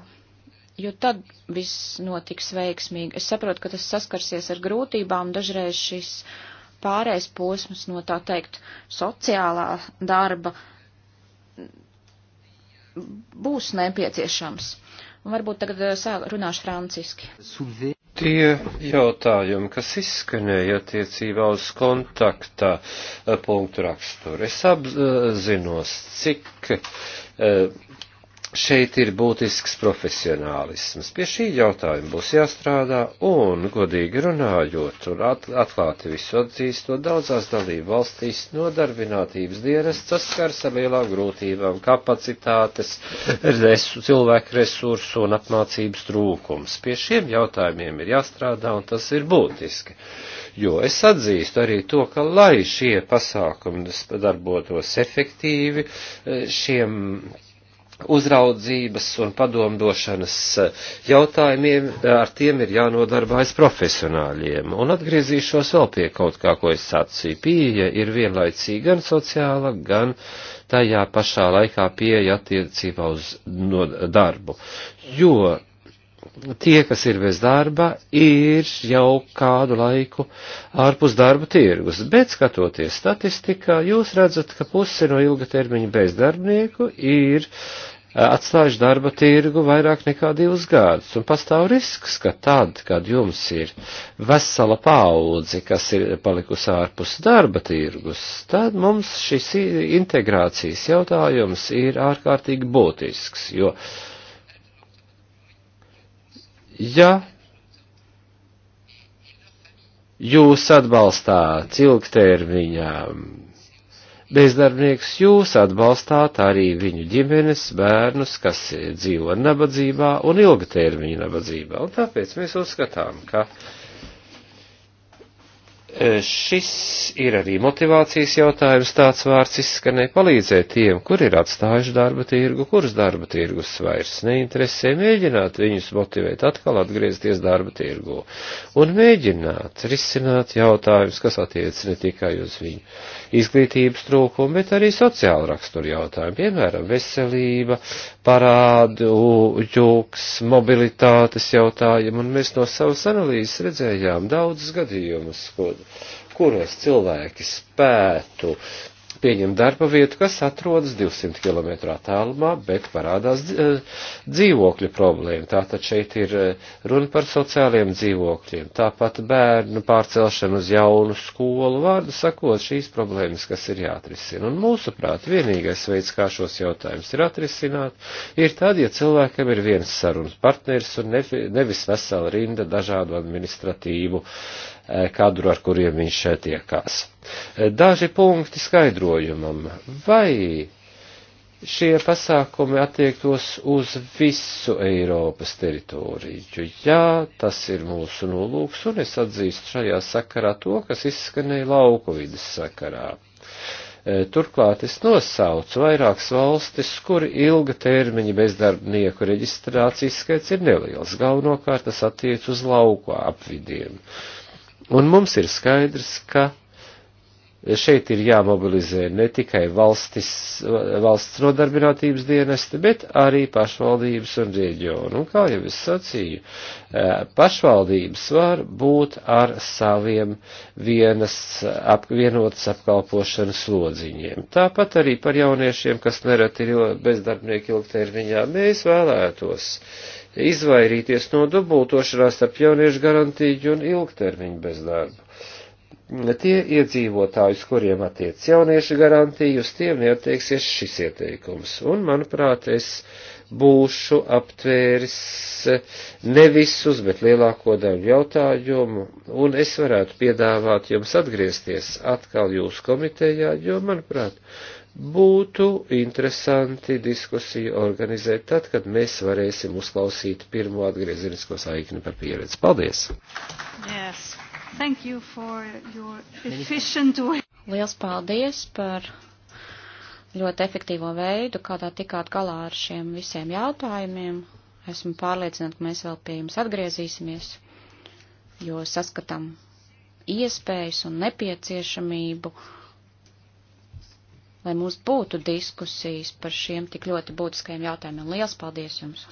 jo tad viss notiks veiksmīgi. Es saprotu, ka tas saskarsies ar grūtībām, dažreiz šis pārējais posms no tā teikt sociālā darba būs nepieciešams. Un varbūt tagad eh, sāk runāšu franciski. Tie jautājumi, kas izskanēja attiecībā uz kontakta eh, punktu raksturu, es apzinos, cik eh, šeit ir būtisks profesionālisms. Pie šī jautājuma būs jāstrādā un, godīgi runājot un at, atklāti visu atzīstot, daudzās dalību valstīs nodarbinātības dienas saskars ar lielām grūtībām, kapacitātes, resu, cilvēku resursu un apmācības trūkums. Pie šiem jautājumiem ir jāstrādā un tas ir būtiski. Jo es atzīstu arī to, ka lai šie pasākumi darbotos efektīvi, šiem uzraudzības un padomdošanas eh, jautājumiem, eh, ar tiem ir jānodarbojas profesionāļiem. Un atgriezīšos vēl pie kaut kā, ko es sacīju. Pieeja ir vienlaicīgi gan sociāla, gan tajā pašā laikā pieeja attiecībā uz no darbu. Jo tie, kas ir bez darba, ir jau kādu laiku ārpus darba tirgus. Bet skatoties statistikā, jūs redzat, ka puse no ilgatermiņa bezdarbnieku ir atstājuši darba tirgu vairāk nekā divus gadus, un pastāv risks, ka tad, kad jums ir vesela paudze, kas ir palikusi ārpus darba tirgus, tad mums šis integrācijas jautājums ir ārkārtīgi būtisks, jo, ja jūs atbalstāt ilgtermiņā bezdarbnieks, jūs atbalstāt arī viņu ģimenes, bērnus, kas dzīvo nabadzībā un ilgtermiņa nabadzībā. Un tāpēc mēs uzskatām, ka E, šis ir arī motivācijas jautājums, tāds vārds izskanēja palīdzēt tiem, kur ir atstājuši darba tirgu, kurus darba tirgus vairs neinteresē, mēģināt viņus motivēt atkal atgriezties darba tirgu un mēģināt risināt jautājumus, kas attiec ne tikai uz viņu izglītības trūkumu, bet arī sociāla rakstura jautājumu, piemēram, veselība, parādu, jūks, mobilitātes jautājumu, un mēs no savas analīzes redzējām daudzus gadījumus, ko kuros cilvēki spētu pieņemt darba vietu, kas atrodas 200 km attālumā, bet parādās eh, dzīvokļu problēma. Tātad šeit ir eh, runa par sociāliem dzīvokļiem, tāpat bērnu pārcelšanu uz jaunu skolu, vārdu sakot, šīs problēmas, kas ir jāatrisina. Un mūsuprāt, vienīgais veids, kā šos jautājumus ir atrisināt, ir tad, ja cilvēkam ir viens sarunas partners un nevis vesela rinda dažādu administratīvu uh, Eh, kadru, ar kuriem viņš šeit tiekās. Eh, daži punkti skaidrojumam. Vai šie pasākumi attiektos uz visu Eiropas teritoriju? Jā, tas ir mūsu nolūks, un es atzīstu šajā sakarā to, kas izskanēja lauku vidas sakarā. Eh, turklāt es nosaucu vairākas valstis, kur ilga termiņa bezdarbnieku reģistrācijas skaits ir neliels. Galvenokārt tas attiec uz lauku apvidiem. Uh, Un mums ir skaidrs, ka šeit ir jāmobilizē ne tikai valstis, valsts nodarbinātības dienesti, bet arī pašvaldības un reģionu. Un kā jau es sacīju, eh, pašvaldības var būt ar saviem vienas, ap, vienotas apkalpošanas slodziņiem. Tāpat arī par jauniešiem, kas nereti ir bezdarbnieki ilgtermiņā, mēs vēlētos izvairīties no dubultošanās ap jauniešu garantiju un ilgtermiņu bezdarbu. Tie iedzīvotāji, uz kuriem attiec jauniešu garantiju, uz tiem neattieksies šis ieteikums. Un, manuprāt, es būšu aptvēris ne visus, bet lielāko daļu jautājumu, un es varētu piedāvāt jums atgriezties atkal jūsu komitejā, jo, manuprāt, būtu interesanti diskusiju organizēt tad, kad mēs varēsim uzklausīt pirmo atgriezenisko saikni par pieredzi. Paldies! Yes. Thank you for your efficient way. Liels paldies par ļoti efektīvo veidu, kādā tikāt galā ar šiem visiem jautājumiem. Esmu pārliecināta, ka mēs vēl pie jums atgriezīsimies, jo saskatām iespējas un nepieciešamību lai mums būtu diskusijas par šiem tik ļoti būtiskajiem jautājumiem. Liels paldies jums!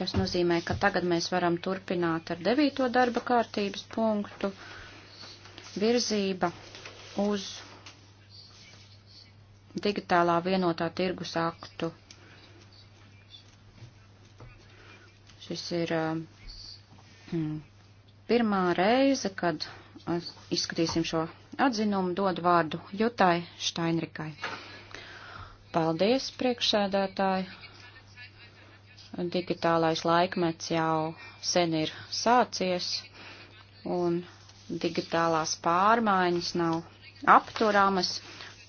Tas nozīmē, ka tagad mēs varam turpināt ar devīto darba kārtības punktu virzība uz digitālā vienotā tirgus aktu. Šis ir uh, mm, pirmā reize, kad uh, izskatīsim šo atzinumu dod vārdu Jutai Štainrikai. Paldies, priekšsēdētāji! Digitālais laikmets jau sen ir sācies, un digitālās pārmaiņas nav apturamas,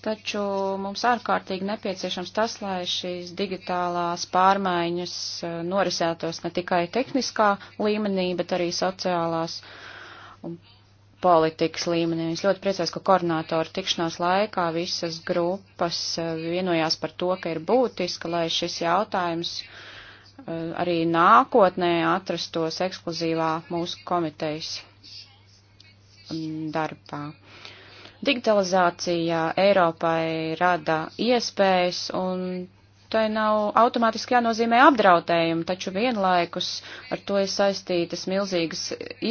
taču mums ārkārtīgi nepieciešams tas, lai šīs digitālās pārmaiņas eh, norisētos ne tikai tehniskā līmenī, bet arī sociālās un politikas līmenī. Es ļoti priecājos, ka koordinātoru tikšanās laikā visas grupas eh, vienojās par to, ka ir būtiski, lai šis jautājums eh, arī nākotnē atrastos ekskluzīvā mūsu komitejas mm, darbā. Digitalizācija Eiropai rada iespējas un tai nav automātiski jānozīmē apdraudējumi, taču vienlaikus ar to ir saistītas milzīgas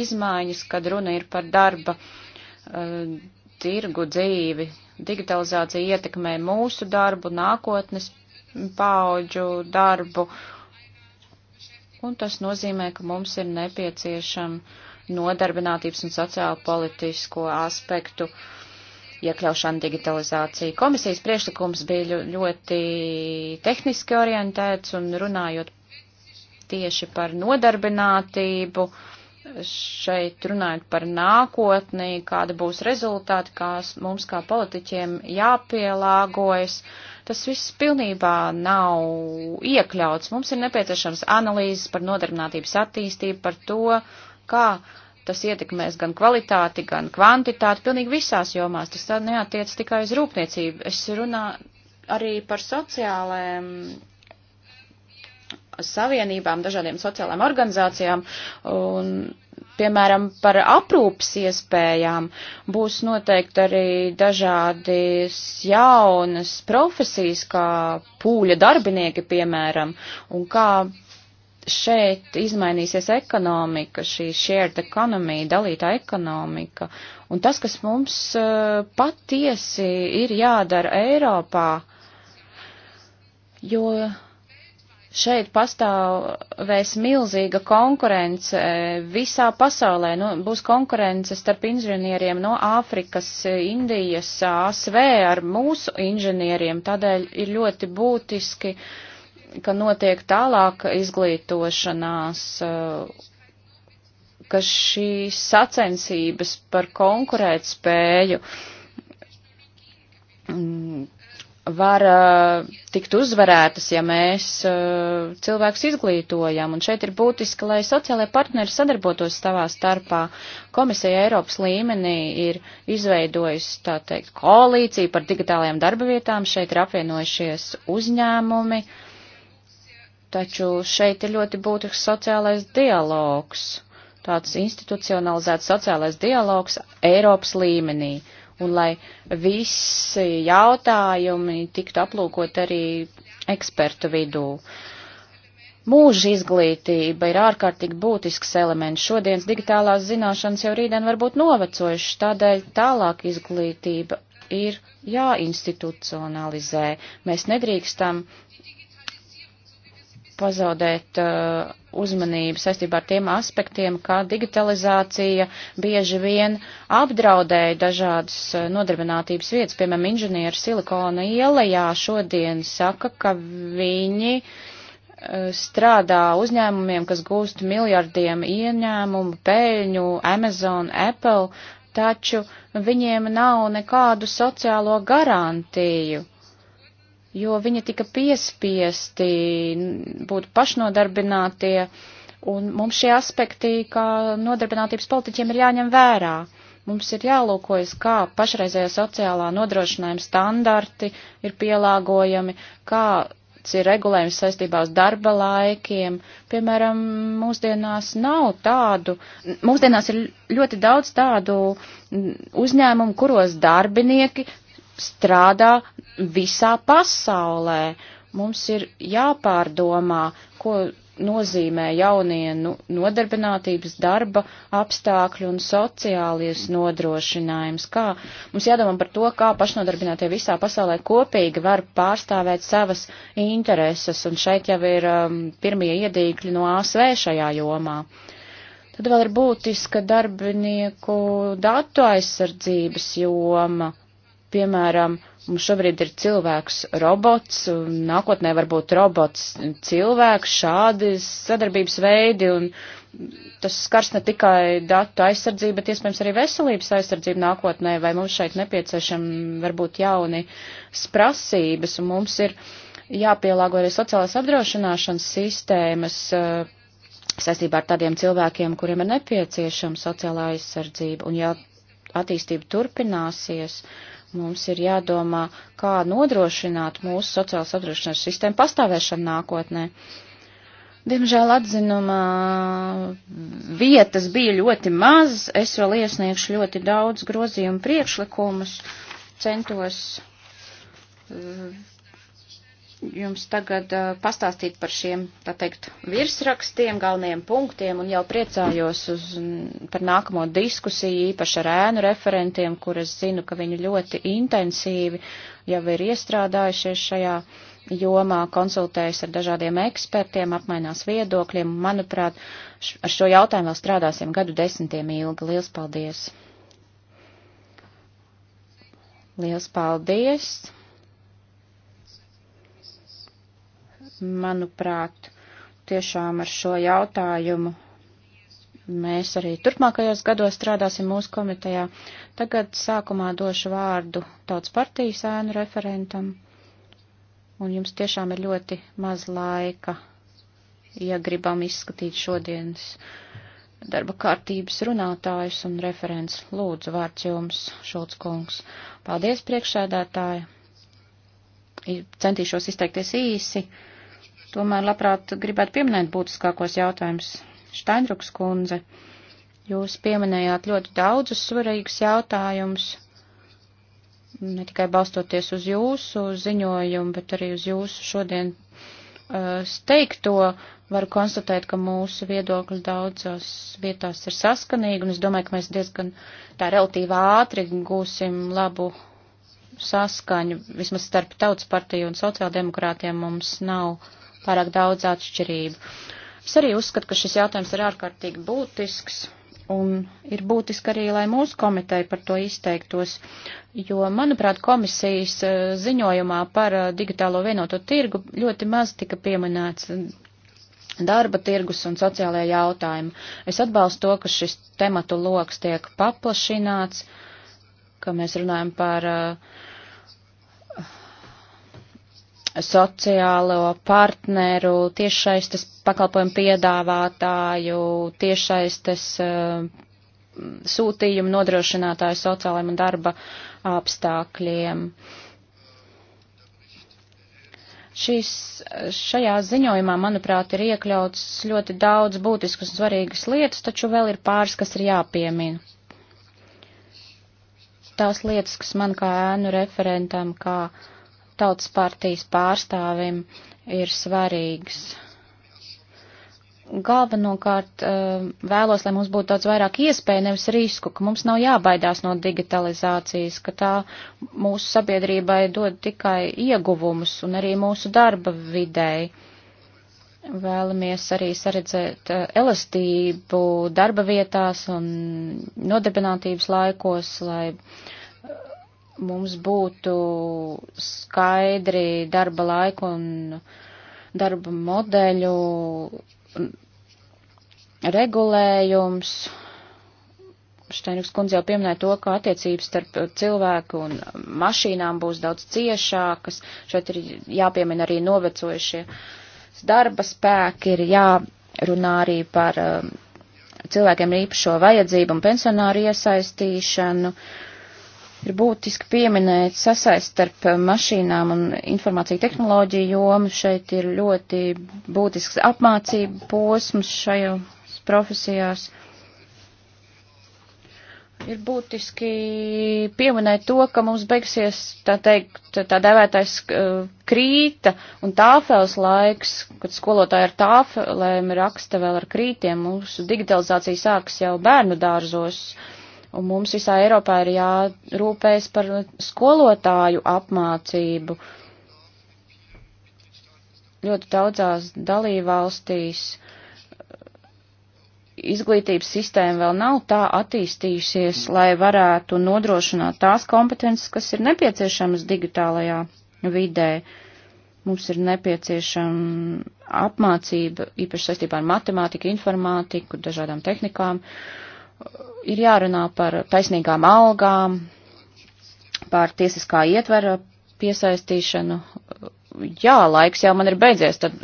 izmaiņas, kad runa ir par darba uh, tirgu dzīvi. Digitalizācija ietekmē mūsu darbu, nākotnes paauģu darbu, un tas nozīmē, ka mums ir nepieciešama nodarbinātības un sociālo politisko aspektu uh, iekļaušanu digitalizāciju. Komisijas priekšlikums bija ļoti tehniski orientēts un runājot tieši par nodarbinātību, šeit runājot par nākotni, kāda būs rezultāti, kā mums kā politiķiem jāpielāgojas. Tas viss pilnībā nav iekļauts. Mums ir nepieciešams analīzes par nodarbinātības attīstību, par to, kā uh, Tas ietekmēs gan kvalitāti, gan kvantitāti, pilnīgi visās jomās. Tas tā neatiec tikai uz rūpniecību. Es runā arī par sociālēm savienībām, dažādiem sociālām organizācijām un, piemēram, par aprūpas iespējām būs noteikti arī dažādi jaunas profesijas, kā pūļa darbinieki, piemēram, un kā šeit izmainīsies ekonomika, šī shared economy, dalītā ekonomika. Un tas, kas mums eh, patiesi ir jādara Eiropā, jo šeit pastāvēs milzīga konkurence eh, visā pasaulē. Nu, būs konkurence starp inženieriem no Āfrikas, Indijas, ASV ar mūsu inženieriem. Tādēļ ir ļoti būtiski. Uh, ka notiek tālāk izglītošanās, ka šīs sacensības par konkurēt spēju mm, var eh, tikt uzvarētas, ja mēs eh, cilvēkus izglītojam. Un šeit ir būtiski, lai sociālai partneri sadarbotos savā starpā. Komisija Eiropas līmenī ir izveidojusi, tā teikt, koalīciju par digitālajām darba vietām. Šeit ir apvienojušies uzņēmumi. Uh, Taču šeit ir ļoti būtisks sociālais dialogs, tāds institucionalizēts sociālais dialogs Eiropas līmenī. Un lai visi jautājumi tiktu aplūkot arī ekspertu vidū. Mūža izglītība ir ārkārtīgi būtisks elements. Šodienas digitālās zināšanas jau rītdien var būt novecojušas, tādēļ tālāk izglītība ir jāinstitucionalizē. Mēs nedrīkstam pazaudēt uh, uzmanību saistībā ar tiem aspektiem, kā digitalizācija bieži vien apdraudēja dažādas uh, nodarbinātības vietas. Piemēram, inženieri Silikona ielajā šodien saka, ka viņi uh, strādā uzņēmumiem, kas gūst miljardiem ieņēmumu, peļņu, Amazon, Apple, taču viņiem nav nekādu sociālo garantiju jo viņi tika piespiesti būt pašnodarbinātie, un mums šie aspekti, kā nodarbinātības politiķiem, ir jāņem vērā. Mums ir jālūkojas, kā pašreizējā sociālā nodrošinājuma standarti ir pielāgojami, kāds ir regulējums saistībā uz darba laikiem. Piemēram, mūsdienās nav tādu, mūsdienās ir ļoti daudz tādu uzņēmumu, kuros darbinieki strādā visā pasaulē. Mums ir jāpārdomā, ko nozīmē jaunie nu, nodarbinātības darba apstākļi un sociālies nodrošinājums. Kā mums jādomā par to, kā pašnodarbinātie visā pasaulē kopīgi var pārstāvēt savas intereses, un šeit jau ir um, pirmie iedīkļi no ASV šajā jomā. Tad vēl ir būtiska darbinieku datu aizsardzības joma Piemēram, mums šobrīd ir cilvēks robots, un nākotnē varbūt robots cilvēks, šādi sadarbības veidi, un tas skars ne tikai datu aizsardzību, bet iespējams arī veselības aizsardzību nākotnē, vai mums šeit nepieciešami varbūt jauni prasības, un mums ir jāpielāgo arī sociālās apdrošināšanas sistēmas eh, saistībā ar tādiem cilvēkiem, kuriem ir nepieciešama sociālā aizsardzība, un ja attīstība turpināsies, uh, Mums ir jādomā, kā nodrošināt mūsu sociālas apdrošināšanas sistēmu pastāvēšanu nākotnē. Diemžēl atzinumā vietas bija ļoti maz, es vēl iesniegšu ļoti daudz grozījumu priekšlikumus, centos eh, jums tagad uh, pastāstīt par šiem, tā teikt, virsrakstiem, galvenajiem punktiem, un jau priecājos uz, par nākamo diskusiju, īpaši ar ēnu referentiem, kur es zinu, ka viņi ļoti intensīvi jau ir iestrādājušies šajā jomā, konsultējas ar dažādiem ekspertiem, apmainās viedokļiem, un, manuprāt, ar šo jautājumu vēl strādāsim gadu desmitiem ilgi. Liels paldies! Liels paldies! manuprāt, tiešām ar šo jautājumu mēs arī turpmākajos gados strādāsim mūsu komitejā. Tagad sākumā došu vārdu tautas partijas ēnu referentam, un jums tiešām ir ļoti maz laika, ja gribam izskatīt šodienas darba kārtības runātājus un referents. Lūdzu, vārds jums, Šulc kungs. Paldies, priekšsēdētāji. Centīšos izteikties īsi. Uh, Tomēr labprāt gribētu pieminēt būtiskākos jautājumus. Štainruks kundze, jūs pieminējāt ļoti daudzus svarīgus jautājumus, ne tikai balstoties uz jūsu ziņojumu, bet arī uz jūsu šodien uh, steigto varu konstatēt, ka mūsu viedokļi daudzās vietās ir saskanīgi, un es domāju, ka mēs diezgan tā relatīvi ātri gūsim labu saskaņu, vismaz starp tautas partiju un sociāldemokrātiem mums nav pārāk daudz atšķirību. Es arī uzskatu, ka šis jautājums ir ārkārtīgi būtisks, un ir būtiski arī, lai mūsu komiteja par to izteiktos, jo, manuprāt, komisijas eh, ziņojumā par eh, digitālo vienoto tirgu ļoti maz tika pieminēts eh, darba tirgus un sociālajie jautājumi. Es atbalstu to, ka šis tematu loks tiek paplašināts, ka mēs runājam par uh, sociālo partneru, tiešsaistes pakalpojumu piedāvātāju, tiešsaistes uh, sūtījumu nodrošinātāju sociālajiem un darba apstākļiem. Šis, šajā ziņojumā, manuprāt, ir iekļauts ļoti daudz būtiskas un svarīgas lietas, taču vēl ir pāris, kas ir jāpiemina. Tās lietas, kas man kā ēnu referentam, kā uh, tautas partijas pārstāvim ir svarīgs. Galvenokārt eh, vēlos, lai mums būtu daudz vairāk iespēju, nevis risku, ka mums nav jābaidās no digitalizācijas, ka tā mūsu sabiedrībai dod tikai ieguvumus un arī mūsu darba videi. Vēlamies arī saredzēt eh, elastību darba vietās un nodarbinātības laikos, lai uh, mums būtu skaidri darba laika un darba modeļu regulējums. Štainīgs kundze jau pieminēja to, ka attiecības starp cilvēku un mašīnām būs daudz ciešākas. Šeit ir jāpiemina arī novecojušie darba spēki, ir jārunā arī par um, cilvēkiem ar īpašo vajadzību un pensionāru iesaistīšanu. Uh, ir būtiski pieminēt sasaist starp eh, mašīnām un informāciju tehnoloģiju jomu. Šeit ir ļoti būtisks apmācība posms šajos profesijās. Ir būtiski pieminēt to, ka mums beigsies, tā teikt, tā devētais eh, krīta un tāfels laiks, kad skolotāji ar tāfelēm raksta vēl ar krītiem. Mūsu digitalizācija sāks jau bērnu dārzos. Uh, Un mums visā Eiropā ir jārūpējas par skolotāju apmācību. Ļoti daudzās dalībvalstīs uh, izglītības sistēma vēl nav tā attīstījusies, lai varētu nodrošināt tās kompetences, kas ir nepieciešamas digitālajā vidē. Mums ir nepieciešama apmācība, īpaši saistībā ar matemātiku, informātiku, dažādām tehnikām. Uh, ir jārunā par taisnīgām algām, par tiesiskā ietvera piesaistīšanu. Jā, laiks jau man ir beidzies, tad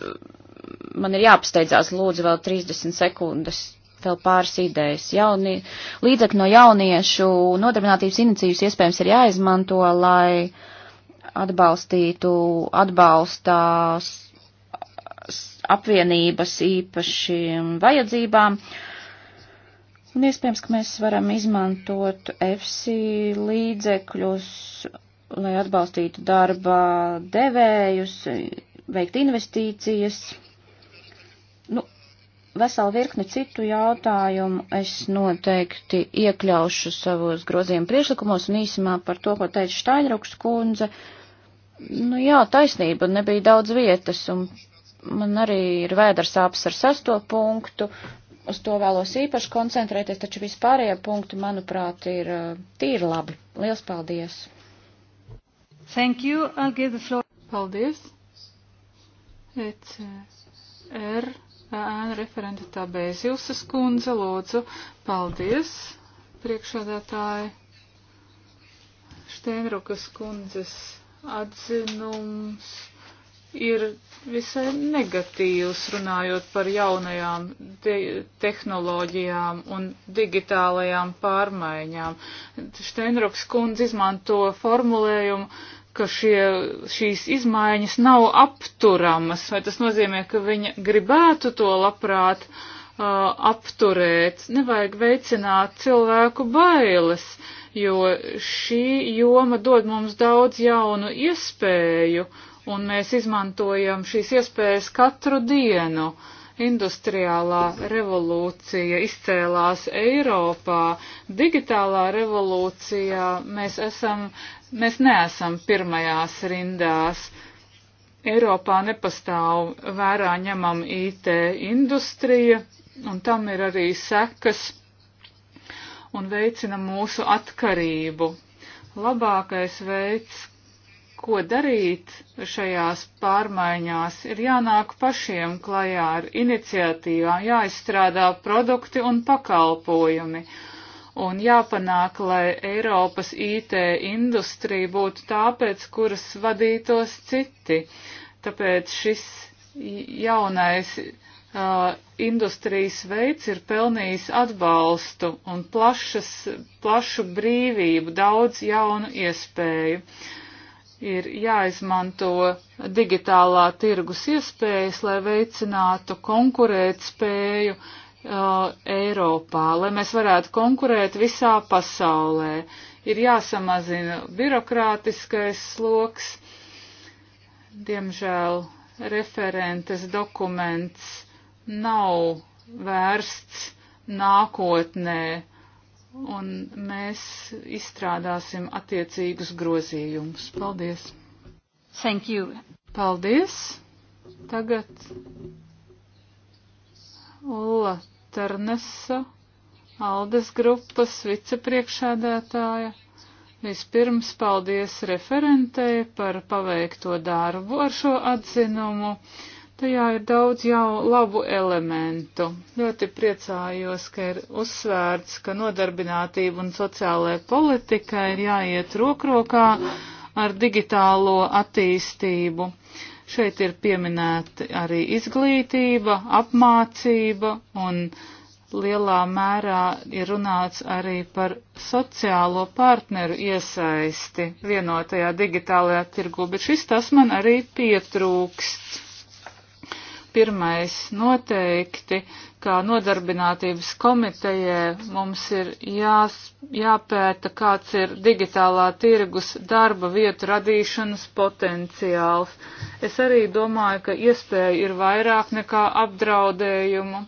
man ir jāpasteidzās, lūdzu, vēl 30 sekundes, vēl pāris idejas. Jauni, līdzekļi no jauniešu nodarbinātības inicijas iespējams ir jāizmanto, lai atbalstītu atbalstās apvienības īpašiem vajadzībām. Uh, Un iespējams, ka mēs varam izmantot EFSI līdzekļus, lai atbalstītu darba devējus, veikt investīcijas. Nu, veselu virkni citu jautājumu es noteikti iekļaušu savos grozījuma priekšlikumos un īsumā par to, ko teica Štainruks kundze. Nu jā, taisnība, nebija daudz vietas un man arī ir vēders sāpes ar sesto punktu uz to vēlos īpaši koncentrēties, taču vispārējie punkti, manuprāt, ir eh, tīri labi. Liels paldies! Thank you. I'll give the floor. Paldies. It's e R. Ēna referenta tabēs. Jūsas kundze, lūdzu. Paldies, priekšādātāji. Štenrukas kundzes atzinums ir visai negatīvs runājot par jaunajām te tehnoloģijām un digitālajām pārmaiņām. Steinroks kundze izmanto formulējumu, ka šie, šīs izmaiņas nav apturamas, vai tas nozīmē, ka viņa gribētu to labprāt uh, apturēt. Nevajag veicināt cilvēku bailes, jo šī joma dod mums daudz jaunu iespēju. Uh, un mēs izmantojam šīs iespējas katru dienu. Industriālā revolūcija izcēlās Eiropā, digitālā revolūcijā mēs, esam, mēs neesam pirmajās rindās. Eiropā nepastāv vērā ņemam IT industrija, un tam ir arī sekas un veicina mūsu atkarību labākais veids, ko darīt šajās pārmaiņās, ir jānāk pašiem klajā ar iniciatīvām, jāizstrādā produkti un pakalpojumi un jāpanāk, lai Eiropas IT industrija būtu tāpēc, kuras vadītos citi. Tāpēc šis jaunais uh, industrijas veids ir pelnījis atbalstu un plašas, plašu brīvību, daudz jaunu iespēju. Uh, ir jāizmanto digitālā tirgus iespējas, lai veicinātu konkurētspēju uh, Eiropā, lai mēs varētu konkurēt visā pasaulē. Ir jāsamazina birokrātiskais sloks. Diemžēl referentes dokuments nav vērsts nākotnē un mēs izstrādāsim attiecīgus grozījumus. Paldies! Thank you! Paldies! Tagad Ulla Tarnesa, Aldes grupas vicepriekšādātāja. Vispirms paldies referentei par paveikto darbu ar šo atzinumu. Tajā ir daudz jau labu elementu. Ļoti priecājos, ka ir uzsvērts, ka nodarbinātība un sociālajā politika ir jāiet rokrokā ar digitālo attīstību. Šeit ir pieminēta arī izglītība, apmācība un lielā mērā ir runāts arī par sociālo partneru iesaisti vienotajā digitālajā tirgu, bet šis tas man arī pietrūkst. Pirmais noteikti, kā nodarbinātības komitejē mums ir jās, jāpēta, kāds ir digitālā tirgus darba vietu radīšanas potenciāls. Es arī domāju, ka iespēja ir vairāk nekā apdraudējumu.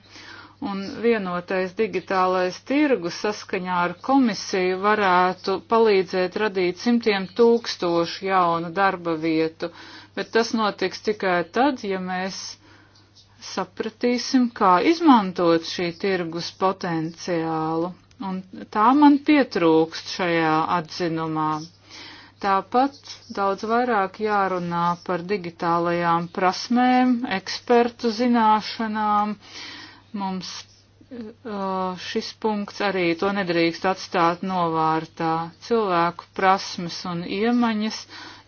Un vienotais digitālais tirgus saskaņā ar komisiju varētu palīdzēt radīt simtiem tūkstošu jaunu darba vietu, bet tas notiks tikai tad, ja mēs sapratīsim, kā izmantot šī tirgus potenciālu. Un tā man pietrūkst šajā atzinumā. Tāpat daudz vairāk jārunā par digitālajām prasmēm, ekspertu zināšanām. Mums šis punkts arī to nedrīkst atstāt novārtā. Cilvēku prasmes un iemaņas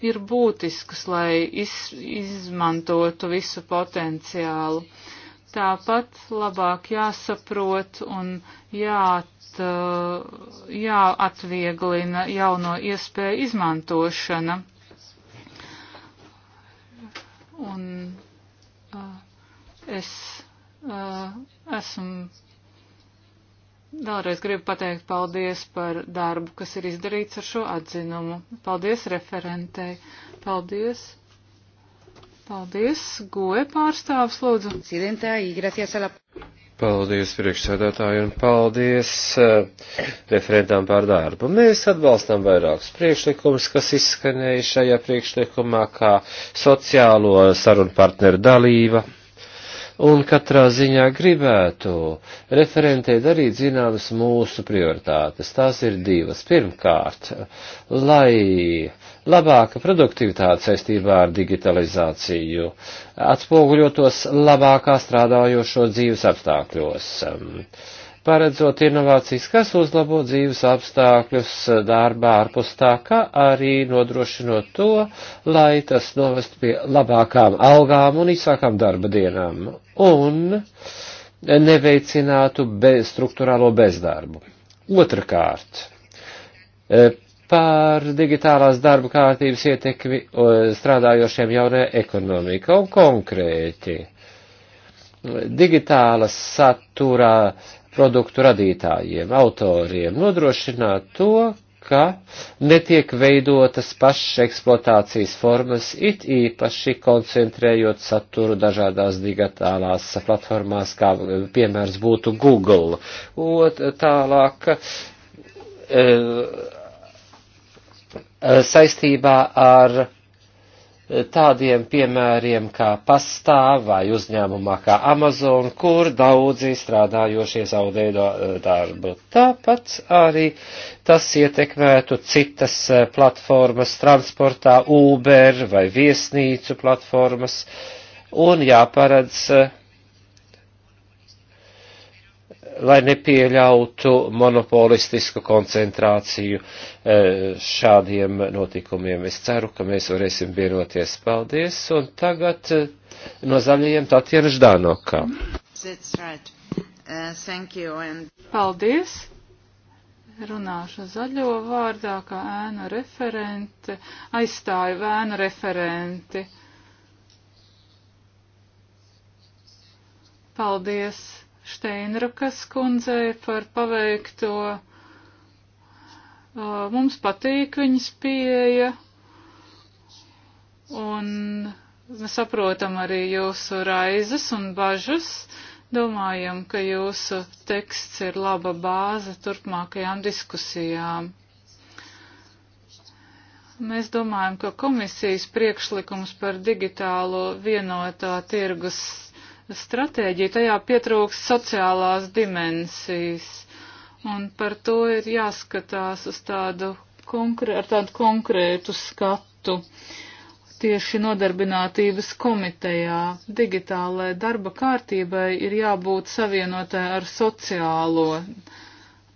ir būtiskas, lai iz, izmantotu visu potenciālu. Tāpat labāk jāsaprot un jāt, uh, jāatvieglina jauno iespēju izmantošana. Un uh, es uh, esmu Vēlreiz gribu pateikt paldies par darbu, kas ir izdarīts ar šo atzinumu. Paldies referentei. Paldies. Paldies. Goe pārstāvs, lūdzu. Paldies priekšsēdētāji un paldies uh, eh, referentām par darbu. Mēs atbalstam vairākus priekšlikumus, kas izskanēja šajā priekšlikumā kā sociālo sarunu partneru dalība un katrā ziņā gribētu referentē darīt zināmas mūsu prioritātes. Tās ir divas. Pirmkārt, lai labāka produktivitāte saistībā ar digitalizāciju atspoguļotos labākā strādājošo dzīves apstākļos. Um, paredzot inovācijas, kas uzlabo dzīves apstākļus darbā ārpus tā, kā arī nodrošinot to, lai tas novest pie labākām algām un īsākām darba dienām un neveicinātu be, struktūrālo bezdarbu. Otrakārt, e, par digitālās darba kārtības ietekmi strādājošiem jaunajā ekonomikā un konkrēti digitālas saturā produktu radītājiem, autoriem, nodrošināt to, ka netiek veidotas pašas eksploatācijas formas, it īpaši koncentrējot saturu dažādās digitālās platformās, kā eh, piemērs būtu Google. Ot, tālāk, e, saistībā ar tādiem piemēriem kā pastā vai uzņēmumā kā Amazon, kur daudzi strādājošie zaudē e, darbu. Tāpat arī tas ietekmētu citas e, platformas transportā, Uber vai viesnīcu platformas, un jāparedz e, lai nepieļautu monopolistisku koncentrāciju eh, šādiem notikumiem. Es ceru, ka mēs varēsim vienoties. Paldies! Un tagad eh, no zaļajiem Tatjana Ždānokā. Right. Uh, and... Paldies! Runāšu zaļo vārdā, kā ēnu referente, aizstāju ēnu referenti. Paldies Šteinrakas kundzei par paveikto. Uh, mums patīk viņas pieeja, un mēs saprotam arī jūsu raizes un bažas. Domājam, ka jūsu teksts ir laba bāze turpmākajām diskusijām. Mēs domājam, ka komisijas priekšlikums par digitālo vienotā tirgus stratēģiju, tajā pietrūks sociālās dimensijas. Un par to ir jāskatās uz tādu, konkrē, ar tādu konkrētu skatu tieši nodarbinātības komitejā. Digitālai darba kārtībai ir jābūt savienotai ar sociālo.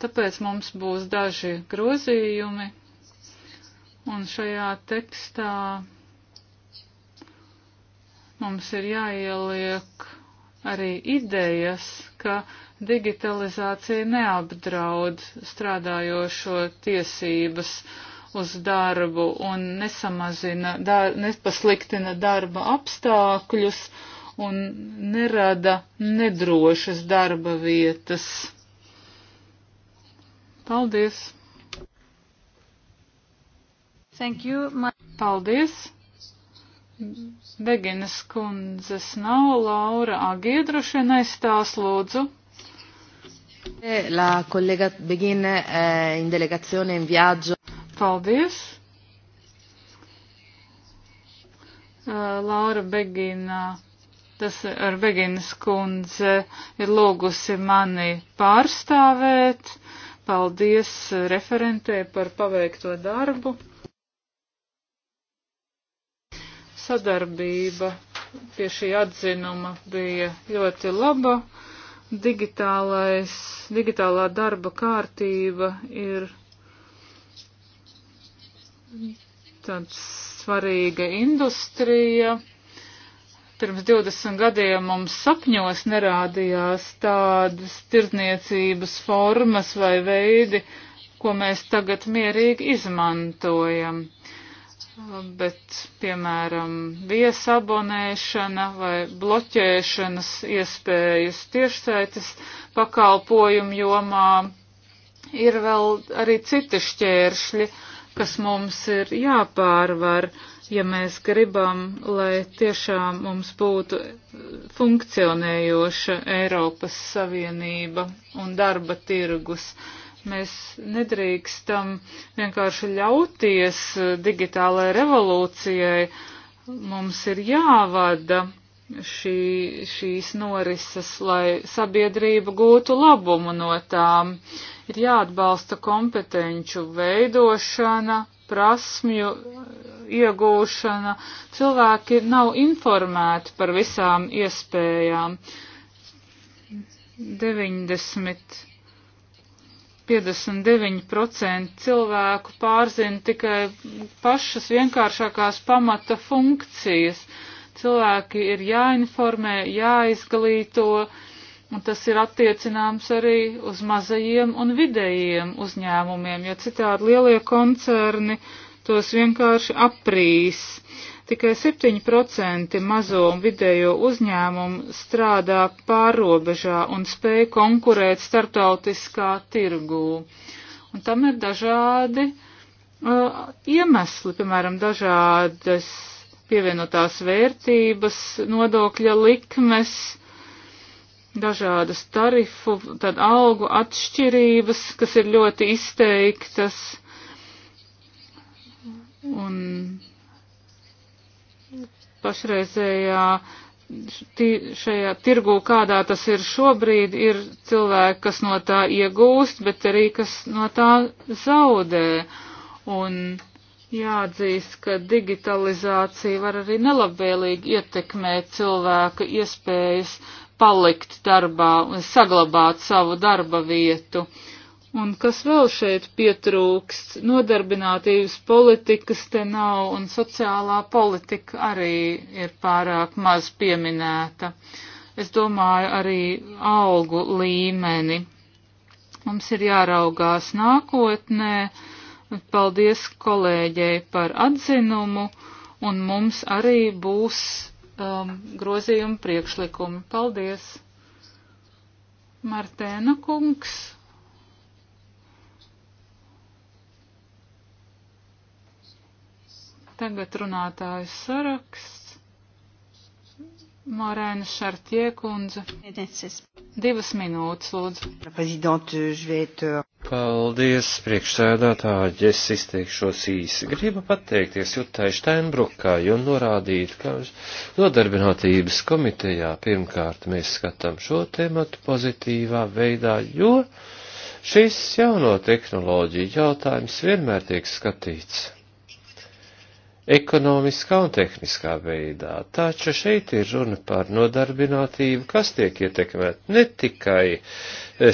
Tāpēc mums būs daži grozījumi. Un šajā tekstā Mums ir jāieliek arī idejas, ka digitalizācija neapdraud strādājošo tiesības uz darbu un nesamazina, dar, nepasliktina darba apstākļus un nerada nedrošas darba vietas. Paldies! Thank you. My... Paldies! Beginas kundzes nav, Laura Agie droši vien aizstās lūdzu. E, la collega Begin eh, in delegazione in viaggio. Paldies. Uh, Laura Begina, tas ar Beginas kundze ir lūgusi mani pārstāvēt. Paldies referentē par paveikto darbu. sadarbība pie šī atzinuma bija ļoti laba. Digitālais, digitālā darba kārtība ir tāds svarīga industrija. Pirms 20 gadiem mums sapņos nerādījās tādas tirdzniecības formas vai veidi, ko mēs tagad mierīgi izmantojam. Uh, bet, piemēram, viesabonēšana vai bloķēšanas iespējas tiešsaites pakalpojumu jomā ir vēl arī citi šķēršļi, kas mums ir jāpārvar, ja mēs gribam, lai tiešām mums būtu funkcionējoša Eiropas Savienība un darba tirgus. Uh, Mēs nedrīkstam vienkārši ļauties digitālajai revolūcijai. Mums ir jāvada šī, šīs norises, lai sabiedrība gūtu labumu no tām. Ir jāatbalsta kompetenču veidošana, prasmju iegūšana. Cilvēki nav informēti par visām iespējām. 90 59% cilvēku pārzina tikai pašas vienkāršākās pamata funkcijas. Cilvēki ir jāinformē, jāizglīto, un tas ir attiecināms arī uz mazajiem un vidējiem uzņēmumiem, jo citādi lielie koncerni tos vienkārši aprīs. Uh, Tikai 7% mazo un vidējo uzņēmumu strādā pārobežā un spēj konkurēt startautiskā tirgū. Un tam ir dažādi uh, iemesli, piemēram, dažādas pievienotās vērtības, nodokļa likmes, dažādas tarifu, tad algu atšķirības, kas ir ļoti izteiktas. Un pašreizējā šajā tirgū, kādā tas ir šobrīd, ir cilvēki, kas no tā iegūst, bet arī kas no tā zaudē. Un jāatzīst, ka digitalizācija var arī nelabvēlīgi ietekmēt cilvēka iespējas palikt darbā un saglabāt savu darba vietu. Uh, Un kas vēl šeit pietrūkst, nodarbinātības politikas te nav un sociālā politika arī ir pārāk maz pieminēta. Es domāju arī algu līmeni. Mums ir jāraugās nākotnē. Paldies kolēģei par atzinumu un mums arī būs um, grozījuma priekšlikumi. Paldies! Martēna kungs. Tagad runātājs saraksts. Morēna Šartie kundze. Divas minūtes, lūdzu. Paldies, priekšsēdētāji, es izteikšos īsi. Gribu pateikties Jutai Steinbrukai un norādīt, ka nodarbinātības komitejā pirmkārt mēs skatām šo tematu pozitīvā veidā, jo šis jauno tehnoloģiju jautājums vienmēr tiek skatīts ekonomiskā un tehniskā veidā. Taču šeit ir runa par nodarbinātību, kas tiek ietekmēta ne tikai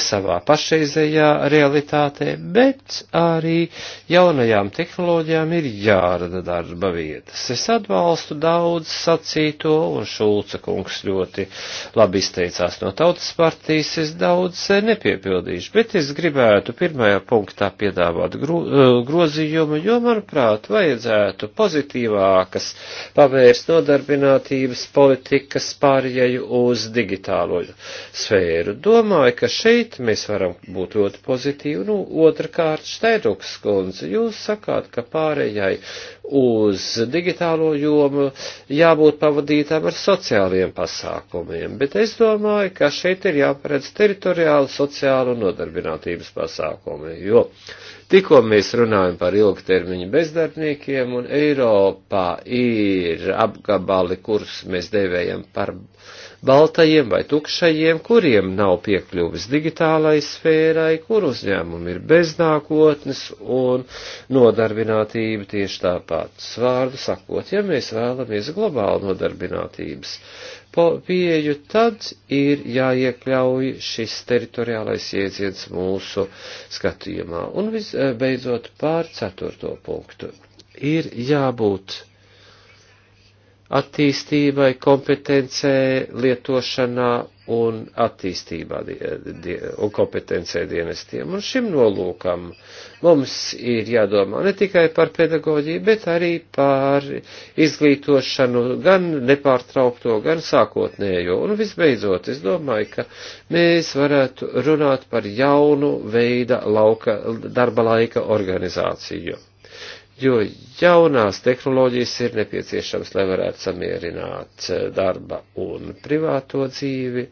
savā pašreizējā realitātē, bet arī jaunajām tehnoloģijām ir jārada darba vietas. Es atbalstu daudz sacīto, un Šulca kungs ļoti labi izteicās no tautas partijas, es daudz eh, nepiepildīšu, bet es gribētu pirmajā punktā piedāvāt gro, eh, grozījumu, jo, manuprāt, vajadzētu pozitīvākas pavērst nodarbinātības politikas pārējai uz digitālo sfēru. Domāju, ka šeit šeit mēs varam būt ļoti pozitīvi. Nu, otrkārt, Štēdoks kundze, jūs sakāt, ka pārējai uz digitālo jomu jābūt pavadītām ar sociāliem pasākumiem, bet es domāju, ka šeit ir jāparedz teritoriāli sociālu nodarbinātības pasākumi, jo tikko mēs runājam par ilgtermiņu bezdarbniekiem un Eiropā ir apgabali, kurus mēs devējam par baltajiem vai tukšajiem, kuriem nav piekļuvis digitālai sfērai, kur uzņēmumi ir bez nākotnes un nodarbinātība tieši tāpat. Svārdu sakot, ja mēs vēlamies globālu nodarbinātības pieeju, tad ir jāiekļauj šis teritoriālais iedziens mūsu skatījumā. Un visbeidzot pār ceturto punktu. Ir jābūt attīstībai, kompetencē, lietošanā un attīstībā un kompetencē dienestiem. Un šim nolūkam mums ir jādomā ne tikai par pedagoģiju, bet arī par izglītošanu gan nepārtraukto, gan sākotnējo. Un visbeidzot, es domāju, ka mēs varētu runāt par jaunu veida lauka, darba laika organizāciju jo jaunās tehnoloģijas ir nepieciešams, lai varētu samierināt eh, darba un privāto dzīvi,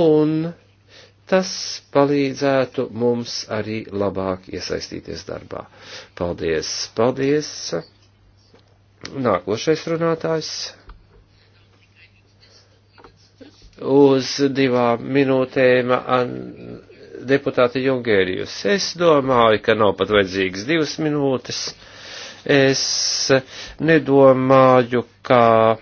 un tas palīdzētu mums arī labāk iesaistīties darbā. Paldies, paldies! Nākošais runātājs. Uz divām minūtēm an, deputāta Jungērijus. Es domāju, ka nav pat vajadzīgas divas minūtes. Uh, Es nedomāju, ka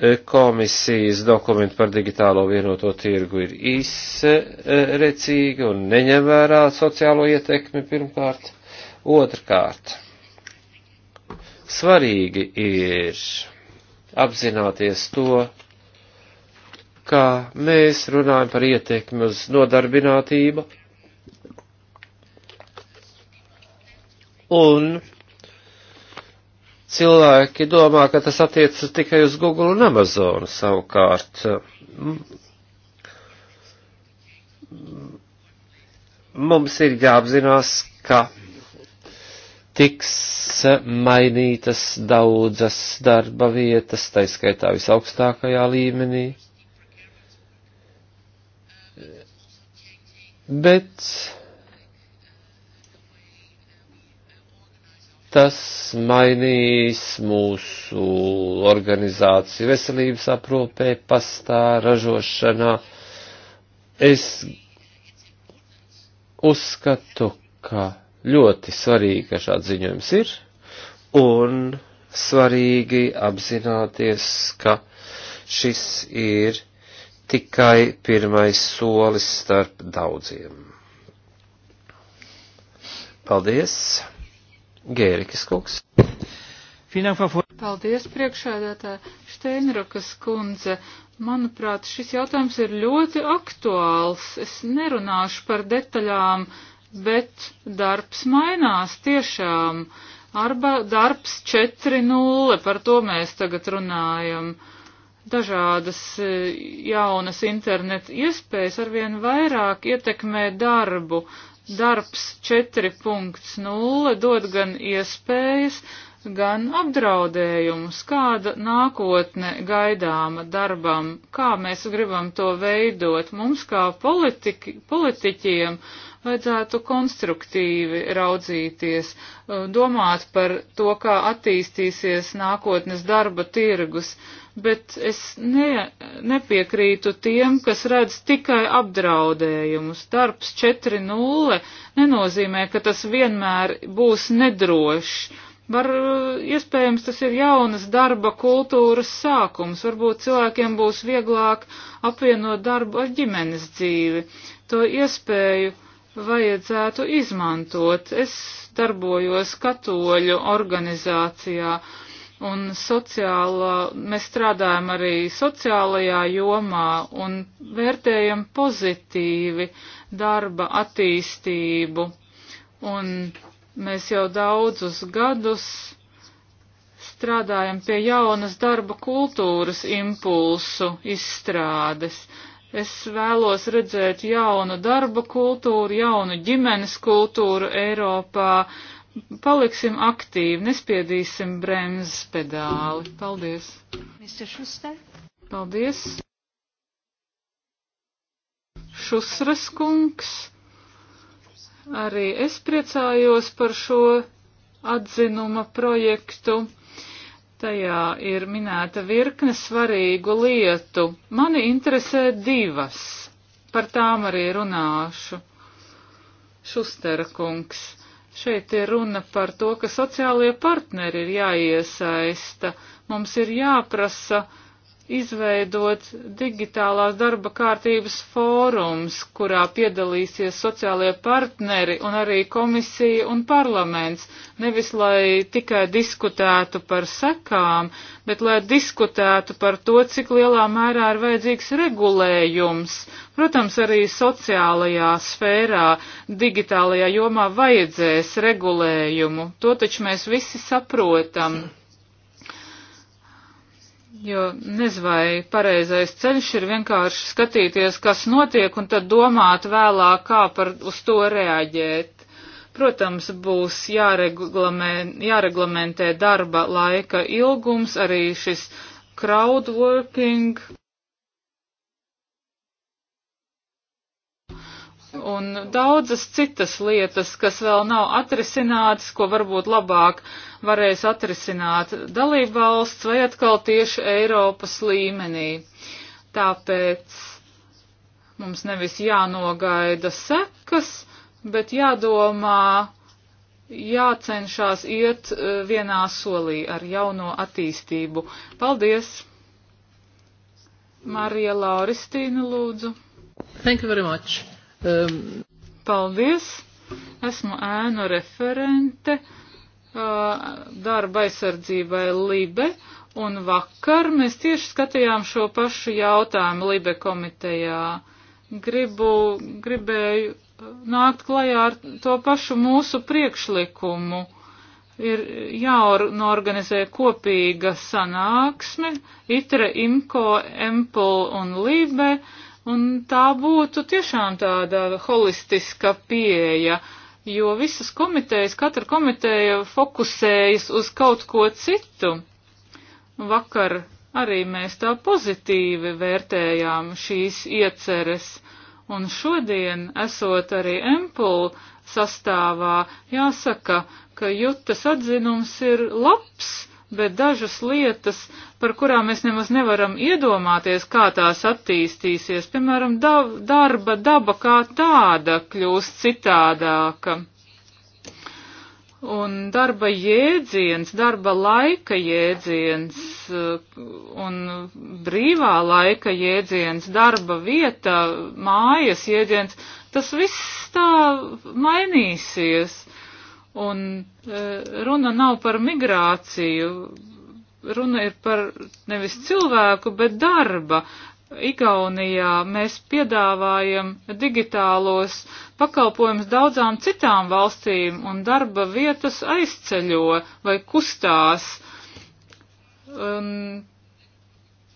e, komisijas dokumenti par digitālo vienoto tirgu ir izrecīgi e, un neņem vērā sociālo ietekmi pirmkārt. Otrkārt, svarīgi ir apzināties to, ka mēs runājam par ietekmi uz nodarbinātību Un cilvēki domā, ka tas attiecas tikai uz Google un Amazon savukārt. Mums ir jāapzinās, ka tiks mainītas daudzas darba vietas, taiskaitā visaugstākajā līmenī. Bet tas mainīs mūsu organizāciju veselības aprūpē, pastā, ražošanā. Es uzskatu, ka ļoti svarīgi, ka šāds ziņojums ir, un svarīgi apzināties, ka šis ir tikai pirmais solis starp daudziem. Paldies! Gērikas kungs. Paldies, priekšēdētā Šteinrakas kundze. Manuprāt, šis jautājums ir ļoti aktuāls. Es nerunāšu par detaļām, bet darbs mainās tiešām. Arba darbs 4.0, par to mēs tagad runājam. Dažādas e, jaunas interneta iespējas arvien vairāk ietekmē darbu, Darbs 4.0 dod gan iespējas, gan apdraudējumus, kāda nākotne gaidāma darbam, kā mēs gribam to veidot. Mums kā politiki, politiķiem vajadzētu konstruktīvi raudzīties, domāt par to, kā attīstīsies nākotnes darba tirgus bet es ne, nepiekrītu tiem, kas redz tikai apdraudējumus. Darbs 4.0 nenozīmē, ka tas vienmēr būs nedrošs. Var, iespējams, tas ir jaunas darba kultūras sākums. Varbūt cilvēkiem būs vieglāk apvienot darbu ar ģimenes dzīvi. To iespēju vajadzētu izmantot. Es darbojos katoļu organizācijā un sociālā, mēs strādājam arī sociālajā jomā un vērtējam pozitīvi darba attīstību. Un mēs jau daudzus gadus strādājam pie jaunas darba kultūras impulsu izstrādes. Es vēlos redzēt jaunu darba kultūru, jaunu ģimenes kultūru Eiropā, uh, paliksim aktīvi, nespiedīsim bremzes pedāli. Paldies. Mr. Schuster. Paldies. Šusras kungs. Arī es priecājos par šo atzinuma projektu. Tajā ir minēta virkne svarīgu lietu. Mani interesē divas. Par tām arī runāšu. Šustera kungs Šeit ir runa par to, ka sociālie partneri ir jāiesaista. Mums ir jāprasa, uh, izveidot digitālās darba kārtības fórums, kurā piedalīsies sociālie partneri un arī komisija un parlaments, nevis lai tikai diskutētu par sekām, bet lai diskutētu par to, cik lielā mērā ir vajadzīgs regulējums. Protams, arī sociālajā sfērā, digitālajā jomā vajadzēs regulējumu. To taču mēs visi saprotam. Mm. Jo nezinu, vai pareizais ceļš ir vienkārši skatīties, kas notiek, un tad domāt vēlāk, kā par, uz to reaģēt. Protams, būs jāreglamentē darba laika ilgums, arī šis crowdworking. un daudzas citas lietas, kas vēl nav atrisinātas, ko varbūt labāk varēs atrisināt dalību valsts vai atkal tieši Eiropas līmenī. Tāpēc mums nevis jānogaida sekas, bet jādomā, jācenšās iet e, vienā solī ar jauno attīstību. Paldies! Marija Lauristīna lūdzu. Thank you very much. Um, Paldies! Esmu ēnu referente uh, darba aizsardzībai Libe, un vakar mēs tieši skatījām šo pašu jautājumu Libe komitejā. Gribu, gribēju uh, nākt klajā ar to pašu mūsu priekšlikumu. Ir jāorganizē kopīga sanāksme, itre, imko, empul un lībe, Un tā būtu tiešām tāda holistiska pieeja, jo visas komitejas, katra komiteja fokusējas uz kaut ko citu. Vakar arī mēs tā pozitīvi vērtējām šīs ieceres, un šodien, esot arī Empul sastāvā, jāsaka, ka Jutas atzinums ir labs bet dažas lietas, par kurām mēs nemaz nevaram iedomāties, kā tās attīstīsies, piemēram, da darba daba kā tāda kļūst citādāka. Un darba jēdziens, darba laika jēdziens un brīvā laika jēdziens, darba vieta, mājas jēdziens, tas viss tā mainīsies. Uh, Un e, runa nav par migrāciju, runa ir par nevis cilvēku, bet darba. Igaunijā mēs piedāvājam digitālos pakalpojumus daudzām citām valstīm un darba vietas aizceļo vai kustās. Un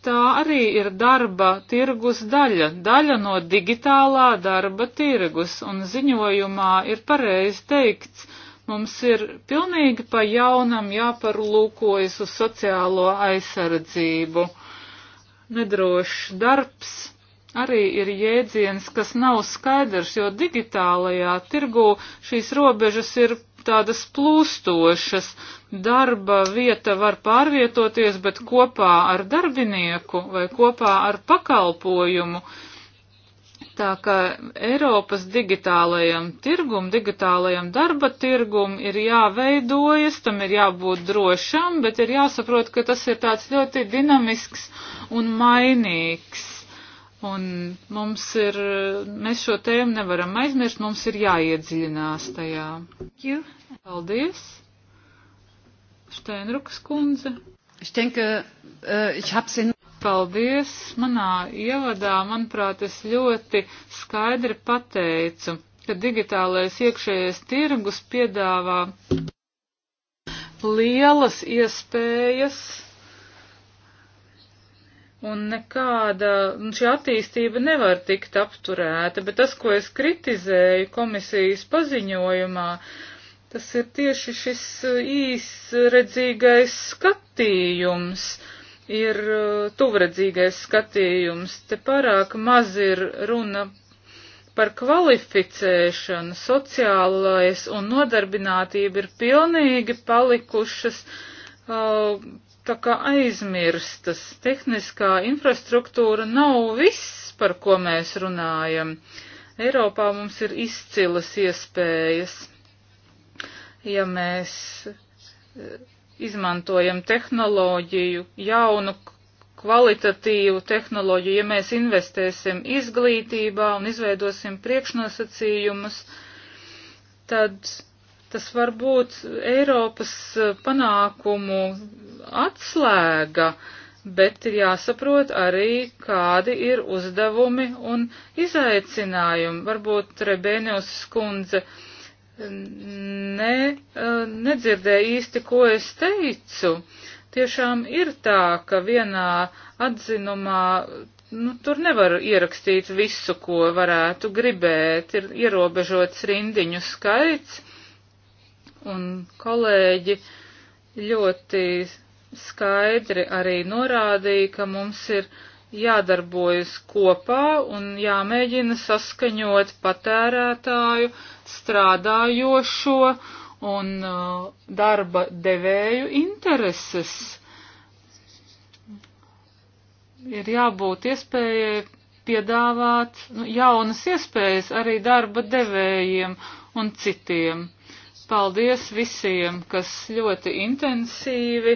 tā arī ir darba tirgus daļa, daļa no digitālā darba tirgus, un ziņojumā ir pareizi teikts, Mums ir pilnīgi pa jaunam jāparlūkojas uz sociālo aizsardzību. Nedrošs darbs arī ir jēdziens, kas nav skaidrs, jo digitālajā tirgu šīs robežas ir tādas plūstošas. Darba vieta var pārvietoties, bet kopā ar darbinieku vai kopā ar pakalpojumu Tā kā Eiropas digitālajam tirgum, digitālajam darba tirgum ir jāveidojas, tam ir jābūt drošam, bet ir jāsaprot, ka tas ir tāds ļoti dinamisks un mainīgs. Un mums ir, mēs šo tēmu nevaram aizmirst, mums ir jāiedziļinās tajā. Paldies. Steinrukas kundze. Ich denke, uh, ich hab's in Paldies! Manā ievadā, manuprāt, es ļoti skaidri pateicu, ka digitālais iekšējais tirgus piedāvā lielas iespējas un nekāda, un šī attīstība nevar tikt apturēta, bet tas, ko es kritizēju komisijas paziņojumā, tas ir tieši šis īsredzīgais skatījums. Uh, ir uh, tuvredzīgais skatījums. Te pārāk maz ir runa par kvalificēšanu, sociālais un nodarbinātība ir pilnīgi palikušas uh, tā kā aizmirstas. Tehniskā infrastruktūra nav viss, par ko mēs runājam. Eiropā mums ir izcilas iespējas, ja mēs izmantojam tehnoloģiju, jaunu kvalitatīvu tehnoloģiju, ja mēs investēsim izglītībā un izveidosim priekšnosacījumus, tad tas var būt Eiropas panākumu atslēga, bet ir jāsaprot arī, kādi ir uzdevumi un izaicinājumi. Varbūt Rebēnijas skundze ne, eh, nedzirdēja īsti, ko es teicu. Tiešām ir tā, ka vienā atzinumā nu, tur nevar ierakstīt visu, ko varētu gribēt. Ir ierobežots rindiņu skaits, un kolēģi ļoti skaidri arī norādīja, ka mums ir jādarbojas kopā un jāmēģina saskaņot patērētāju, strādājošo un uh, darba devēju intereses. Ir jābūt iespējai piedāvāt nu, jaunas iespējas arī darba devējiem un citiem. Paldies visiem, kas ļoti intensīvi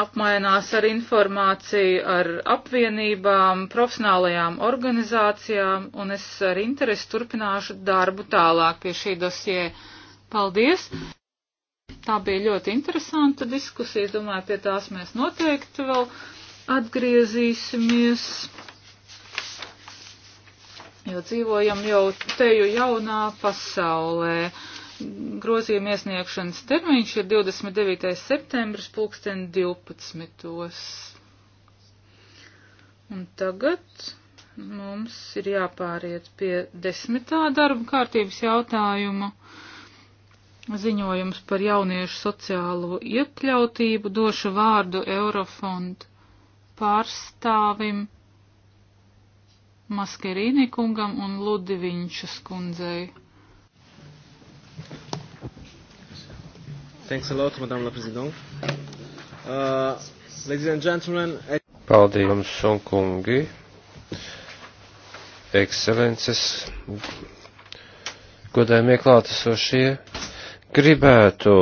apmainās ar informāciju ar apvienībām, profesionālajām organizācijām, un es ar interesi turpināšu darbu tālāk pie šī dosie. Paldies! Tā bija ļoti interesanta diskusija, domāju, pie tās mēs noteikti vēl atgriezīsimies, jo dzīvojam jau teju jaunā pasaulē grozījuma iesniegšanas termiņš ir 29. septembris, pulksten 12. Un tagad mums ir jāpāriet pie desmitā darba kārtības jautājuma ziņojums par jauniešu sociālo iekļautību došu vārdu Eurofondu pārstāvim Maskerīni kungam un Ludiviņšas kundzei. Thanks a lot, Madame la Présidente. Uh, ladies and gentlemen. Paldies jums un kungi. Ekscelences, godējumie klātesošie, gribētu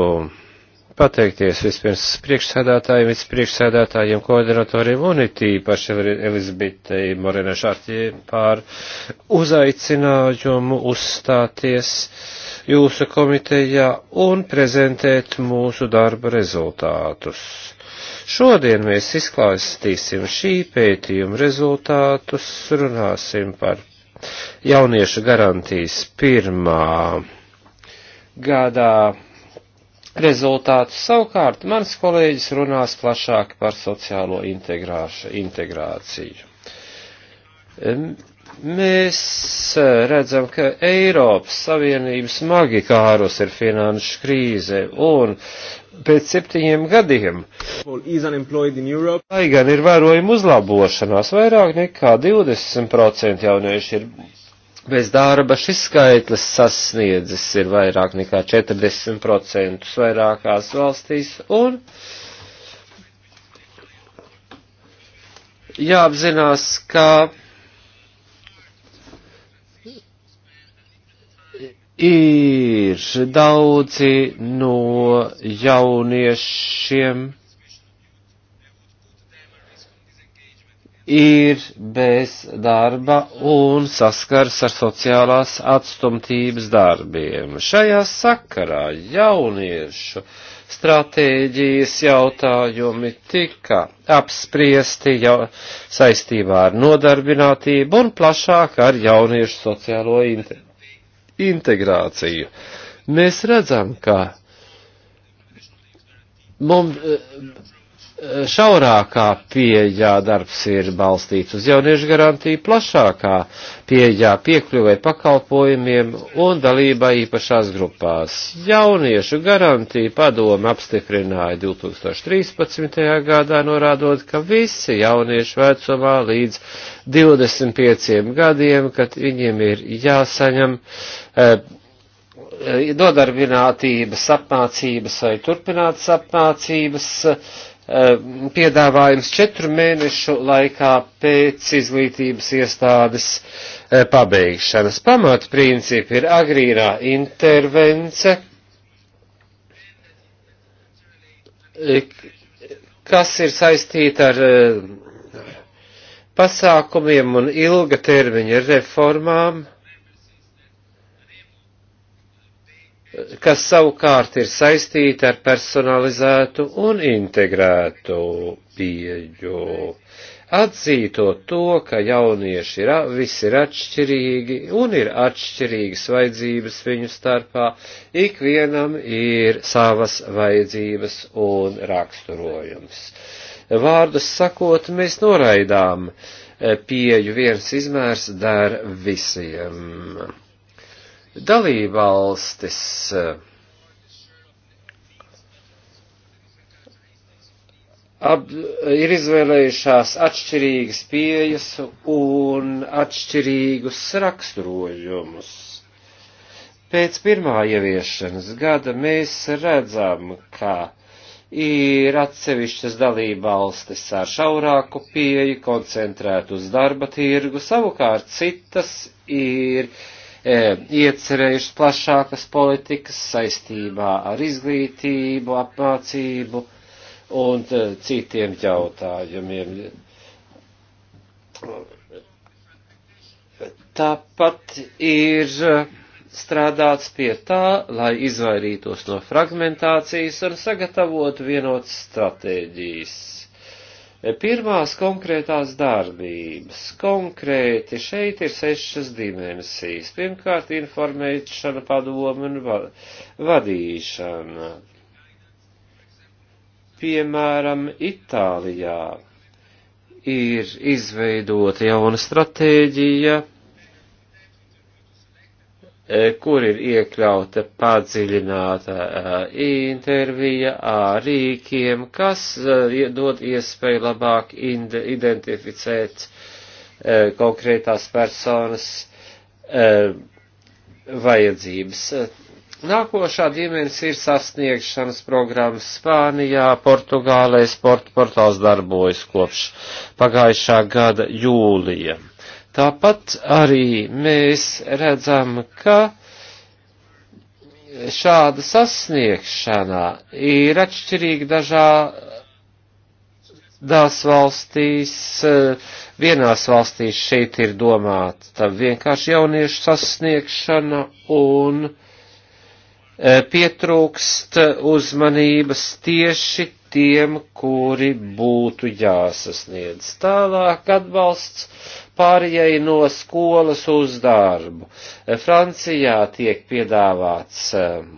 pateikties vispirms priekšsēdētājiem, vicepriekšsēdētājiem, koordinatoriem un it īpaši Elizabetei Morena Šārtie pār uzaicinājumu uzstāties jūsu komitejā un prezentēt mūsu darba rezultātus. Šodien mēs izklāstīsim šī pētījuma rezultātus, runāsim par jauniešu garantijas pirmā gadā rezultātu. Savukārt mans kolēģis runās plašāk par sociālo integrāciju. Mēs e, redzam, ka Eiropas Savienības magikārus ir finanšu krīze un pēc septiņiem gadiem. Lai gan ir vērojama uzlabošanās, vairāk nekā 20% jaunieši ir bez darba šis skaitlis sasniedzis ir vairāk nekā 40% vairākās valstīs un jāapzinās, ka ir daudzi no jauniešiem, ir bez darba un saskars ar sociālās atstumtības darbiem. Šajā sakarā jauniešu stratēģijas jautājumi tika apspriesti jau saistībā ar nodarbinātību un plašāk ar jauniešu sociālo inte integrāciju. Mēs redzam, ka mums šaurākā pieejā darbs ir balstīts uz jauniešu garantiju, plašākā pieejā piekļuvai pakalpojumiem un dalībā īpašās grupās. Jauniešu garantiju padome apstiprināja 2013. gadā, norādot, ka visi jaunieši vecumā līdz 25 gadiem, kad viņiem ir jāsaņem eh, nodarbinātības apmācības vai turpinātas apmācības, eh, Eh, piedāvājums četru mēnešu laikā pēc izglītības iestādes eh, pabeigšanas. Pamatprincipi ir agrīnā intervence, eh, kas ir saistīta ar pasākumiem un ilga termiņa reformām kas savukārt ir saistīta ar personalizētu un integrētu pieju. Atzīto to, ka jaunieši ir, visi ir atšķirīgi un ir atšķirīgas vajadzības viņu starpā, ik vienam ir savas vajadzības un raksturojums. Vārdus sakot, mēs noraidām e, pieju viens izmērs dar visiem Dalībvalstis eh, ab, ir izvēlējušās atšķirīgas pieejas un atšķirīgus raksturojumus. Pēc pirmā ieviešanas gada mēs redzam, ka ir atsevišķas dalībvalstis ar šaurāku pieeju koncentrēt uz darba tirgu, savukārt citas ir uh, E, iecerējušas plašākas politikas saistībā ar izglītību, apmācību un e, citiem jautājumiem. Tāpat ir strādāts pie tā, lai izvairītos no fragmentācijas un sagatavotu vienotas stratēģijas. Pirmās konkrētās darbības. Konkrēti šeit ir sešas dimensijas. Pirmkārt, informēšana, padomu un va vadīšana. Piemēram, Itālijā ir izveidota jauna stratēģija Eh, kur ir iekļauta padziļināta eh, intervija ar rīkiem, kas eh, dod iespēju labāk identificēt konkrētās personas vajadzības. Nākošā dimensija ir sasniegšanas programmas Spānijā, Portugālē, sporta portāls darbojas kopš pagājušā gada jūlija. Tāpat arī mēs redzam, ka šāda sasniegšana ir atšķirīga dažādās valstīs. Vienās valstīs šeit ir domāta vienkārši jauniešu sasniegšana un e, pietrūkst uzmanības tieši tiem, kuri būtu jāsasniedz. Tālāk atbalsts pārējai no skolas uz darbu. Francijā tiek piedāvāts um,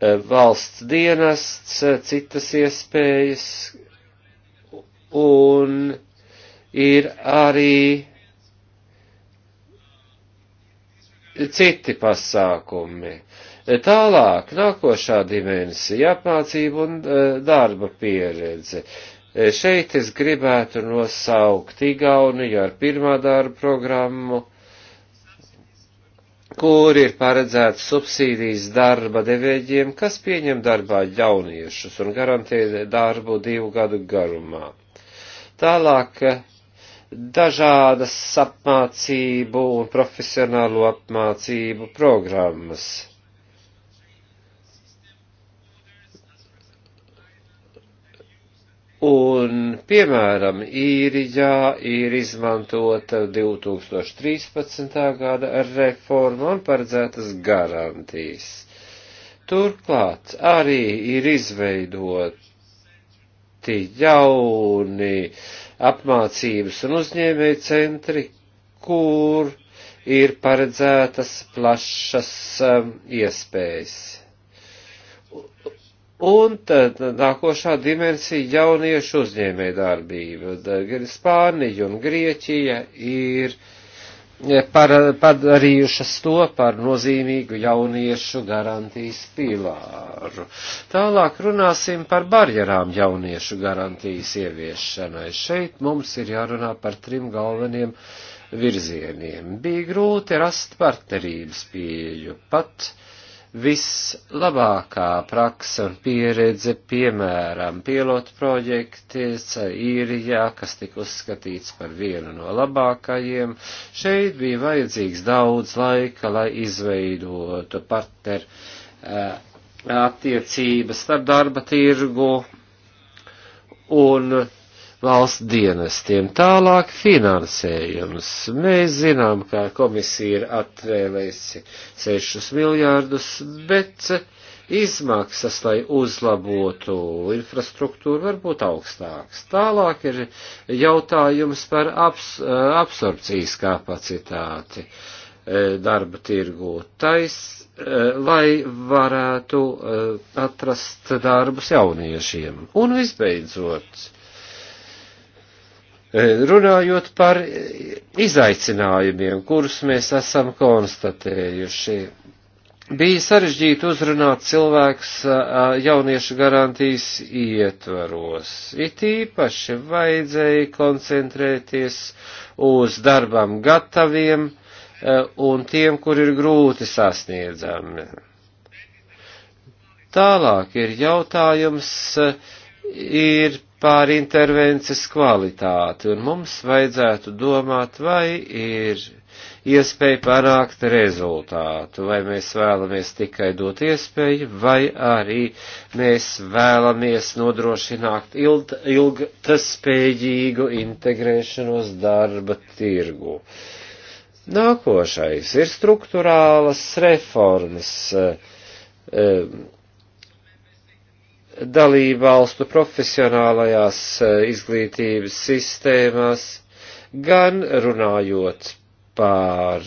um, valsts dienests, citas iespējas, un ir arī citi pasākumi Tālāk, nākošā dimensija - apmācība un e, darba pieredze. E, šeit es gribētu nosaukt Igauniju ar pirmā darba programmu, kur ir paredzēts subsīdijas darba devēģiem, kas pieņem darbā jauniešus un garantē darbu divu gadu garumā. Tālāk e, dažādas apmācību un profesionālo apmācību programmas Un, piemēram, īrijā ir izmantota 2013. gada reforma un paredzētas garantijas. Turklāt arī ir izveidoti jauni apmācības un uzņēmēju centri, kur ir paredzētas plašas um, iespējas Un tad nākošā dimensija jauniešu uzņēmē darbība. Spānija un Grieķija ir e, par, padarījušas to par nozīmīgu jauniešu garantijas pilāru. Tālāk runāsim par barjerām jauniešu garantijas ieviešanai. Šeit mums ir jārunā par trim galveniem virzieniem. Bija grūti rast partnerības pieju pat vislabākā praksa un pieredze, piemēram, pilotu projekties īrijā, kas tika uzskatīts par vienu no labākajiem. Šeit bija vajadzīgs daudz laika, lai izveidotu partner eh, attiecības starp darba tirgu un valsts dienestiem. Tālāk finansējums. Mēs zinām, ka komisija ir atvēlējusi 6 miljārdus, bet izmaksas, lai uzlabotu infrastruktūru, var būt augstāks. Tālāk ir jautājums par abs, absorpcijas kapacitāti e, darba tirgū. Tais, e, lai varētu e, atrast darbus jauniešiem. Un visbeidzot, Eh, runājot par eh, izaicinājumiem, kurus mēs esam konstatējuši, bija sarežģīti uzrunāt cilvēks eh, jauniešu garantijas ietvaros. It īpaši vajadzēja koncentrēties uz darbam gataviem un tiem, kur ir grūti sasniedzami. Tālāk ir jautājums, ir pār intervences kvalitāti, un mums vajadzētu domāt, vai ir iespēja panākt rezultātu, vai mēs vēlamies tikai dot iespēju, vai arī mēs vēlamies nodrošināt ilg, ilgtaspējīgu integrēšanos darba tirgu. Nākošais ir struktūrālas reformas. Um, dalībvalstu profesionālajās eh, izglītības sistēmās, gan runājot par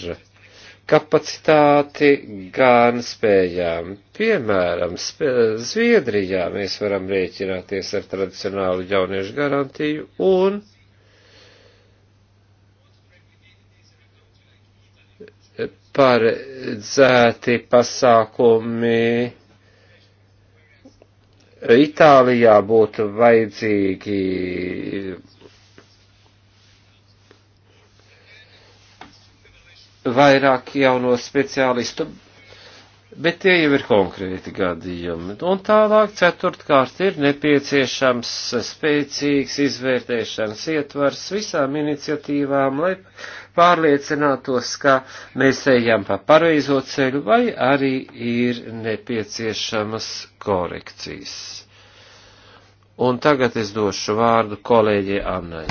kapacitāti, gan spējām. Piemēram, spē Zviedrijā mēs varam rēķināties ar tradicionālu jauniešu garantiju un paredzēti pasākumi Itālijā būtu vajadzīgi vairāk jauno speciālistu, bet tie jau ir konkrēti gadījumi. Un tālāk ceturtkārt ir nepieciešams spēcīgs izvērtēšanas ietvars visām iniciatīvām, lai pārliecinātos, ka mēs ejam pa pareizo ceļu, vai arī ir nepieciešamas korekcijas. Un tagad es došu vārdu kolēģei Annai.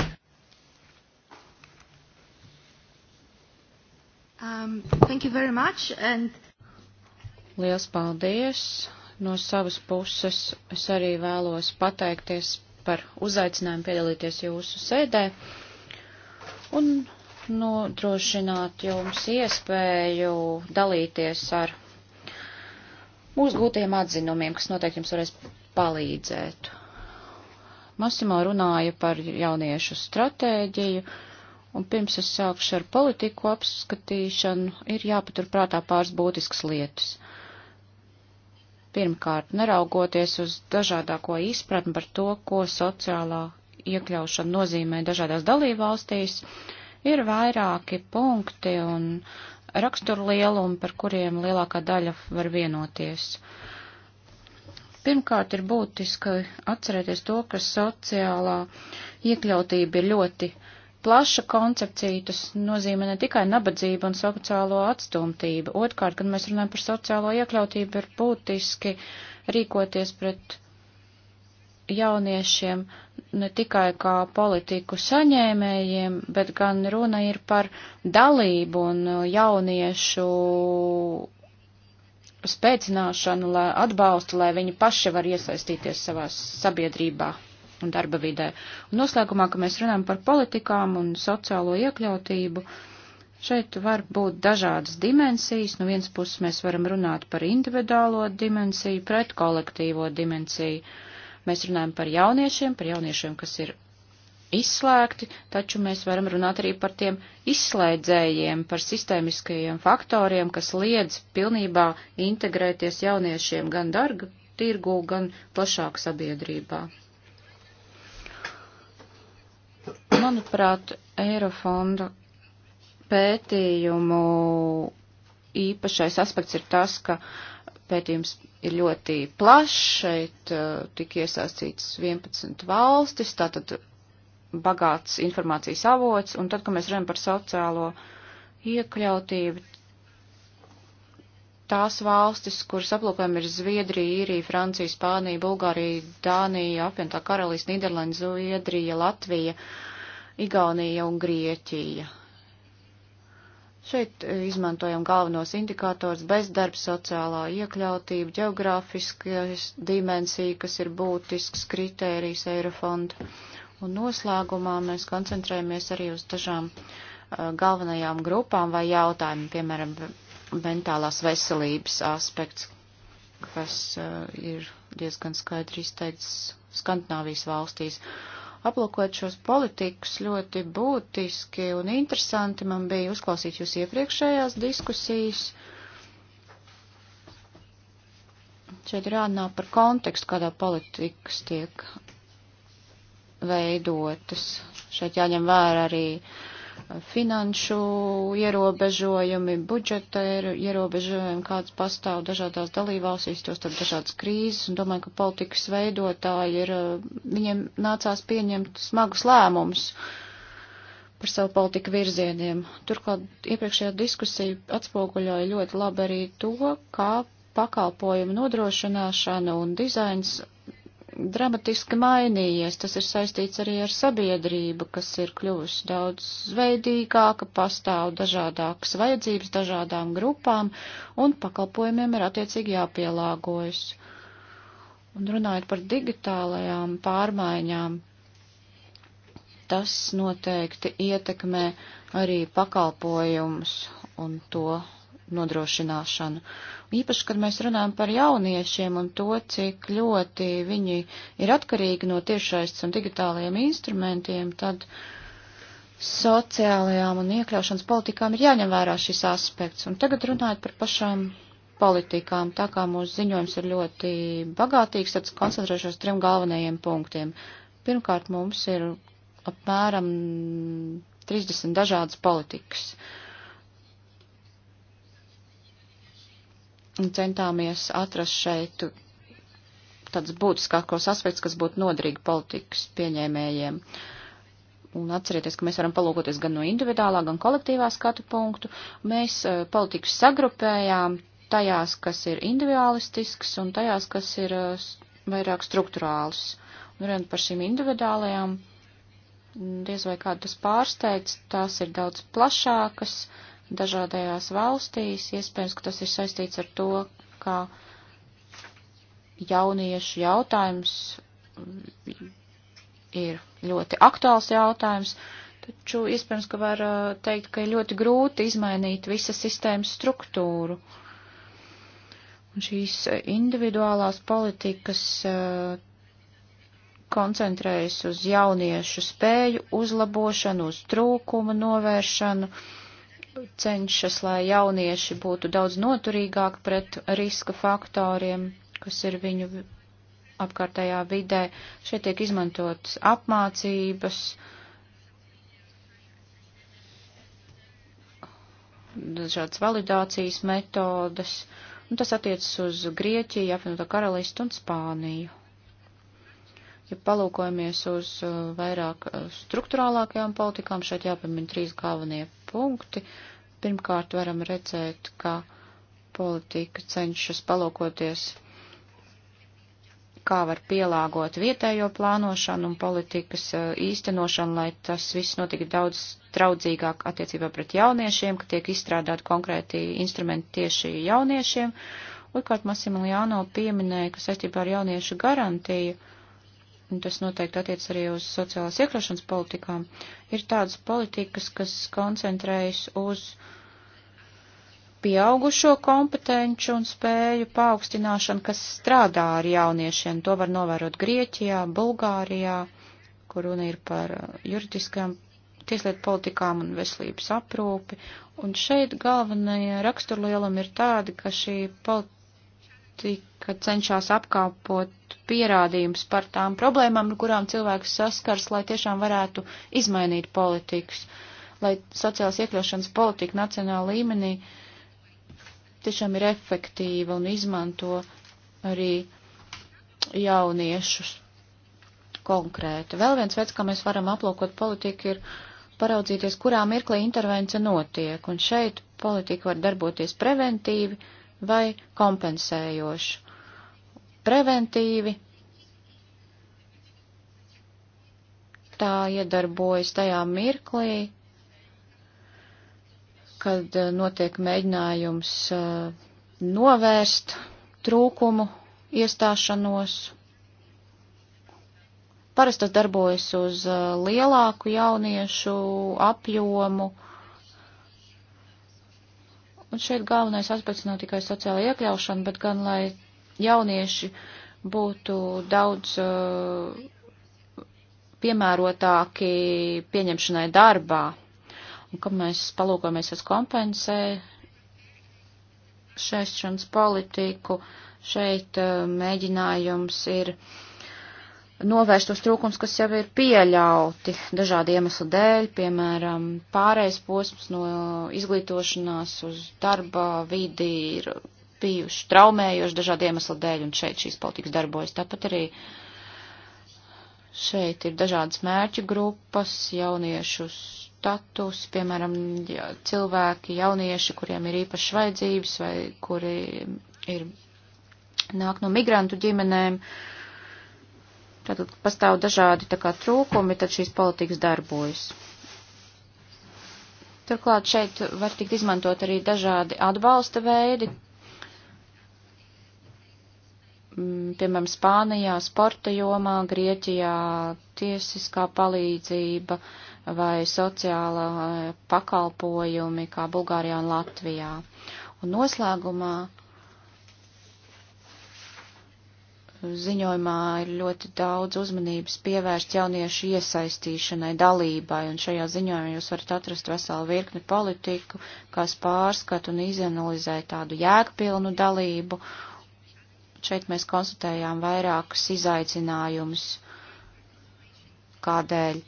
Um, thank you very much and... Liels paldies! No savas puses es arī vēlos pateikties par uzaicinājumu piedalīties jūsu sēdē un nodrošināt jums iespēju dalīties ar mūsu gūtajiem atzinumiem, kas noteikti jums varēs palīdzēt. Masimo runāja par jauniešu stratēģiju, un pirms es sākšu ar politiku apskatīšanu, ir jāpaturprātā pāris būtiskas lietas. Pirmkārt, neraugoties uz dažādāko izpratni par to, ko sociālā iekļaušana nozīmē dažādās dalībvalstīs, ir vairāki punkti un raksturu lielumu, par kuriem lielākā daļa var vienoties. Pirmkārt, ir būtiski atcerēties to, ka sociālā iekļautība ir ļoti plaša koncepcija, tas nozīmē ne tikai nabadzību un sociālo atstumtību. Otkārt, kad mēs runājam par sociālo iekļautību, ir būtiski rīkoties pret jauniešiem ne tikai kā politiku saņēmējiem, bet gan runa ir par dalību un jauniešu spēcināšanu, lai atbalstu, lai viņi paši var iesaistīties savā sabiedrībā un darba vidē. Un noslēgumā, ka mēs runājam par politikām un sociālo iekļautību, šeit var būt dažādas dimensijas. No nu, vienas puses mēs varam runāt par individuālo dimensiju pret kolektīvo dimensiju. Mēs runājam par jauniešiem, par jauniešiem, kas ir izslēgti, taču mēs varam runāt arī par tiem izslēdzējiem, par sistēmiskajiem faktoriem, kas liedz pilnībā integrēties jauniešiem gan darga tirgu, gan plašāk sabiedrībā. Manuprāt, Eirofonda pētījumu īpašais aspekts ir tas, ka pētījums ir ļoti plašs, šeit uh, tik iesaistīts 11 valstis, tātad bagāts informācijas avots, un tad, kad mēs runājam par sociālo iekļautību, tās valstis, kuras aplūkojam ir Zviedrija, Īrija, Francija, Spānija, Bulgārija, Dānija, apvienotā karalīs, Nīderlanda, Zviedrija, Latvija, Igaunija un Grieķija. Šeit e, izmantojam galvenos indikātors - bezdarbs, sociālā iekļautība, geogrāfiskais dimensija, kas ir būtisks kritērijs Eirofonda. Un noslēgumā mēs koncentrējamies arī uz dažām e, galvenajām grupām vai jautājumiem, piemēram, mentālās veselības aspekts, kas e, ir diezgan skaidri izteikts Skandināvijas valstīs. Uh, aplūkot šos politikus ļoti būtiski un interesanti. Man bija uzklausīt jūs iepriekšējās diskusijas. Šeit ir jārunā par kontekstu, kādā politikas tiek veidotas. Šeit jāņem vērā arī uh, finanšu ierobežojumi, budžeta ierobežojumi, kāds pastāv dažādās dalībvalstīs, tos tad dažādas krīzes, un domāju, ka politikas veidotāji ir, eh, viņiem nācās pieņemt smagus lēmumus par savu politiku virzieniem. Turklāt iepriekšējā diskusija atspoguļoja ļoti labi arī to, kā pakalpojumu nodrošināšanu un dizains dramatiski mainījies. Tas ir saistīts arī ar sabiedrību, kas ir kļuvusi daudz veidīgāka, pastāv dažādākas vajadzības dažādām grupām, un pakalpojumiem ir attiecīgi jāpielāgojas. Un runājot par digitālajām pārmaiņām, tas noteikti ietekmē arī pakalpojumus un to nodrošināšanu. Un īpaši, kad mēs runājam par jauniešiem un to, cik ļoti viņi ir atkarīgi no tiešaists un digitālajiem instrumentiem, tad sociālajām un iekļaušanas politikām ir jāņem vērā šis aspekts. Un tagad runājot par pašām politikām, tā kā mūsu ziņojums ir ļoti bagātīgs, tad koncentrēšos trim galvenajiem punktiem. Pirmkārt, mums ir apmēram 30 dažādas politikas. Uh, un centāmies atrast šeit tāds būtiskākos aspekts, kas būtu noderīgi politikas pieņēmējiem. Un atcerieties, ka mēs varam palūkoties gan no individuālā, gan kolektīvā skatu punktu. Mēs uh, eh, politikas sagrupējām tajās, kas ir individualistisks un tajās, kas ir uh, vairāk struktūrāls. Un runājot par šīm individuālajām, diez vai kā tas pārsteidz, tās ir daudz plašākas. Uh, dažādajās valstīs. Iespējams, ka tas ir saistīts ar to, kā jauniešu jautājums mm, ir ļoti aktuāls jautājums, taču iespējams, ka var uh, teikt, ka ir ļoti grūti izmainīt visas sistēmas struktūru. Un šīs individuālās politikas uh, koncentrējas uz jauniešu spēju uzlabošanu, uz trūkumu novēršanu. Uh, cenšas, lai jaunieši būtu daudz noturīgāki pret riska faktoriem, kas ir viņu apkārtējā vidē. Šeit tiek izmantotas apmācības, dažādas validācijas metodas, un tas attiecas uz Grieķiju, apvienoto karalistu un Spāniju. Ja palūkojamies uz uh, vairāk uh, struktūrālākajām politikām, šeit jāpiemin trīs galvenie punkti. Pirmkārt, varam redzēt, ka politika cenšas palūkoties, kā var pielāgot vietējo plānošanu un politikas eh, īstenošanu, lai tas viss notika daudz draudzīgāk attiecībā pret jauniešiem, ka tiek izstrādāti konkrēti instrumenti tieši jauniešiem. Otrkārt, Masimiliāno pieminēja, ka saistībā ar jauniešu garantiju un tas noteikti attiec arī uz sociālās iekļaušanas politikām, ir tādas politikas, kas koncentrējas uz pieaugušo kompetenci un spēju paaugstināšanu, kas strādā ar jauniešiem. To var novērot Grieķijā, Bulgārijā, kur runa ir par uh, juridiskām tieslietu politikām un veselības aprūpi. Un šeit galvenajā raksturlielumi ir tādi, ka šī politika tika cenšas apkāpot pierādījumus par tām problēmām, ar kurām cilvēks saskars, lai tiešām varētu izmainīt politikas, lai sociālās iekļaušanas politika nacionāla līmenī tiešām ir efektīva un izmanto arī jauniešus konkrēti. Vēl viens veids, kā mēs varam aplūkot politiku, ir paraudzīties, kurā mirklī intervence notiek, un šeit politika var darboties preventīvi, vai kompensējošu. Preventīvi tā iedarbojas tajā mirklī, kad eh, notiek mēģinājums eh, novērst trūkumu iestāšanos. Parasti tas darbojas uz eh, lielāku jauniešu apjomu Un šeit galvenais aspekts nav tikai sociāla iekļaušana, bet gan, lai jaunieši būtu daudz uh, piemērotāki pieņemšanai darbā. Un kad mēs palūkojamies uz kompensēšanas politiku, šeit uh, mēģinājums ir uh, novērst tos trūkums, kas jau ir pieļauti dažādu iemeslu dēļ, piemēram, pārējais posms no izglītošanās uz darba vidi ir bijuši traumējoši dažādu iemeslu dēļ, un šeit šīs politikas darbojas. Tāpat arī šeit ir dažādas mērķu grupas, jauniešu status, piemēram, cilvēki, jaunieši, kuriem ir īpašas vajadzības vai kuri ir, nāk no migrantu ģimenēm. Uh, Tātad pastāv dažādi tā kā trūkumi, tad šīs politikas darbojas. Turklāt šeit var tikt izmantot arī dažādi atbalsta veidi, mm, piemēram, Spānijā, sporta jomā, Grieķijā, tiesiskā palīdzība vai sociāla pakalpojumi, kā Bulgārijā un Latvijā. Un noslēgumā ziņojumā ir ļoti daudz uzmanības pievērst jauniešu iesaistīšanai, dalībai, un šajā ziņojumā jūs varat atrast veselu virkni politiku, kas pārskat un izanalizē tādu jēgpilnu dalību. Šeit mēs konstatējām vairākus izaicinājumus, kādēļ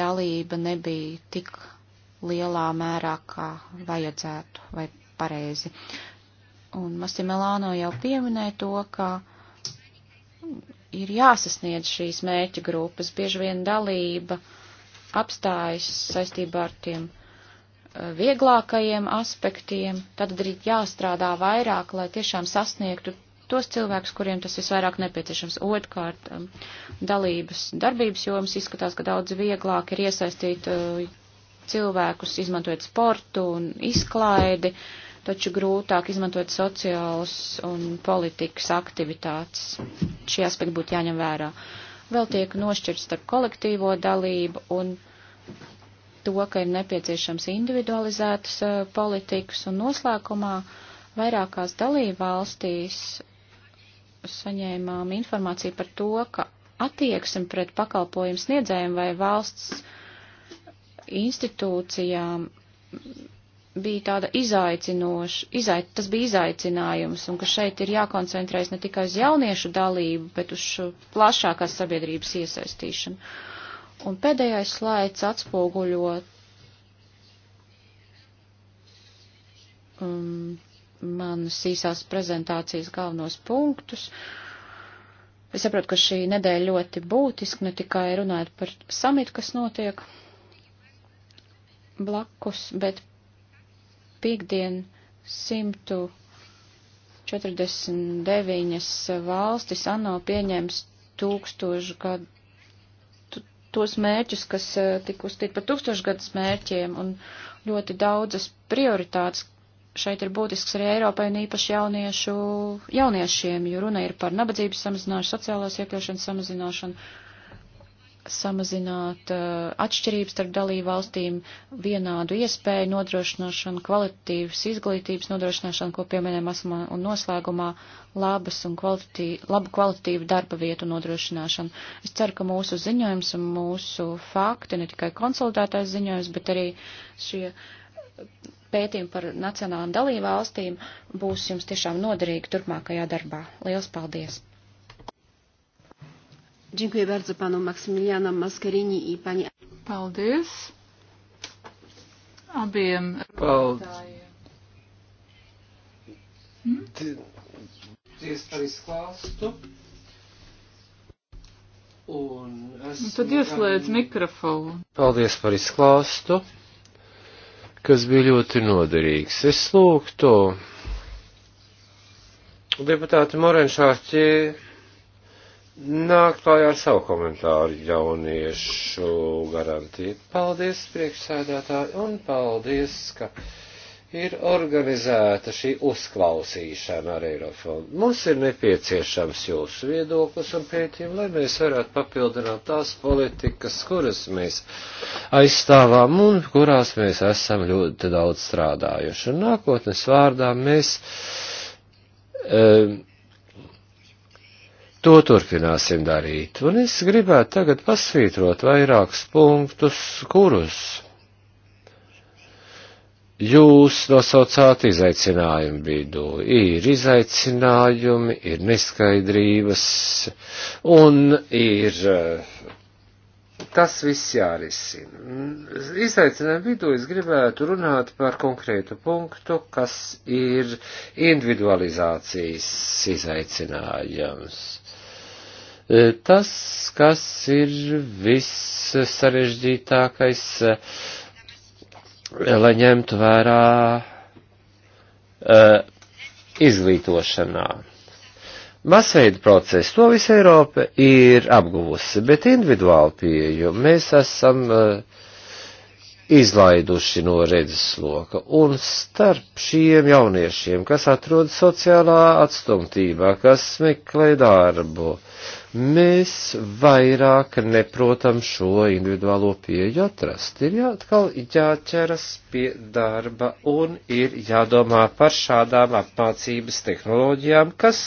dalība nebija tik lielā mērā, kā vajadzētu vai pareizi. Uh, Un Masimilāno jau pieminēja to, ka ir jāsasniedz šīs mērķa grupas. Bieži vien dalība apstājas saistībā ar tiem eh, vieglākajiem aspektiem. Tad arī jāstrādā vairāk, lai tiešām sasniegtu tos cilvēkus, kuriem tas visvairāk nepieciešams. Otkārt, eh, dalības darbības jomas izskatās, ka daudz vieglāk ir iesaistīt eh, cilvēkus, izmantojot sportu un izklaidi. Uh, taču grūtāk izmantot sociālas un politikas aktivitātes. Šie aspekti būtu jāņem vērā. Vēl tiek nošķirts starp kolektīvo dalību un to, ka ir nepieciešams individualizētas eh, politikas un noslēgumā vairākās dalībvalstīs saņēmām informāciju par to, ka attieksme pret pakalpojumu sniedzējiem vai valsts institūcijām bija tāda izaicinoša, izaic, tas bija izaicinājums, un ka šeit ir jākoncentrējas ne tikai uz jauniešu dalību, bet uz plašākās sabiedrības iesaistīšanu. Un pēdējais slaids atspoguļo um, manas īsās prezentācijas galvenos punktus. Es saprotu, ka šī nedēļa ļoti būtiska, ne tikai runājot par samitu, kas notiek blakus, bet piekdien 149 valstis ANO pieņems tūkstošu gadu tos mērķus, kas eh, tika uzstīt par tūkstošgadus mērķiem un ļoti daudzas prioritātes. Šeit ir būtisks arī Eiropai un īpaši jauniešu, jauniešiem, jo runa ir par nabadzības samazināšanu, sociālās iekļaušanas samazināšanu samazināt uh, atšķirības starp dalību valstīm, vienādu iespēju nodrošināšanu, kvalitīvas izglītības nodrošināšanu, ko pieminējām esmā un noslēgumā, labas un kvalitī, labu kvalitīvu darba vietu nodrošināšanu. Es ceru, ka mūsu ziņojums un mūsu fakti, ne tikai konsultētais ziņojums, bet arī šie pētījumi par nacionālām dalību valstīm būs jums tiešām noderīgi turpmākajā darbā. Liels paldies! Dziękuję bardzo panu Maksymiliano Mascarini i pani... Paldies abiem Paldies. Hmm? Paldies par izklāstu. Un, un nu, tad ieslēdz mikrofonu. Paldies par izklāstu, kas bija ļoti noderīgs. Es lūgtu deputātu Morenšārķi nāk klājā ar savu komentāru jauniešu garantiju. Paldies, priekšsēdētāji, un paldies, ka ir organizēta šī uzklausīšana ar Eirofonu. Mums ir nepieciešams jūsu viedoklis un pētījumi, lai mēs varētu papildināt tās politikas, kuras mēs aizstāvām un kurās mēs esam ļoti daudz strādājuši. Un nākotnes vārdā mēs. Um, e, To turpināsim darīt. Un es gribētu tagad pasvītrot vairākus punktus, kurus jūs nosaucāt izaicinājumu vidū. Ir izaicinājumi, ir neskaidrības un ir. Eh, tas viss jārisina. Izaicinājumu vidū es gribētu runāt par konkrētu punktu, kas ir individualizācijas izaicinājums E, tas, kas ir vissarežģītākais, e, lai ņemtu vērā e, izglītošanā. Masveida procesu to visa Eiropa ir apguvusi, bet individuāli pieju mēs esam uh, izlaiduši no redzesloka, un starp šiem jauniešiem, kas atrodas sociālā atstumtībā, kas meklē darbu, uh, mēs vairāk neprotam šo individuālo pieeju atrast. Ir atkal jāķeras pie darba un ir jādomā par šādām apmācības tehnoloģijām, kas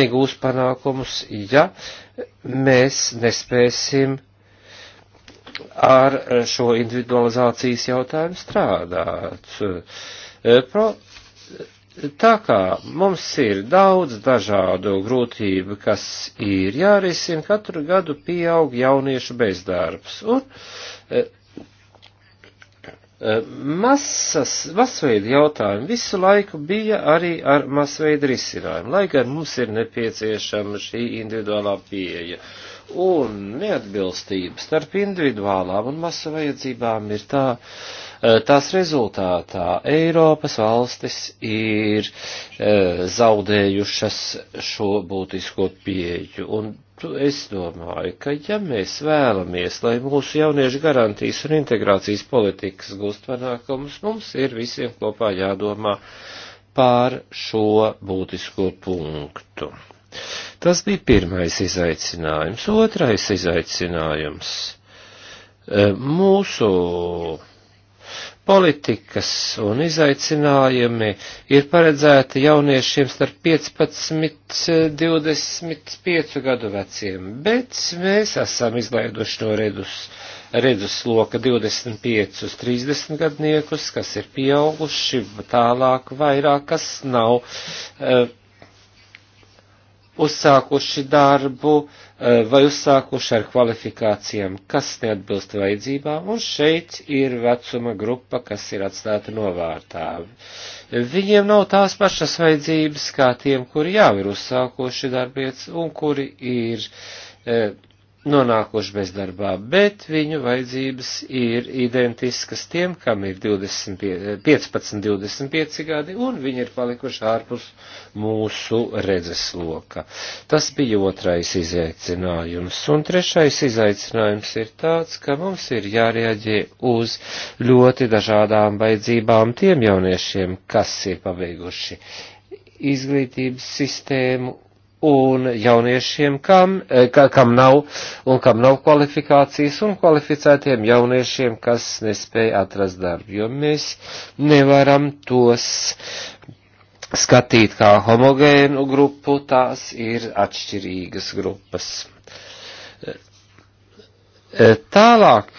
negūs panākumus, ja mēs nespēsim ar šo individualizācijas jautājumu strādāt. Pro Tā kā mums ir daudz dažādu grūtību, kas ir jārisina, katru gadu pieaug jauniešu bezdarbs. Un, e, e, Masas, masveida jautājumi visu laiku bija arī ar masveida risinājumu, lai gan mums ir nepieciešama šī individuālā pieeja. Un neatbilstība starp individuālām un masu vajadzībām ir tā Eh, tās rezultātā Eiropas valstis ir eh, zaudējušas šo būtisko pieeju. Un es domāju, ka ja mēs vēlamies, lai mūsu jauniešu garantijas un integrācijas politikas gūst panākumus, mums ir visiem kopā jādomā pār šo būtisko punktu. Tas bija pirmais izaicinājums. Otrais izaicinājums. Eh, mūsu politikas un izaicinājumi ir paredzēti jauniešiem starp 15, 25 gadu veciem, bet mēs esam izlaiduši no redus, redus loka 25 uz 30 gadniekus, kas ir pieauguši tālāk vairāk, kas nav uh, uzsākuši darbu, uh, Eh, vai uzsākuši ar kvalifikācijām, kas neatbilst vajadzībām, un šeit ir vecuma grupa, kas ir atstāta novārtā. Viņiem nav tās pašas vajadzības kā tiem, kuri jau ir uzsākuši darbietas un kuri ir. E, nonākuši bezdarbā, bet viņu vajadzības ir identiskas tiem, kam ir 25, 15, 25 gadi, un viņi ir palikuši ārpus mūsu redzesloka. Tas bija otrais izaicinājums. Un trešais izaicinājums ir tāds, ka mums ir jārieģē uz ļoti dažādām vajadzībām tiem jauniešiem, kas ir pabeiguši izglītības sistēmu un jauniešiem, kam, eh, ka, kam nav un kam nav kvalifikācijas, un kvalificētiem jauniešiem, kas nespēja atrast darbu, jo mēs nevaram tos skatīt kā homogēnu grupu, tās ir atšķirīgas grupas. Eh, tālāk.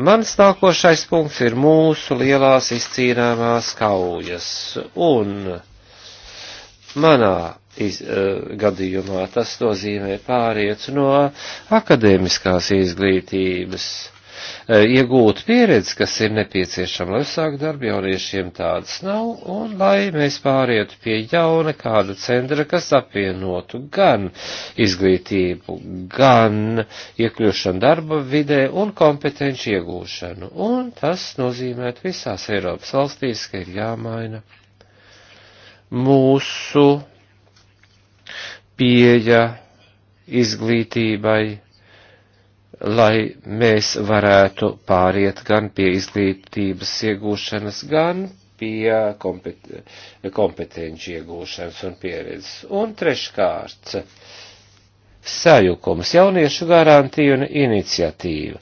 Mans nākošais punkts ir mūsu lielās izcīnāmās kaujas, un uh, Manā iz, uh, gadījumā tas nozīmē pāriet no akadēmiskās izglītības eh, iegūt pieredzi, kas ir nepieciešama, lai uzsākt darbu jauniešiem tādas nav, un lai mēs pārietu pie jauna kāda centra, kas apvienotu gan izglītību, gan iekļūšanu darba vidē un kompetenci iegūšanu. Un tas nozīmē visās Eiropas valstīs, ka ir jāmaina mūsu pieeja izglītībai, lai mēs varētu pāriet gan pie izglītības iegūšanas, gan pie kompeten kompetenci iegūšanas un pieredzes. Un treškārt, sajukums, jauniešu garantija un iniciatīva.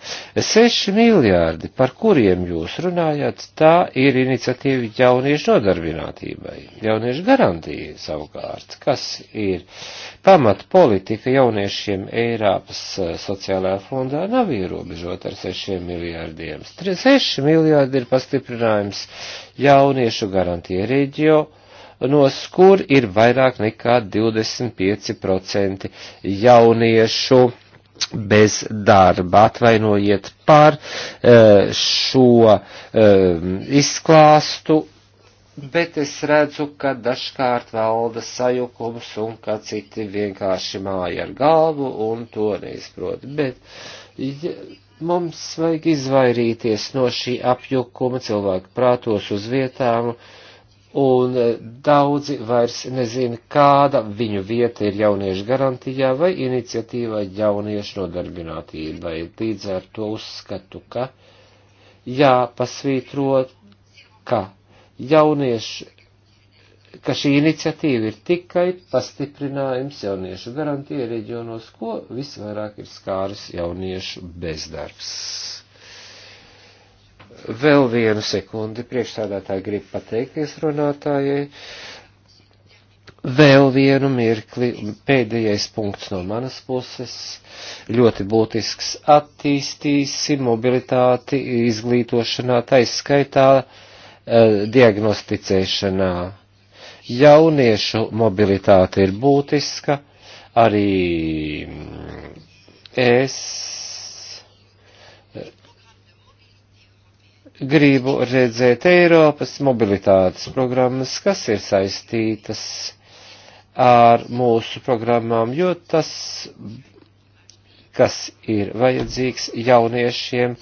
Seši miljārdi, par kuriem jūs runājat, tā ir iniciatīva jauniešu nodarbinātībai. Jauniešu garantija savukārt, kas ir pamat politika jauniešiem Eiropas eh, sociālajā fondā, nav ierobežot ar sešiem miljārdiem. Seši miljārdi ir pastiprinājums jauniešu garantija reģionā reģionos, kur ir vairāk nekā 25% jauniešu bez darba. Atvainojiet par eh, šo eh, izklāstu, bet es redzu, ka dažkārt valda sajukums un ka citi vienkārši māja ar galvu un to neizprot. Bet ja, mums vajag izvairīties no šī apjukuma cilvēku prātos uz vietām. Uh, un e, daudzi vairs nezina, kāda viņu vieta ir jauniešu garantijā vai iniciatīvā jauniešu nodarbinātībai. Līdz ar to uzskatu, ka jāpasvītro, ka jauniešu, ka šī iniciatīva ir tikai pastiprinājums jauniešu garantija reģionos, ko visvairāk ir skāris jauniešu bezdarbs. Vēl vienu sekundi priekšsādātāji grib pateikties runātājai. Vēl vienu mirkli, pēdējais punkts no manas puses, ļoti būtisks - attīstīsim mobilitāti izglītošanā, taiskaitā eh, diagnosticēšanā. Jauniešu mobilitāte ir būtiska, arī mm, es gribu redzēt Eiropas mobilitātes programmas, kas ir saistītas ar mūsu programmām, jo tas, kas ir vajadzīgs jauniešiem,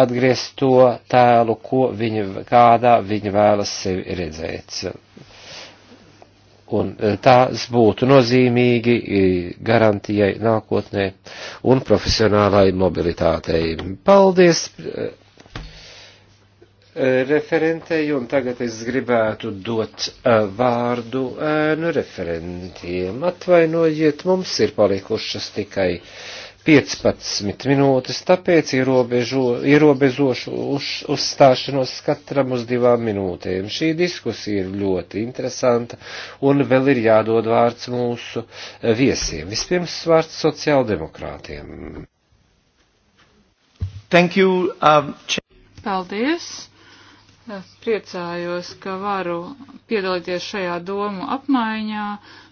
atgriezt to tēlu, ko viņi, kādā viņi vēlas sevi redzēt. Un e, tās būtu nozīmīgi e, garantijai nākotnē un profesionālai mobilitātei. Paldies! E, referentei, un tagad es gribētu dot uh, vārdu ēnu referentiem. Atvainojiet, mums ir palikušas tikai 15 minūtes, tāpēc ierobežo, ierobežošu uz, uzstāšanos katram uz divām minūtēm. Šī diskusija ir ļoti interesanta, un vēl ir jādod vārds mūsu uh, viesiem. Vispirms vārds sociāldemokrātiem. Thank you, um, Paldies! Priecājos, ka varu piedalīties šajā domu apmaiņā.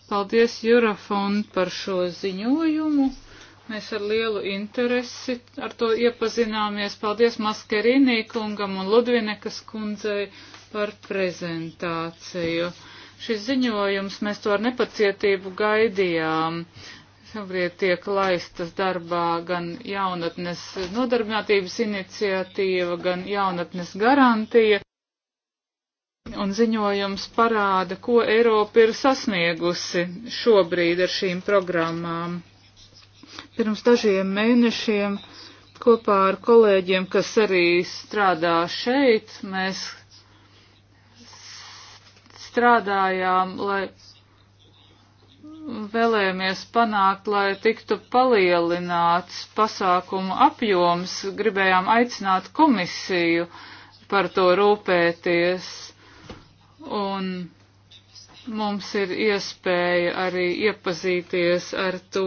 Paldies Jurafund par šo ziņojumu. Mēs ar lielu interesi ar to iepazināmies. Paldies Maskerīnī kungam un Ludvinekas kundzei par prezentāciju. Šis ziņojums mēs to ar nepacietību gaidījām. Šobrīd tiek laistas darbā gan jaunatnes nodarbinātības iniciatīva, gan jaunatnes garantija. Un ziņojums parāda, ko Eiropa ir sasniegusi šobrīd ar šīm programmām. Pirms dažiem mēnešiem kopā ar kolēģiem, kas arī strādā šeit, mēs strādājām, lai vēlējamies panākt, lai tiktu palielināts pasākumu apjoms, gribējām aicināt komisiju par to rūpēties. Un mums ir iespēja arī iepazīties ar to,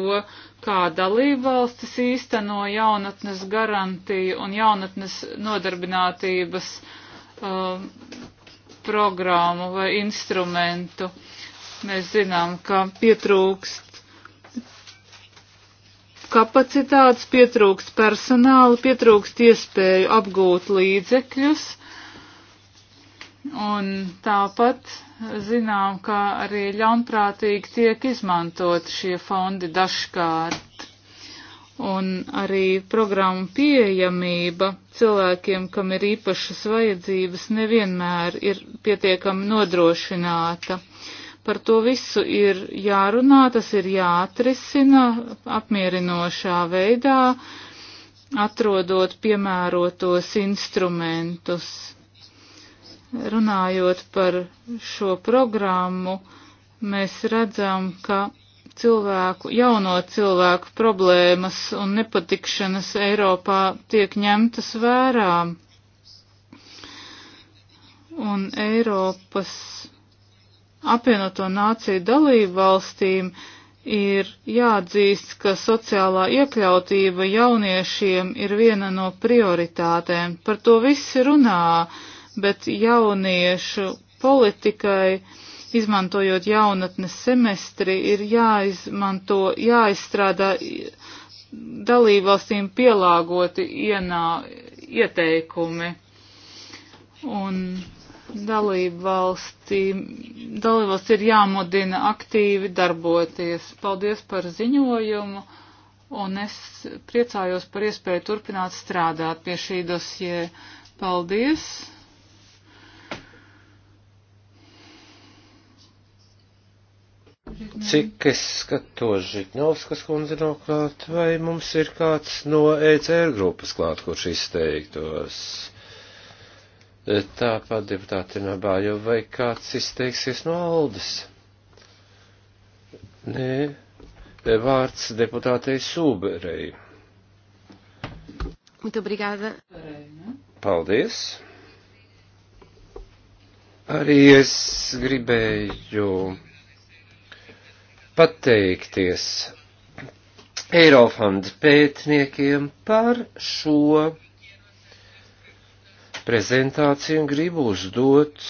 kā dalībvalstis īsteno jaunatnes garantiju un jaunatnes nodarbinātības um, programmu vai instrumentu. Uh, Mēs zinām, ka pietrūkst kapacitātes, pietrūkst personāla, pietrūkst iespēju apgūt līdzekļus. Un tāpat zinām, ka arī ļaunprātīgi tiek izmantot šie fondi dažkārt. Un arī programmu pieejamība cilvēkiem, kam ir īpašas vajadzības, nevienmēr ir pietiekami nodrošināta. Par to visu ir jārunā, tas ir jāatrisina apmierinošā veidā, atrodot piemērotos instrumentus. Runājot par šo programmu, mēs redzam, ka cilvēku, jauno cilvēku problēmas un nepatikšanas Eiropā tiek ņemtas vērā. Un Eiropas apvienoto nāciju dalību valstīm ir jāatzīst, ka sociālā iekļautība jauniešiem ir viena no prioritātēm. Par to visi runā, bet jauniešu politikai, izmantojot jaunatnes semestri, ir jāizmanto, jāizstrādā dalībvalstīm pielāgoti ienā, ieteikumi. Un dalību valstīm, dalību valsts ir jāmudina aktīvi darboties. Paldies par ziņojumu, un es priecājos par iespēju turpināt strādāt pie šī dosie. Paldies! Cik es skatos, Žitņovskas kundze nav klāt, vai mums ir kāds no ECR grupas klāt, kurš izteiktos? Tāpat deputāti Nabājo, vai kāds izteiksies no Aldes? Nē, vārds deputātei Sūberei. Muito obrigada. Paldies. Arī es gribēju pateikties Eirofond pētniekiem par šo prezentāciju un gribu uzdot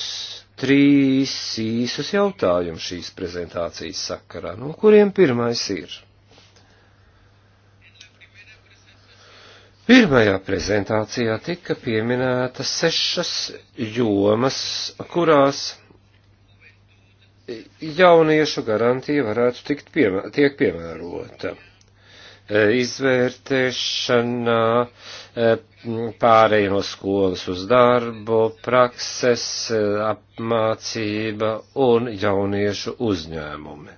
trīs īsus jautājumus šīs prezentācijas sakarā, no kuriem pirmais ir. Pirmajā prezentācijā tika pieminēta sešas jomas, kurās jauniešu garantija varētu tikt piemē, tiek piemērota izvērtēšana, eh, pārēj no skolas uz darbu, prakses, eh, apmācība un jauniešu uzņēmumi.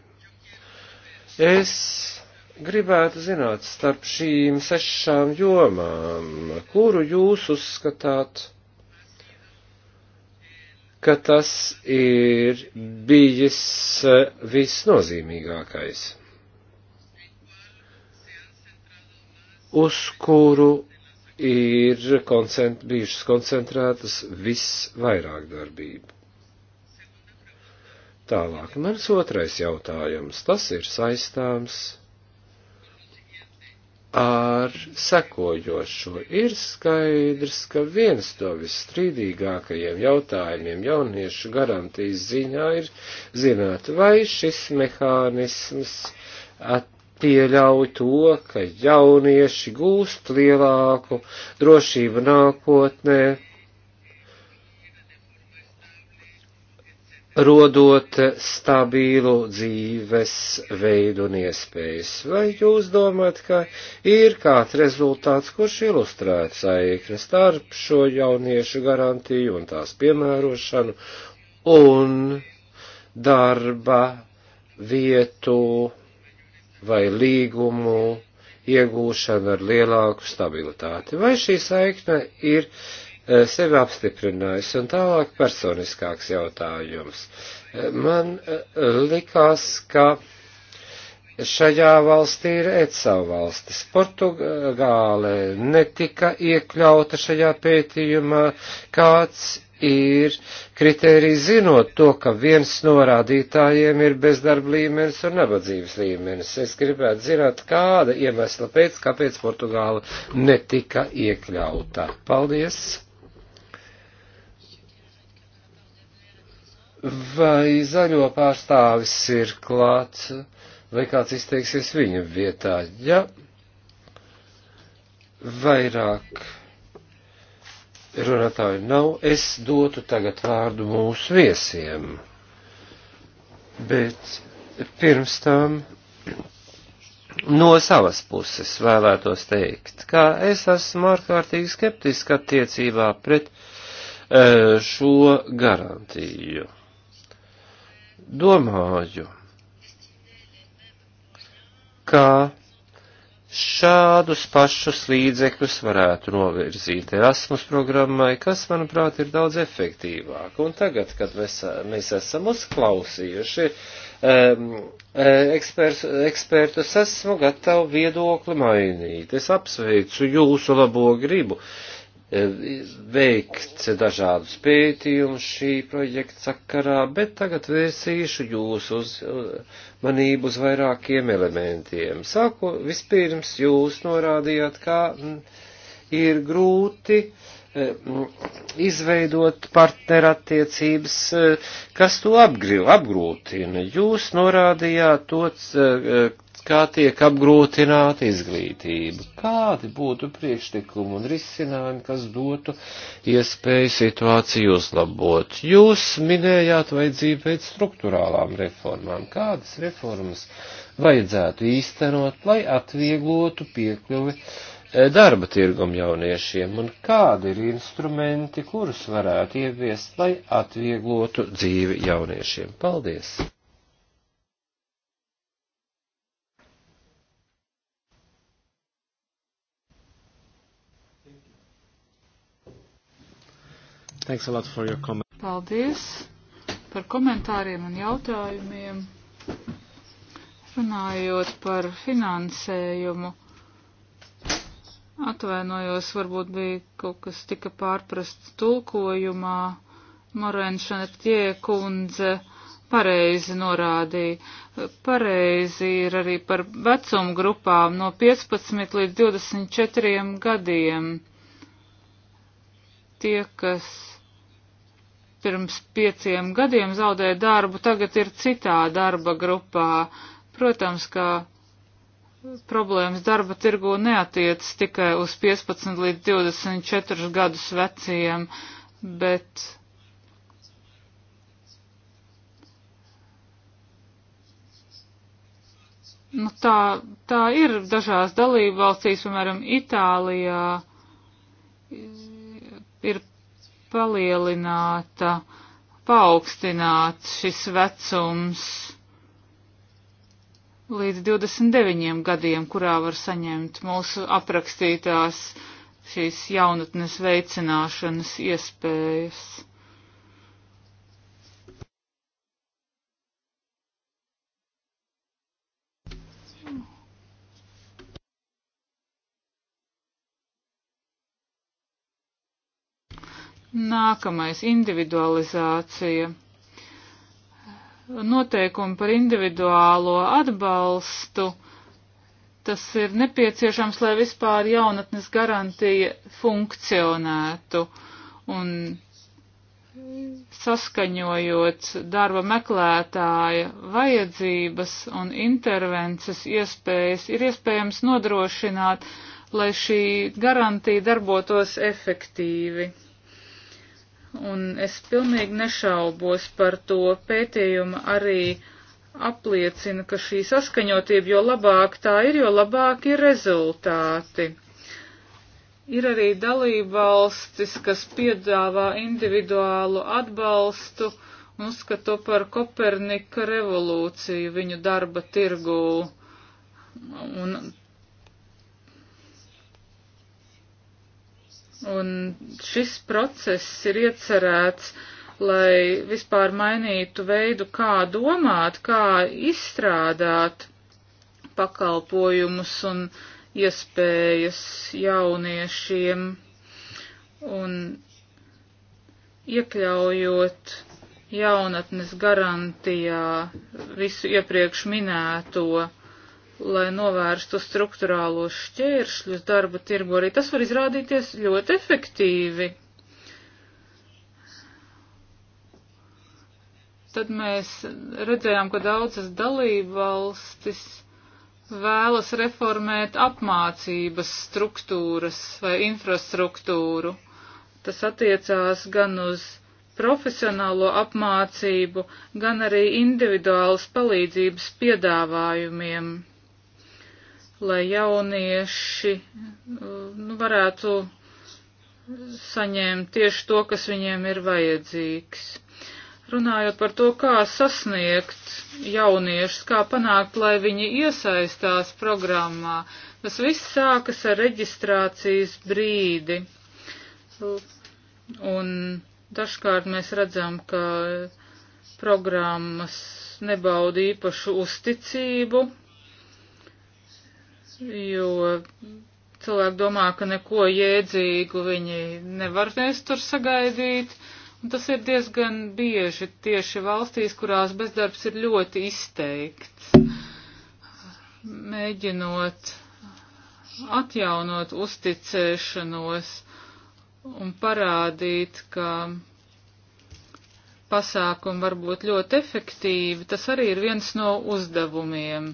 Es gribētu zināt starp šīm sešām jomām, kuru jūs uzskatāt, ka tas ir bijis eh, visnozīmīgākais. uz kuru ir koncent, bijušas koncentrētas visvairāk darbību. Tālāk, mans otrais jautājums, tas ir saistāms ar sekojošo. Ir skaidrs, ka viens no visstrīdīgākajiem jautājumiem jauniešu garantijas ziņā ir zināt, vai šis mehānisms at pieļauj to, ka jaunieši gūst lielāku drošību nākotnē, rodot stabilu dzīves veidu un iespējas. Vai jūs domājat, ka ir kāds rezultāts, kurš ilustrē saikni starp šo jauniešu garantiju un tās piemērošanu un darba vietu vai līgumu iegūšana ar lielāku stabilitāti. Vai šī saikne ir e, sevi apstiprinājusi un tālāk personiskāks jautājums. E, man e, likās, ka šajā valstī ir ECAU valstis. Portugāle netika iekļauta šajā pētījumā, kāds ir kriteriji zinot to, ka viens no rādītājiem ir bezdarba līmenis un nabadzības līmenis. Es gribētu zināt, kāda iemesla pēc, kāpēc Portugāla netika iekļauta. Paldies! Vai zaļo pārstāvis ir klāts, vai kāds izteiksies viņa vietā? Ja vairāk runātāju nav, es dotu tagad vārdu mūsu viesiem. Bet pirms tam no savas puses vēlētos teikt, ka es esmu ārkārtīgi skeptiski attiecībā pret e, šo garantiju. Domāju, ka šādus pašus līdzekļus varētu novirzīt Erasmus programmai, kas, manuprāt, ir daudz efektīvāk. Un tagad, kad mēs, mēs esam uzklausījuši um, ekspers, ekspertus, esmu gatavu viedokli mainīt. Es apsveicu jūsu labo gribu. Uh, veikt dažādus pētījumus šī projekta sakarā, bet tagad vērsīšu jūsu uzmanību uz vairākiem elementiem. Sāku, vispirms jūs norādījāt, kā mm, ir grūti e, mm, izveidot partnerattiecības, e, kas to apgrīv, apgrūtina. Jūs norādījāt to, e, kā tiek apgrūtināta izglītība. Kādi būtu priekšlikumi un risinājumi, kas dotu iespēju situāciju uzlabot? Jūs minējāt vajadzību pēc struktūrālām reformām. Kādas reformas vajadzētu īstenot, lai atvieglotu piekļuvi e, darba tirgum jauniešiem? Un kādi ir instrumenti, kurus varētu ieviest, lai atvieglotu dzīvi jauniešiem? Paldies! Thanks a lot for your comment. Paldies par komentāriem un jautājumiem. Runājot par finansējumu, atvainojos, varbūt bija kaut kas tika pārprasts tulkojumā. Morenšana tie kundze pareizi norādīja. Pareizi ir arī par vecumu grupām no 15 līdz 24 gadiem. Tie, kas pirms pieciem gadiem zaudēja darbu, tagad ir citā darba grupā. Protams, ka problēmas darba tirgu neatiec tikai uz 15 līdz 24 gadus veciem, bet. Nu, tā, tā ir dažās dalībvalstīs, piemēram, Itālijā ir palielināta, paaugstināts šis vecums līdz 29 gadiem, kurā var saņemt mūsu aprakstītās šīs jaunatnes veicināšanas iespējas. Nākamais - individualizācija. Noteikumi par individuālo atbalstu. Tas ir nepieciešams, lai vispār jaunatnes garantija funkcionētu un saskaņojot darba meklētāja vajadzības un intervences iespējas, ir iespējams nodrošināt, lai šī garantija darbotos efektīvi un es pilnīgi nešaubos par to pētījumu arī apliecina, ka šī saskaņotība, jo labāk tā ir, jo labāk ir rezultāti. Ir arī dalībvalstis, kas piedāvā individuālu atbalstu un uzskato par Kopernika revolūciju viņu darba tirgū. Un Un šis process ir iecerēts, lai vispār mainītu veidu, kā domāt, kā izstrādāt pakalpojumus un iespējas jauniešiem. Un iekļaujot jaunatnes garantijā visu iepriekš minēto, lai novērstu struktūrālos šķēršļus darba tirgu, arī tas var izrādīties ļoti efektīvi. Tad mēs redzējām, ka daudzas dalībvalstis vēlas reformēt apmācības struktūras vai infrastruktūru. Tas attiecās gan uz profesionālo apmācību, gan arī individuālas palīdzības piedāvājumiem lai jaunieši nu, varētu saņemt tieši to, kas viņiem ir vajadzīgs. Runājot par to, kā sasniegt jauniešus, kā panākt, lai viņi iesaistās programmā, tas viss sākas ar reģistrācijas brīdi. Un dažkārt mēs redzam, ka programmas nebauda īpašu uzticību, jo cilvēki domā, ka neko jēdzīgu viņi nevarēs tur sagaidīt. Un tas ir diezgan bieži tieši valstīs, kurās bezdarbs ir ļoti izteikts. Mēģinot atjaunot uzticēšanos un parādīt, ka pasākumi var būt ļoti efektīvi, tas arī ir viens no uzdevumiem.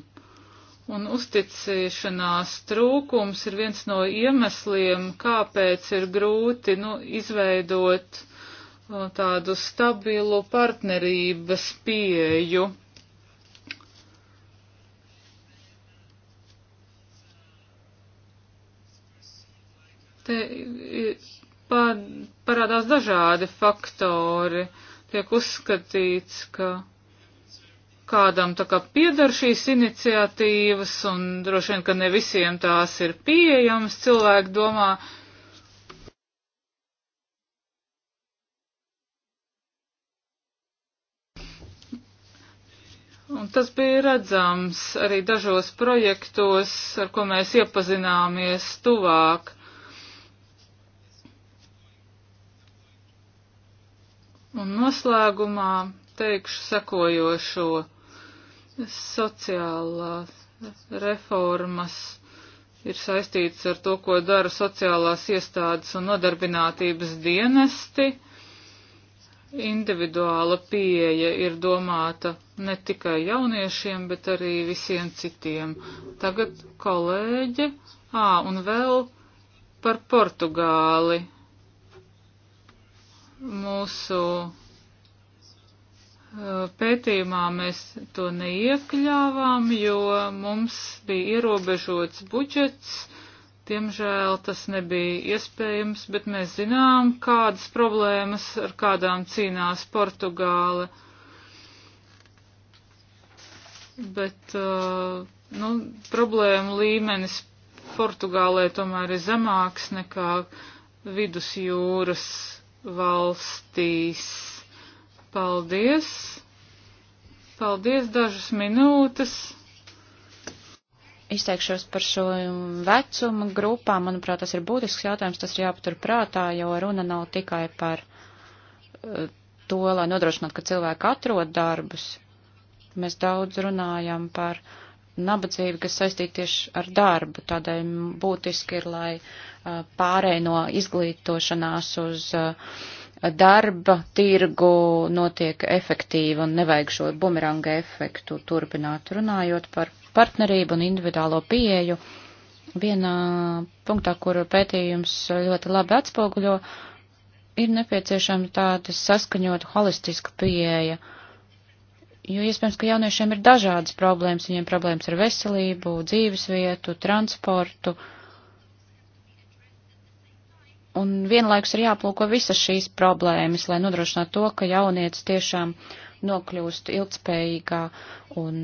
Un uzticēšanās trūkums ir viens no iemesliem, kāpēc ir grūti nu, izveidot uh, tādu stabilu partnerības pieju. Te parādās dažādi faktori. Tiek uzskatīts, ka kādam tā kā piedar šīs iniciatīvas, un droši vien, ka ne visiem tās ir pieejamas, cilvēki domā. Un tas bija redzams arī dažos projektos, ar ko mēs iepazināmies tuvāk. Un noslēgumā teikšu sekojošo sociālās reformas ir saistītas ar to, ko dara sociālās iestādes un nodarbinātības dienesti. Individuāla pieeja ir domāta ne tikai jauniešiem, bet arī visiem citiem. Tagad kolēģe, ā, un vēl par Portugāli. Mūsu pētījumā mēs to neiekļāvām, jo mums bija ierobežots budžets. Diemžēl tas nebija iespējams, bet mēs zinām, kādas problēmas, ar kādām cīnās Portugāla. Bet, uh, nu, problēmu līmenis Portugālē tomēr ir zemāks nekā vidusjūras valstīs. Paldies! Paldies dažas minūtes! Izteikšos par šo vecumu grupā. Manuprāt, tas ir būtisks jautājums, tas ir jāpatur prātā, jo runa nav tikai par eh, to, lai nodrošinātu, ka cilvēki atrod darbus. Mēs daudz runājam par nabadzību, kas saistīta tieši ar darbu. Tādēļ būtiski ir, lai eh, pārēj no izglītošanās uz uh, darba tirgu notiek efektīvi un nevajag šo bumeranga efektu turpināt. Runājot par partnerību un individuālo pieeju, vienā punktā, kur pētījums ļoti labi atspoguļo, ir nepieciešama tāda saskaņota holistiska pieeja. Jo iespējams, ka jauniešiem ir dažādas problēmas, viņiem problēmas ar veselību, dzīvesvietu, transportu, uh, Un vienlaikus ir jāplūko visas šīs problēmas, lai nodrošinātu to, ka jaunieci tiešām nokļūst ilgspējīgā un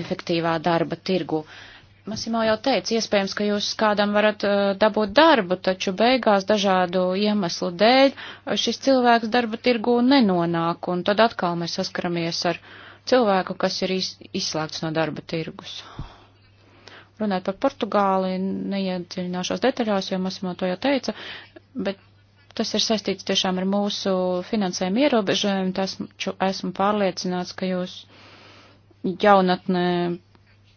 efektīvā darba tirgu. Masimo jau teica, iespējams, ka jūs kādam varat uh, dabūt darbu, taču beigās dažādu iemeslu dēļ šis cilvēks darba tirgu nenonāk, un tad atkal mēs saskaramies ar cilvēku, kas ir iz, izslēgts no darba tirgus runāt par Portugāli, neiedziļināšos detaļās, jo Masimo to jau teica, bet tas ir saistīts tiešām ar mūsu finansējumu ierobežojumu, tas esmu pārliecināts, ka jūs jaunatnē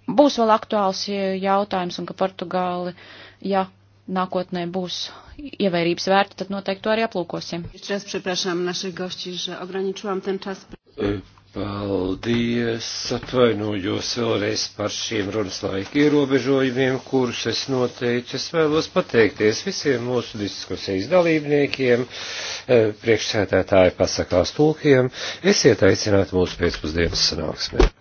būs vēl aktuāls jautājums un ka Portugāli, ja nākotnē būs ievērības vērta, tad noteikti to arī aplūkosim. Čas, Paldies, atvainojos vēlreiz par šiem runas laika ierobežojumiem, kurus es noteicu. Es vēlos pateikties visiem mūsu diskusijas dalībniekiem, eh, priekšsētētāji pasakās tulkiem. Esiet aicināti mūsu pēcpusdienas sanāksmē.